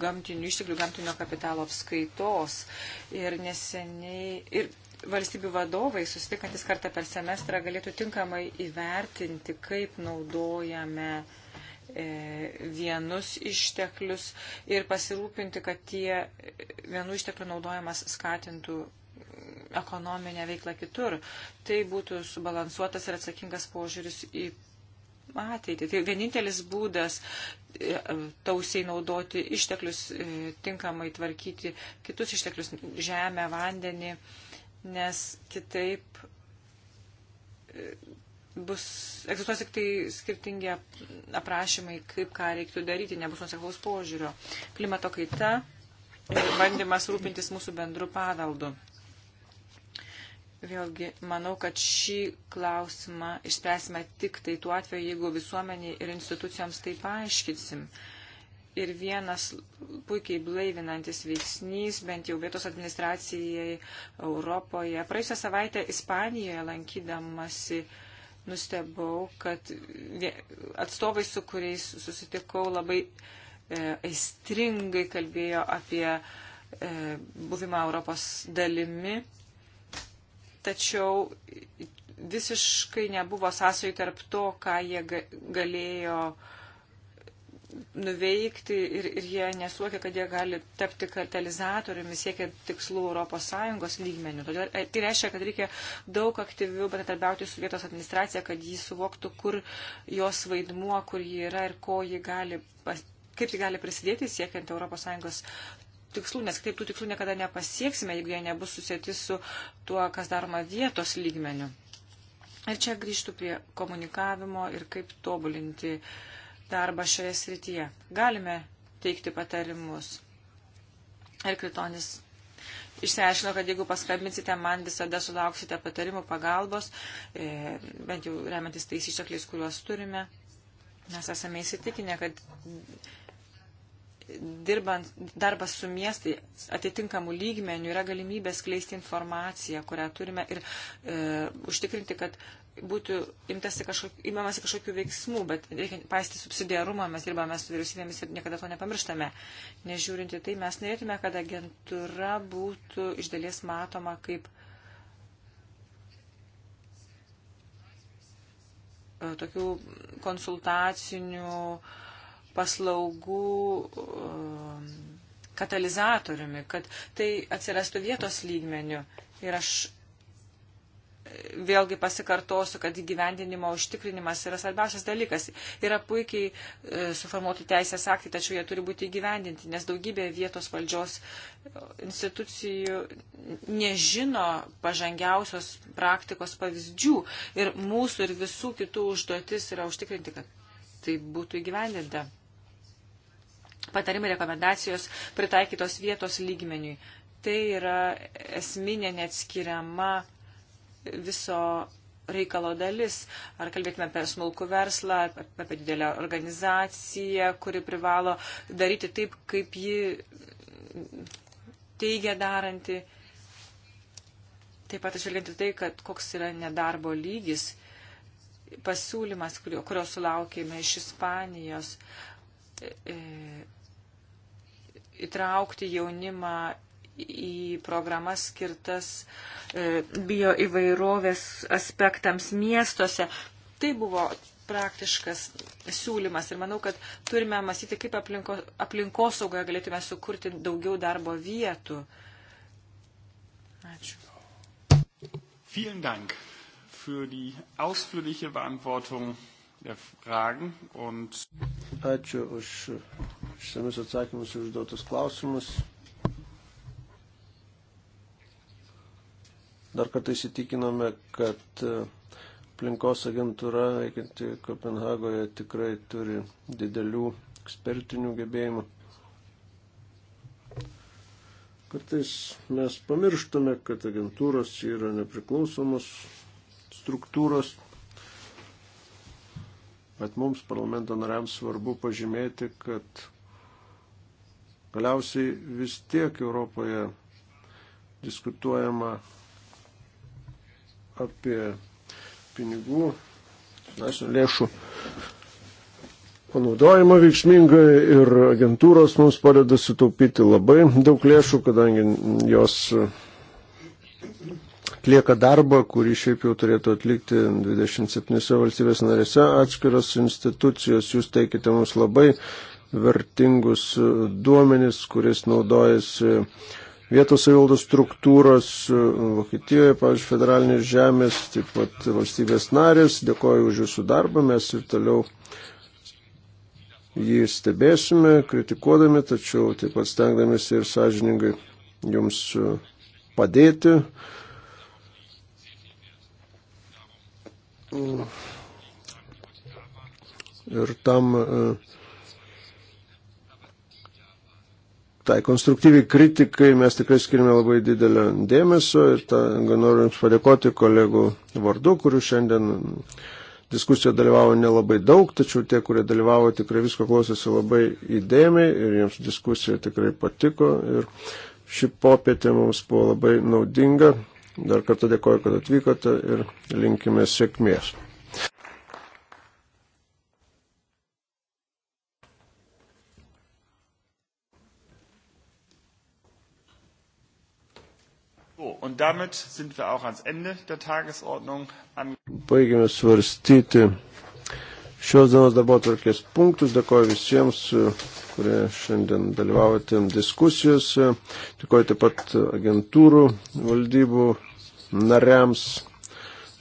gamtinių išteklių, gamtinio kapitalo apskaitos ir neseniai ir valstybių vadovai, susitikantis kartą per semestrą, galėtų tinkamai įvertinti, kaip naudojame e, vienus išteklius ir pasirūpinti, kad tie vienų išteklių naudojimas skatintų ekonominę veiklą kitur. Tai būtų subalansuotas ir atsakingas požiūris į ateitį. Tai vienintelis būdas e, tausiai naudoti išteklius, e, tinkamai tvarkyti kitus išteklius, žemę, vandenį, nes kitaip e, bus, egzistuos tik tai skirtingi aprašymai, kaip ką reiktų daryti, nebus nuseklaus požiūrio. Klimato kaita ir bandymas rūpintis mūsų bendru paveldu. Vėlgi, manau, kad šį klausimą išspręsime tik tai tuo atveju, jeigu visuomeniai ir institucijoms tai paaiškinsim. Ir vienas puikiai blaivinantis veiksnys, bent jau vietos administracijai Europoje. Praėjusią savaitę Ispanijoje lankydamasi nustebau, kad atstovai, su kuriais susitikau, labai e, aistringai kalbėjo apie e, buvimą Europos dalimi tačiau visiškai nebuvo sąsojų tarp to, ką jie galėjo nuveikti ir, ir jie nesuokė, kad jie gali tapti katalizatoriumi siekiant tikslų ES lygmenių. Todėl e, tai reiškia, kad reikia daug aktyviau bendradarbiauti su vietos administracija, kad jį suvoktų, kur jos vaidmuo, kur ji yra ir ko ji gali, kaip ji gali prisidėti siekiant ES tikslų, nes kitaip tų tikslų niekada nepasieksime, jeigu jie nebus susėti su tuo, kas daroma vietos lygmeniu. Ir čia grįžtų prie komunikavimo ir kaip tobulinti darbą šioje srityje. Galime teikti patarimus. Ir Kritonis išsiaiškino, kad jeigu paskambinsite man, visada sulauksite patarimų pagalbos, e, bent jau remiantis tais ištekliais, kuriuos turime. Mes esame įsitikinę, kad dirbant darbas su miestai atitinkamų lygmenių yra galimybė skleisti informaciją, kurią turime ir e, užtikrinti, kad būtų imtasi kažkok, imamasi kažkokių veiksmų, bet reikia paisti subsidiarumą, mes dirbame su vyriausybėmis ir niekada to nepamirštame. Nežiūrinti tai, mes norėtume, kad agentūra būtų iš dalies matoma kaip e, tokių konsultacinių uh, paslaugų um, katalizatoriumi, kad tai atsirastų vietos lygmenių. Ir aš e, vėlgi pasikartosiu, kad įgyvendinimo užtikrinimas yra svarbiausias dalykas. Yra puikiai e, suformuoti teisės aktai, tačiau jie turi būti įgyvendinti, nes daugybė vietos valdžios e, institucijų nežino pažangiausios praktikos pavyzdžių. Ir mūsų ir visų kitų užduotis yra užtikrinti, kad tai būtų įgyvendinta patarimai rekomendacijos pritaikytos vietos lygmeniui. Tai yra esminė neatskiriama viso reikalo dalis. Ar kalbėkime apie smulkų verslą, apie didelę organizaciją, kuri privalo daryti taip, kaip ji teigia daranti. Taip pat išvelgiant į tai, kad koks yra nedarbo lygis, pasiūlymas, kurio, kurio sulaukėme iš Ispanijos, e, e, įtraukti jaunimą į programas skirtas e, bio įvairovės aspektams miestuose. Tai buvo praktiškas siūlymas ir manau, kad turime mąstyti, kaip aplinko, aplinkosaugoje galėtume sukurti daugiau darbo vietų. Ačiū. Vielen Dank für die ausführliche Beantwortung der Fragen und Ačiū už išsamius atsakymus užduotus klausimus. Dar kartą įsitikinome, kad e, aplinkos agentūra veikianti Kopenhagoje tikrai turi didelių ekspertinių gebėjimų. Kartais mes pamirštame, kad agentūros yra nepriklausomos struktūros, bet mums parlamento nariams svarbu pažymėti, kad Galiausiai vis tiek Europoje diskutuojama apie pinigų, finansinių lėšų panaudojimą veiksmingai ir agentūros mums padeda sutaupyti labai daug lėšų, kadangi jos atlieka darbą, kurį šiaip jau turėtų atlikti 27 valstybės narėse atskiros institucijos. Jūs teikite mums labai vertingus duomenis, kuris naudojasi vietos savivaldos struktūros Vokietijoje, pavyzdžiui, federalinės žemės, taip pat valstybės narės. Dėkoju už jūsų darbą, mes ir toliau jį stebėsime, kritikuodami, tačiau taip pat stengdamėsi ir sąžiningai jums padėti. Ir tam uh, tai konstruktyviai kritikai mes tikrai skirime labai didelio dėmesio ir tą noriu Jums padėkoti kolegų vardu, kurių šiandien diskusijoje dalyvavo nelabai daug, tačiau tie, kurie dalyvavo, tikrai visko klausėsi labai įdėmiai ir jiems diskusija tikrai patiko ir ši popietė mums buvo labai naudinga. Dar kartą dėkoju, kad atvykote ir linkime sėkmės. Und damit sind wir auch ans Ende der Tagesordnung an. Baigėme svarstyti šios dienos darbo atvarkės punktus. Dėkoju visiems, kurie šiandien dalyvavote diskusijose. Dėkoju taip pat agentūrų valdybų nariams.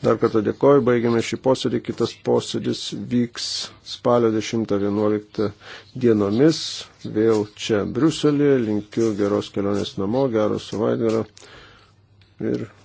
Dar kartą dėkoju, baigiame šį posėdį, kitas posėdis vyks spalio 10-11 dienomis, vėl čia Briuselėje, linkiu geros kelionės namo, gero savaitgalio ir